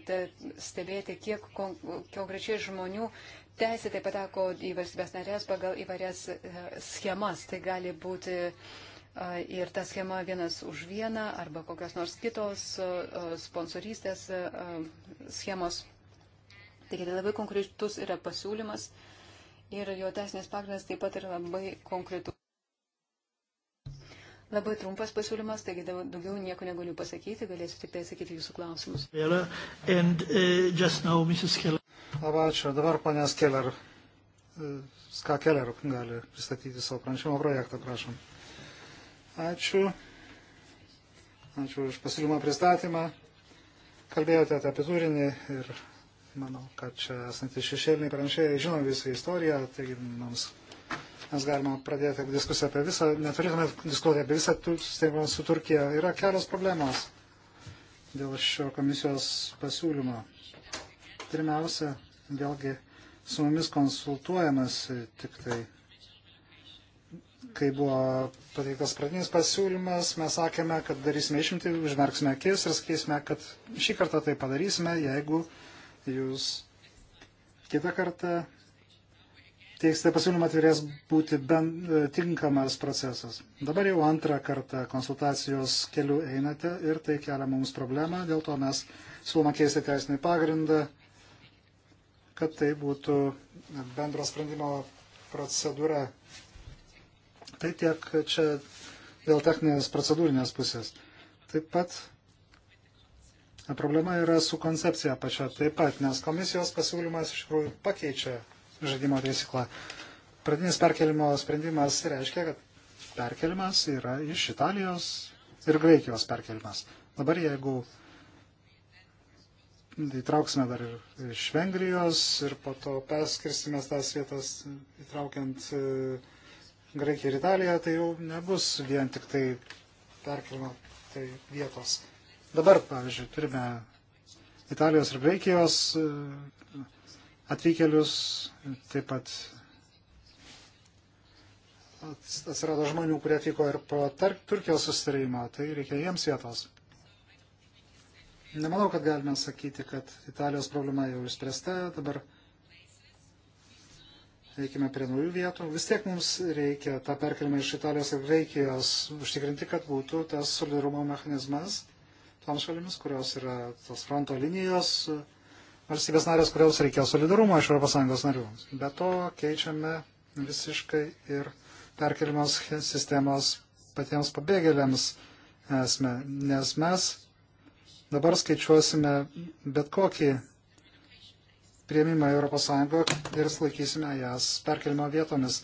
stebėti, kiek konkrečiai žmonių teisė tai pateko į valstybės narės pagal įvairias e, schemas. Tai gali būti uh, ir ta schema vienas už vieną arba kokios nors kitos sponsorystės schemos. Taigi tai labai konkretus yra pasiūlymas ir jo teisinės pagrindas taip pat yra labai konkretus. Labai trumpas pasiūlymas, taigi daugiau nieko negaliu pasakyti, galėsiu tik tai atsakyti jūsų klausimus. And, uh, now, Labai ačiū. Dabar ponės Keller, uh, Ska Keller gali pristatyti savo pranešimo projektą, prašom. Ačiū. Ačiū už pasiūlymą pristatymą. Kalbėjote apie turinį ir manau, kad čia esantys šešėliniai pranešėjai žino visą istoriją, taigi mums, mes galime pradėti diskusiją apie visą, neturėtume diskutuoti apie visą susitarimą su Turkija. Yra kelios problemos dėl šio komisijos pasiūlymo. Pirmiausia, vėlgi su mumis konsultuojamas tik tai kai buvo pateiktas pradinis pasiūlymas, mes sakėme, kad darysime išimti, užmerksime akis ir sakysime, kad šį kartą tai padarysime, jeigu jūs kitą kartą teiksite pasiūlymą, tai turės būti ben, e, tinkamas procesas. Dabar jau antrą kartą konsultacijos keliu einate ir tai kelia mums problemą, dėl to mes siūloma keisti teisinį pagrindą, kad tai būtų bendro sprendimo procedūra Tai tiek čia dėl techninės procedūrinės pusės. Taip pat problema yra su koncepcija pačia taip pat, nes komisijos pasiūlymas iš tikrųjų pakeičia žaidimo taisyklą. Pradinis perkelimo sprendimas reiškia, kad perkelimas yra iš Italijos ir Graikijos perkelimas. Dabar jeigu įtrauksime dar ir iš Vengrijos ir po to perskirstime tas vietas įtraukiant uh, Graikiją ir Italiją, tai jau nebus vien tik tai perkelimo tai vietos. Dabar, pavyzdžiui, turime Italijos ir Graikijos e, atvykėlius, taip pat atsirado žmonių, kurie atvyko ir po Turkijos sustarimo, tai reikia jiems vietos. Nemanau, kad galime sakyti, kad Italijos problema jau išspręsta, dabar eikime prie naujų vietų. Vis tiek mums reikia tą perkelimą iš Italijos ir Graikijos užtikrinti, kad būtų tas solidarumo mechanizmas toms šalimis, kurios yra tos fronto linijos, valstybės narės, kurios reikėjo solidarumo iš ES narių. Be to keičiame visiškai ir perkelimos sistemos patiems pabėgėliams esmę, nes mes dabar skaičiuosime bet kokį prieimimą Europos Sąjungą ir laikysime jas perkelimo vietomis,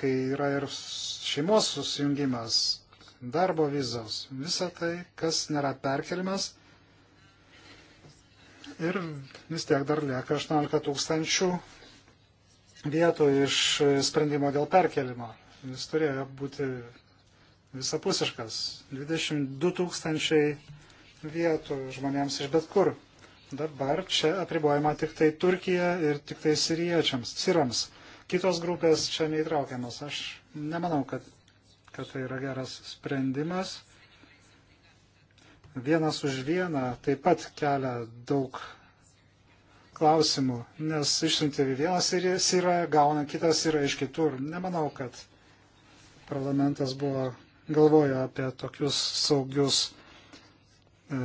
kai yra ir šeimos susijungimas, darbo vizos, visa tai, kas nėra perkelimas. Ir vis tiek dar lieka 18 tūkstančių vietų iš sprendimo dėl perkelimo. Jis turėjo būti visapusiškas. 22 tūkstančiai vietų žmonėms iš bet kur. Dabar čia apribojama tik tai Turkija ir tik tai siriečiams, sirams. Kitos grupės čia neįtraukiamas. Aš nemanau, kad, kad tai yra geras sprendimas. Vienas už vieną taip pat kelia daug klausimų, nes išsiuntė vienas ir jis yra, gauna kitas yra iš kitur. Nemanau, kad parlamentas buvo galvojo apie tokius saugius e,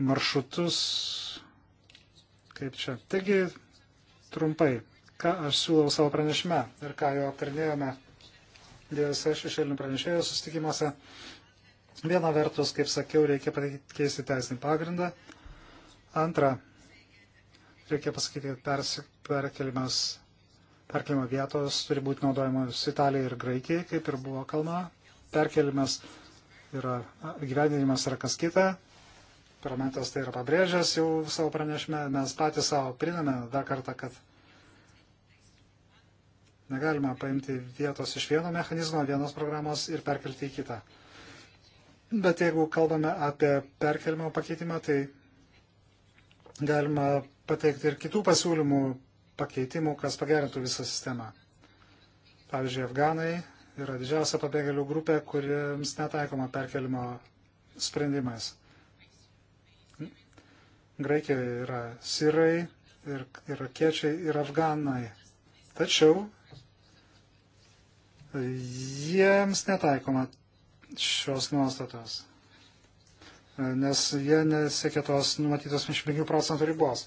maršrutus, kaip čia. Taigi, trumpai, ką aš siūlau savo pranešime ir ką jau aptarnėjome dviejose šešėlinių pranešėjų susitikimuose. Viena vertus, kaip sakiau, reikia keisti teisinį pagrindą. Antra, reikia pasakyti, kad perkelimas perkelimo vietos turi būti naudojamos Italijai ir Graikijai, kaip ir buvo kalba. Perkelimas yra gyvendinimas yra kas kita, parlamentas tai yra pabrėžęs jau savo pranešime, mes patys savo priname dar kartą, kad negalima paimti vietos iš vieno mechanizmo, vienos programos ir perkelti į kitą. Bet jeigu kalbame apie perkelimo pakeitimą, tai galima pateikti ir kitų pasiūlymų pakeitimų, kas pagerintų visą sistemą. Pavyzdžiui, Afganai yra didžiausia pabėgėlių grupė, kuriems netaikoma perkelimo sprendimas. Graikijoje yra sirai, ir irakiečiai, ir afganai. Tačiau jiems netaikoma šios nuostatos, nes jie nesiekia tos numatytos 25 procentų ribos.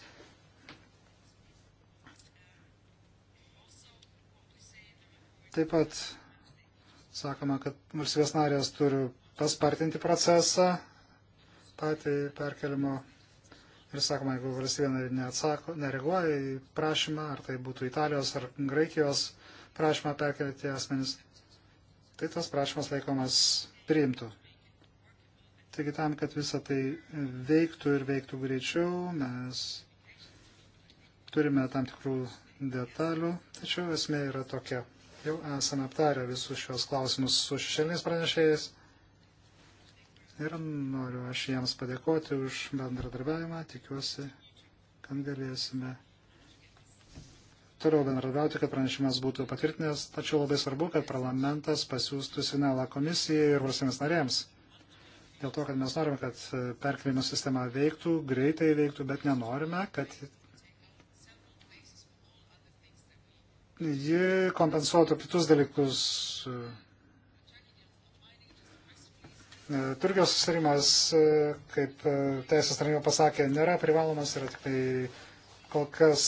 Taip pat sakoma, kad valstybės narės turi paspartinti procesą patį perkelimo ir sakoma, jeigu valstybė neatsako, nereaguoja į prašymą, ar tai būtų Italijos ar Graikijos prašymą perkelti asmenys, tai tas prašymas laikomas priimtų. Taigi tam, kad visa tai veiktų ir veiktų greičiau, mes turime tam tikrų detalių, tačiau esmė yra tokia. Jau esame aptarę visus šios klausimus su šešėliniais pranešėjais ir noriu aš jiems padėkoti už bendradarbiavimą. Tikiuosi, kad galėsime toliau bendradarbiauti, kad pranešimas būtų patvirtinęs, tačiau labai svarbu, kad parlamentas pasiūstų signalą komisijai ir valstybės narėms. Dėl to, kad mes norime, kad perkelimo sistema veiktų, greitai veiktų, bet nenorime, kad ji kompensuotų kitus dalykus, E, turkijos susirimas, e, kaip e, teisės tarnyba pasakė, nėra privalomas, yra tik tai kol kas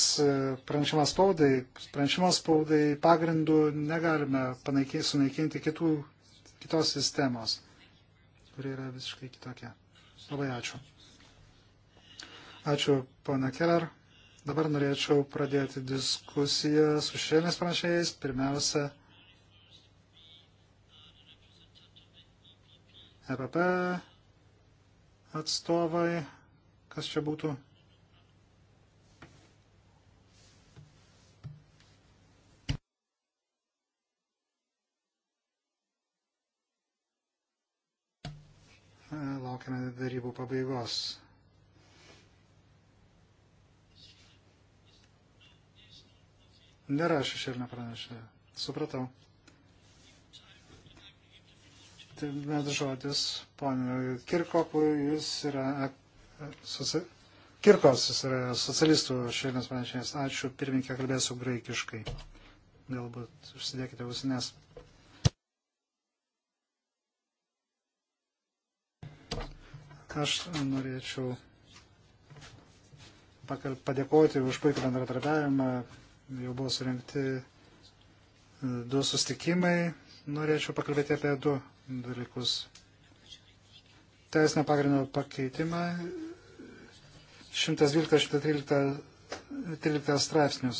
pranešimas spaudai, pranešimas spaudai pagrindų negalime panaiky, sunaikinti kitų, kitos sistemos, kuri yra visiškai kitokia. Labai ačiū. Ačiū, pana Keller. Dabar norėčiau pradėti diskusiją su šiandienis panašiais. Pirmiausia, EPP atstovai, kas čia būtų. E, laukiame darybų pabaigos. Nėra šešėlinio pranešėjo. Supratau. Tuomet žodis ponui Kirkopui, jis yra, socia... Kirkos, jis yra socialistų šiandienas panašiais. Ačiū, pirmininkė, kalbėsiu graikiškai. Galbūt užsidėkite ausines. Aš norėčiau padėkoti už puikų bendradarbiavimą. Jau buvo surinkti e, du sustikimai. Norėčiau pakalbėti apie du dalykus. Teisinio pagrindo pakeitimą 112-113 straipsnius.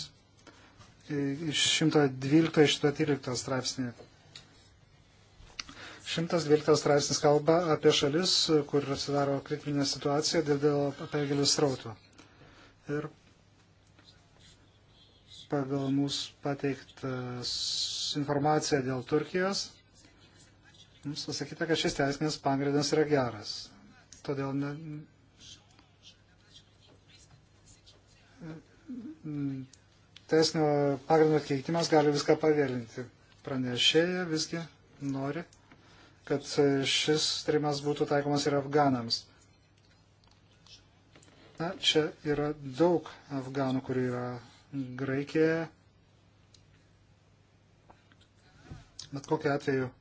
Iš 112-113 straipsnį. 112 straipsnis kalba apie šalis, kur atsidaro kritinė situacija dėl pabėgėlių srautų. Ir pagal mūsų pateiktą informaciją dėl Turkijos Jums pasakyta, kad šis teisinis pagrindas yra geras. Todėl ne, teisinio pagrindo keitimas gali viską pavėlinti. Pranešėja visgi nori, kad šis trimas būtų taikomas ir afganams. Na, čia yra daug afganų, kurie yra Graikijoje. Bet kokiu atveju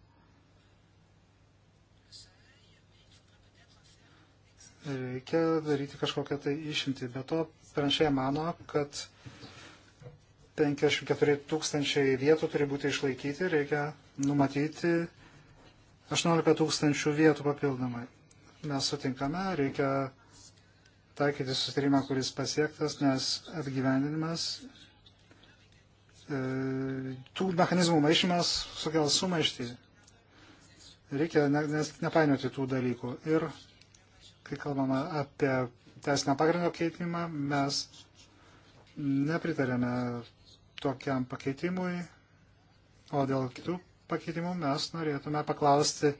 reikia daryti kažkokią tai išimtį. Be to, pranešėja mano, kad 54 tūkstančiai vietų turi būti išlaikyti, reikia numatyti 18 tūkstančių vietų papildomai. Mes sutinkame, reikia taikyti sustarimą, kuris pasiektas, nes atgyvendinimas, e, tų mechanizmų maišymas sukels sumaištį. Reikia ne, nepainioti tų dalykų. Ir kai kalbama apie teisinio pagrindo keitimą, mes nepritarėme tokiam pakeitimui, o dėl kitų pakeitimų mes norėtume paklausti e,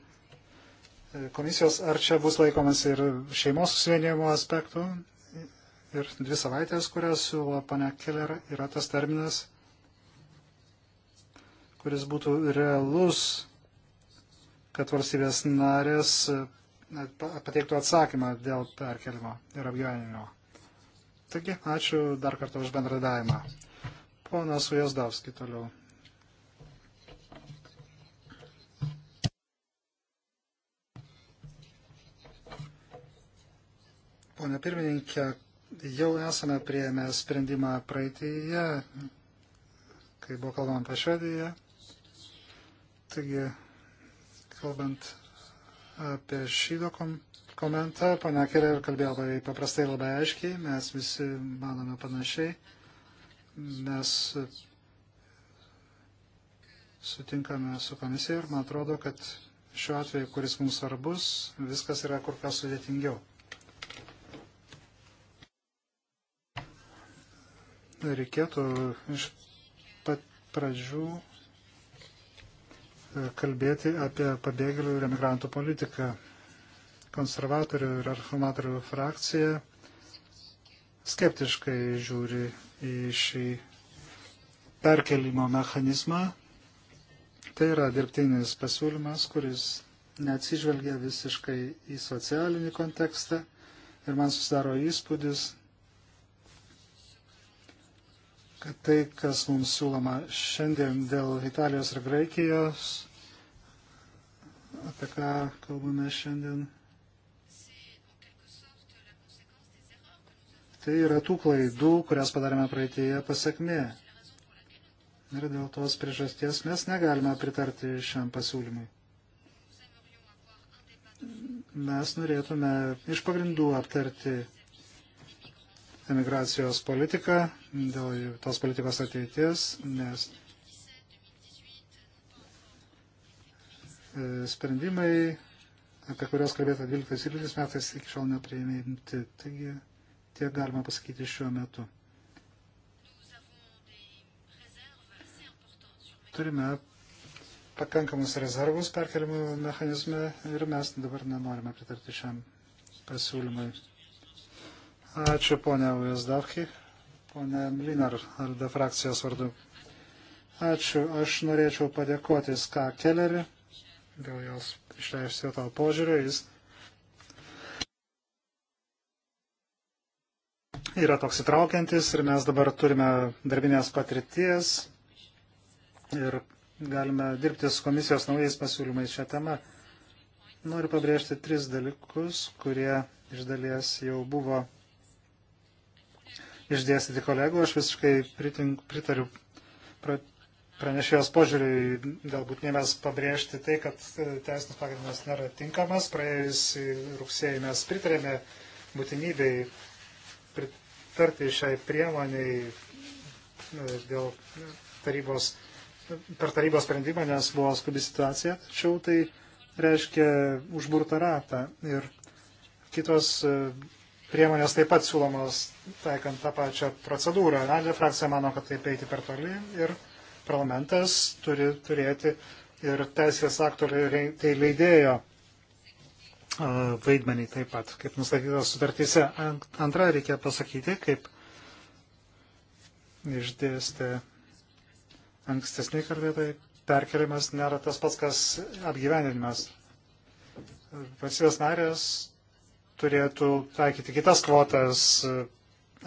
komisijos, ar čia bus laikomas ir šeimos susivienijimo aspektų. Ir dvi savaitės, kurias siūlo pane Keller, yra tas terminas, kuris būtų realus, kad valstybės narės pateiktų atsakymą dėl perkelimo ir apgyvenimo. Taigi, ačiū dar kartą už bendradavimą. Ponas Ujazdavski toliau. Pone pirmininkė, jau esame prieėmę sprendimą praeitįje, kai buvo kalbama apie Švediją. Taigi, kalbant apie šį dokumentą. Pane Kirė ir kalbėjo labai paprastai labai aiškiai, mes visi manome panašiai. Mes sutinkame su komisija ir man atrodo, kad šiuo atveju, kuris mums svarbus, viskas yra kur kas sudėtingiau. Reikėtų iš pat pradžių kalbėti apie pabėgėlių ir emigrantų politiką. Konservatorių ir reformatorių frakcija skeptiškai žiūri į šį perkelimo mechanizmą. Tai yra dirbtinis pasiūlymas, kuris neatsižvelgia visiškai į socialinį kontekstą. Ir man susidaro įspūdis, kad tai, kas mums siūloma šiandien dėl Italijos ir Graikijos, apie ką kalbame šiandien, tai yra tų klaidų, kurias padarėme praeitėje pasiekmė. Ir dėl tos priežasties mes negalime pritarti šiam pasiūlymui. Mes norėtume iš pagrindų aptarti emigracijos politiką, dėl tos politikos ateities, nes e, sprendimai, apie kuriuos kalbėta 12-13 metais, iki šiol nepriimti. Taigi tiek galima pasakyti šiuo metu. Turime pakankamus rezervus perkelimų mechanizme ir mes dabar nenorime pritarti šiam pasiūlymui. Ačiū ponia Ujazdavki, ponia Mlinar, Alde frakcijos vardu. Ačiū, aš norėčiau padėkoti Ska Kelleri dėl jos išreikšti tavo požiūrį. Jis yra toks įtraukiantis ir mes dabar turime darbinės patirties ir galime dirbti su komisijos naujais pasiūlymais šią temą. Noriu pabrėžti tris dalykus, kurie iš dalies jau buvo išdėstyti kolegų. Aš visiškai pritink, pritariu pra, pranešėjos požiūriui, galbūt nemės pabrėžti tai, kad e, teisinis pagrindas nėra tinkamas. Praėjus rugsėjai mes pritarėme būtinybei pritarti šiai priemoniai e, dėl tarybos, per tarybos sprendimą, nes buvo skubi situacija, tačiau tai reiškia užburtą ratą ir kitos e, priemonės taip pat siūlomos taikant tą pačią procedūrą. Alde frakcija mano, kad taip eiti per toli ir parlamentas turi turėti ir teisės aktorių tai leidėjo vaidmenį taip pat, kaip nustatytas sutartyse. Antra, reikia pasakyti, kaip išdėstė ankstesni kalbėtojai, perkelimas nėra tas pats, kas apgyvendinimas. Valstybės narės turėtų taikyti kitas kvotas e,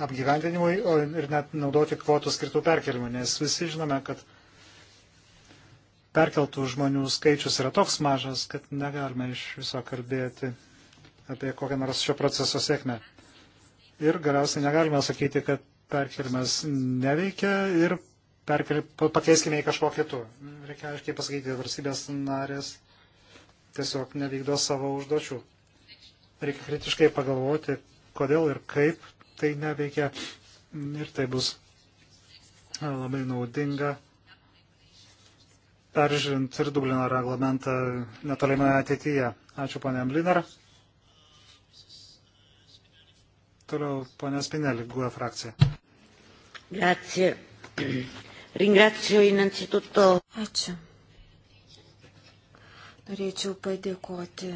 apgyvendinimui ir net naudoti kvotų skirtų perkelimui, nes visi žinome, kad perkeltų žmonių skaičius yra toks mažas, kad negalime iš viso kalbėti apie kokią nors šio proceso sėkmę. Ir galiausiai negalime sakyti, kad perkelimas neveikia ir perkeli, pakeiskime į kažko kitų. Reikia aiškiai pasakyti, valstybės narės tiesiog nevykdo savo užduočių reikia kritiškai pagalvoti, kodėl ir kaip tai neveikia. Ir tai bus e, labai naudinga peržiūrint ir Dublino reglamentą netolimoje ateityje. Ačiū, ponė Amlinar. Toliau, ponė Spinelį, GUE frakcija. Grazie. Ringrazio innanzitutto. Ačiū. Norėčiau padėkoti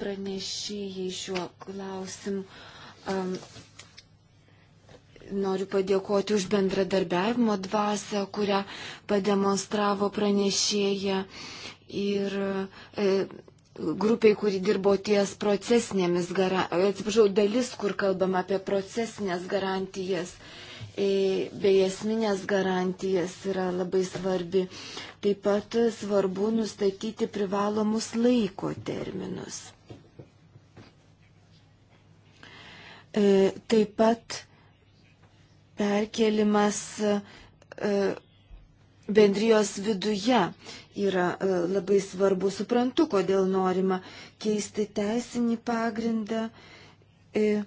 pranešėjai šiuo klausimu. Um, noriu padėkoti už bendradarbiavimo dvasę, kurią pademonstravo pranešėja ir e, grupiai, kuri dirbo ties procesinėmis garantijomis, atsiprašau, dalis, kur kalbam apie procesinės garantijas e, bei esminės garantijas yra labai svarbi. Taip pat svarbu nustatyti privalomus laiko terminus. E, taip pat perkelimas e, bendrijos viduje yra e, labai svarbu. Suprantu, kodėl norima keisti teisinį pagrindą. E,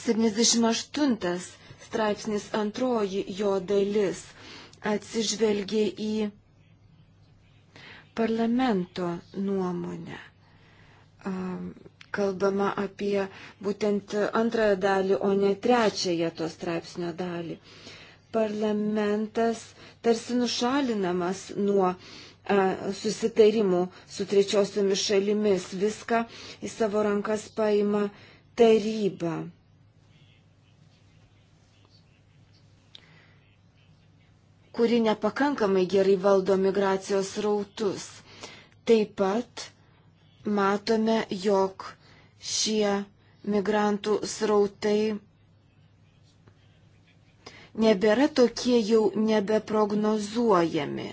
78 straipsnis antroji jo dalis atsižvelgia į parlamento nuomonę kalbama apie būtent antrąją dalį, o ne trečiąją to straipsnio dalį. Parlamentas tarsi nušalinamas nuo susitarimų su trečiosiomis šalimis. Viską į savo rankas paima taryba. kuri nepakankamai gerai valdo migracijos rautus. Taip pat matome, jog šie migrantų srautai nebėra tokie jau nebeprognozuojami.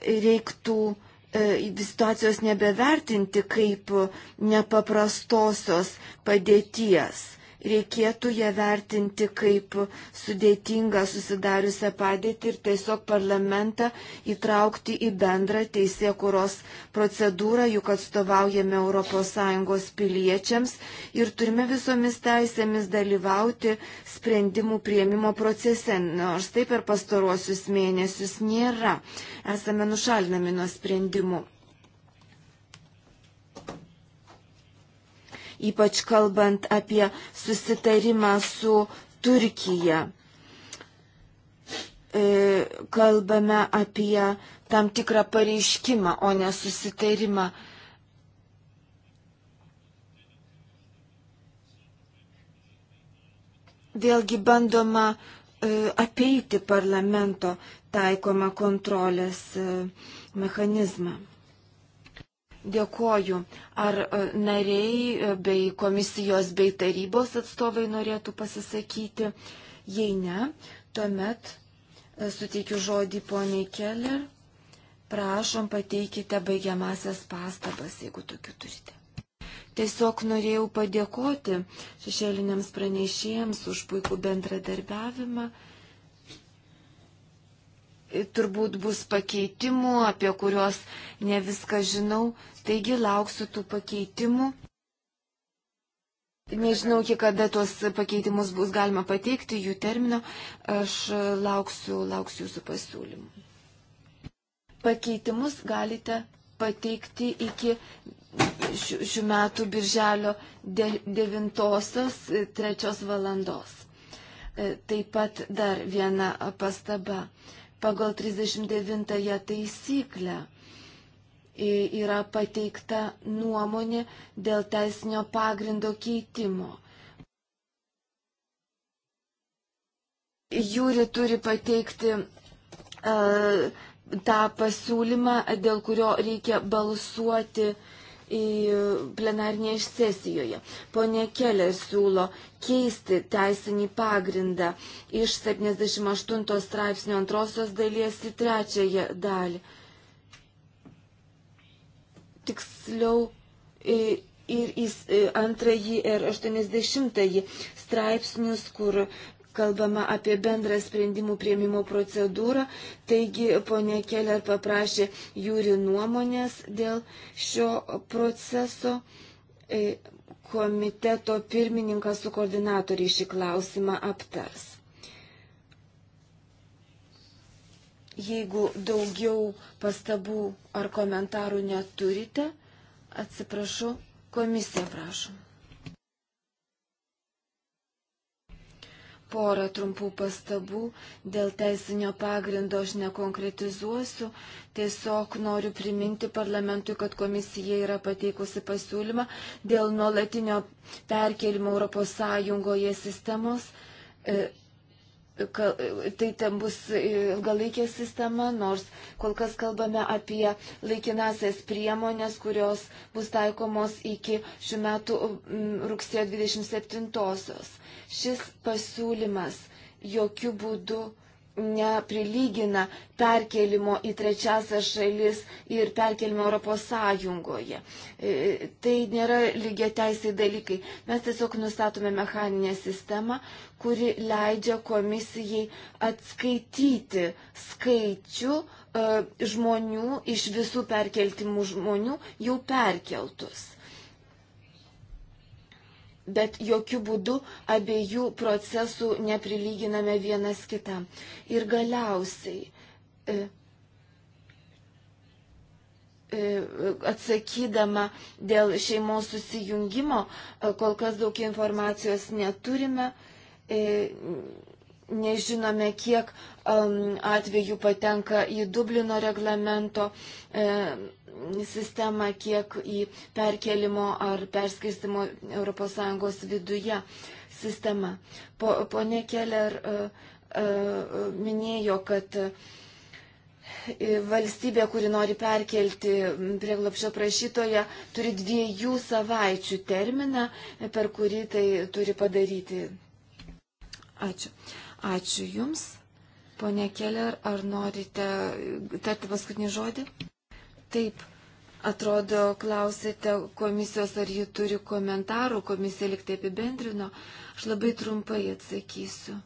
Reiktų e, situacijos nebevertinti kaip nepaprastosios padėties reikėtų ją vertinti kaip sudėtingą susidariusią padėtį ir tiesiog parlamentą įtraukti į bendrą teisėkuros procedūrą, juk atstovaujame ES piliečiams ir turime visomis teisėmis dalyvauti sprendimų prieimimo procese, nors tai per pastaruosius mėnesius nėra. Esame nušalinami nuo sprendimų. ypač kalbant apie susitarimą su Turkija. E, kalbame apie tam tikrą pareiškimą, o ne susitarimą. Vėlgi bandoma e, apeiti parlamento taikomą kontrolės e, mechanizmą. Dėkoju. Ar e, nariai e, bei komisijos bei tarybos atstovai norėtų pasisakyti? Jei ne, tuomet e, suteikiu žodį poniai Keller. Prašom, pateikite baigiamasias pastabas, jeigu tokių turite. Tiesiog norėjau padėkoti šešėliniams pranešėjams už puikų bendradarbiavimą turbūt bus pakeitimų, apie kuriuos ne viską žinau, taigi lauksiu tų pakeitimų. Nežinau, iki kada tuos pakeitimus bus galima pateikti, jų termino, aš lauksiu, lauksiu jūsų pasiūlymų. Pakeitimus galite pateikti iki šių, šių metų birželio 9.3 valandos. E, taip pat dar viena pastaba pagal 39 taisyklę yra pateikta nuomonė dėl teisinio pagrindo keitimo. Jūri turi pateikti uh, tą pasiūlymą, dėl kurio reikia balsuoti uh, į plenarnėje sesijoje. Pone Kelė siūlo keisti teisinį pagrindą iš 78 straipsnio antrosios dalies į trečiąją dalį. Tiksliau ir į antrąjį ir 80 straipsnius, kur kalbama apie bendrą sprendimų prieimimo procedūrą, taigi ponė Keller paprašė jūri nuomonės dėl šio proceso. E, komiteto pirmininkas su koordinatoriai šį klausimą aptars. Jeigu daugiau pastabų ar komentarų neturite, atsiprašau, komisija prašom. porą trumpų pastabų dėl teisinio pagrindo, aš nekonkretizuosiu, tiesiog noriu priminti parlamentui, kad komisija yra pateikusi pasiūlymą dėl nuolatinio perkelimo ES sistemos. E, tai ten bus ilgalaikė sistema, nors kol kas kalbame apie laikinasias priemonės, kurios bus taikomos iki šių metų rugsėjo 27-osios. Šis pasiūlymas jokių būdų neprilygina perkelimo į trečiasias šalis ir perkelimo Europos Sąjungoje. E, tai nėra lygia teisai dalykai. Mes tiesiog nustatome mechaninę sistemą, kuri leidžia komisijai atskaityti skaičių e, žmonių iš visų perkeltimų žmonių jau perkeltus bet jokių būdų abiejų procesų neprilyginame vienas kitam. Ir galiausiai e, e atsakydama dėl šeimos susijungimo, e, kol kas daug informacijos neturime, e, nežinome, kiek atvejų patenka į Dublino reglamento sistemą, kiek į perkelimo ar perskirstimo ES viduje sistemą. Po, Pone Keller e, e, minėjo, kad e, valstybė, kuri nori perkelti prieglapšio prašytoje, turi dviejų savaičių terminą, per kurį tai turi padaryti. Ačiū. Ačiū Jums. Pone Keller, ar norite tarti paskutinį žodį? Taip. Atrodo, klausėte komisijos, ar ji turi komentarų, komisija liktai apibendrino. Aš labai trumpai atsakysiu.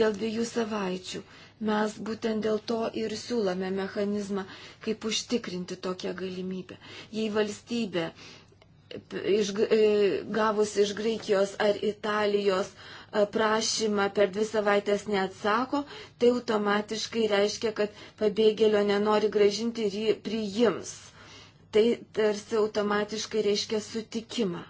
Dėl dviejų savaičių. Mes būtent dėl to ir siūlome mechanizmą, kaip užtikrinti tokią galimybę. Jei valstybė iš, e, gavus iš Graikijos ar Italijos e, prašymą per dvi savaitės neatsako, tai automatiškai reiškia, kad pabėgėlio nenori gražinti ir jį priims. Tai tarsi automatiškai reiškia sutikimą.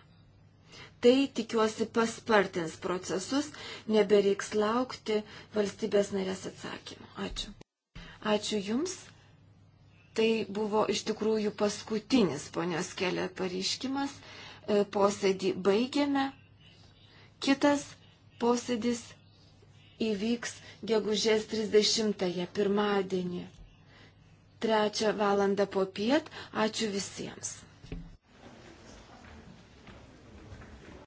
Tai tikiuosi paspartins procesus, nebereiks laukti valstybės narės atsakymų. Ačiū. Ačiū Jums. Tai buvo iš tikrųjų paskutinis ponios kelio pareiškimas. E, posėdį baigėme. Kitas posėdis įvyks gegužės 30-ąją pirmadienį. Trečią valandą po piet. Ačiū visiems.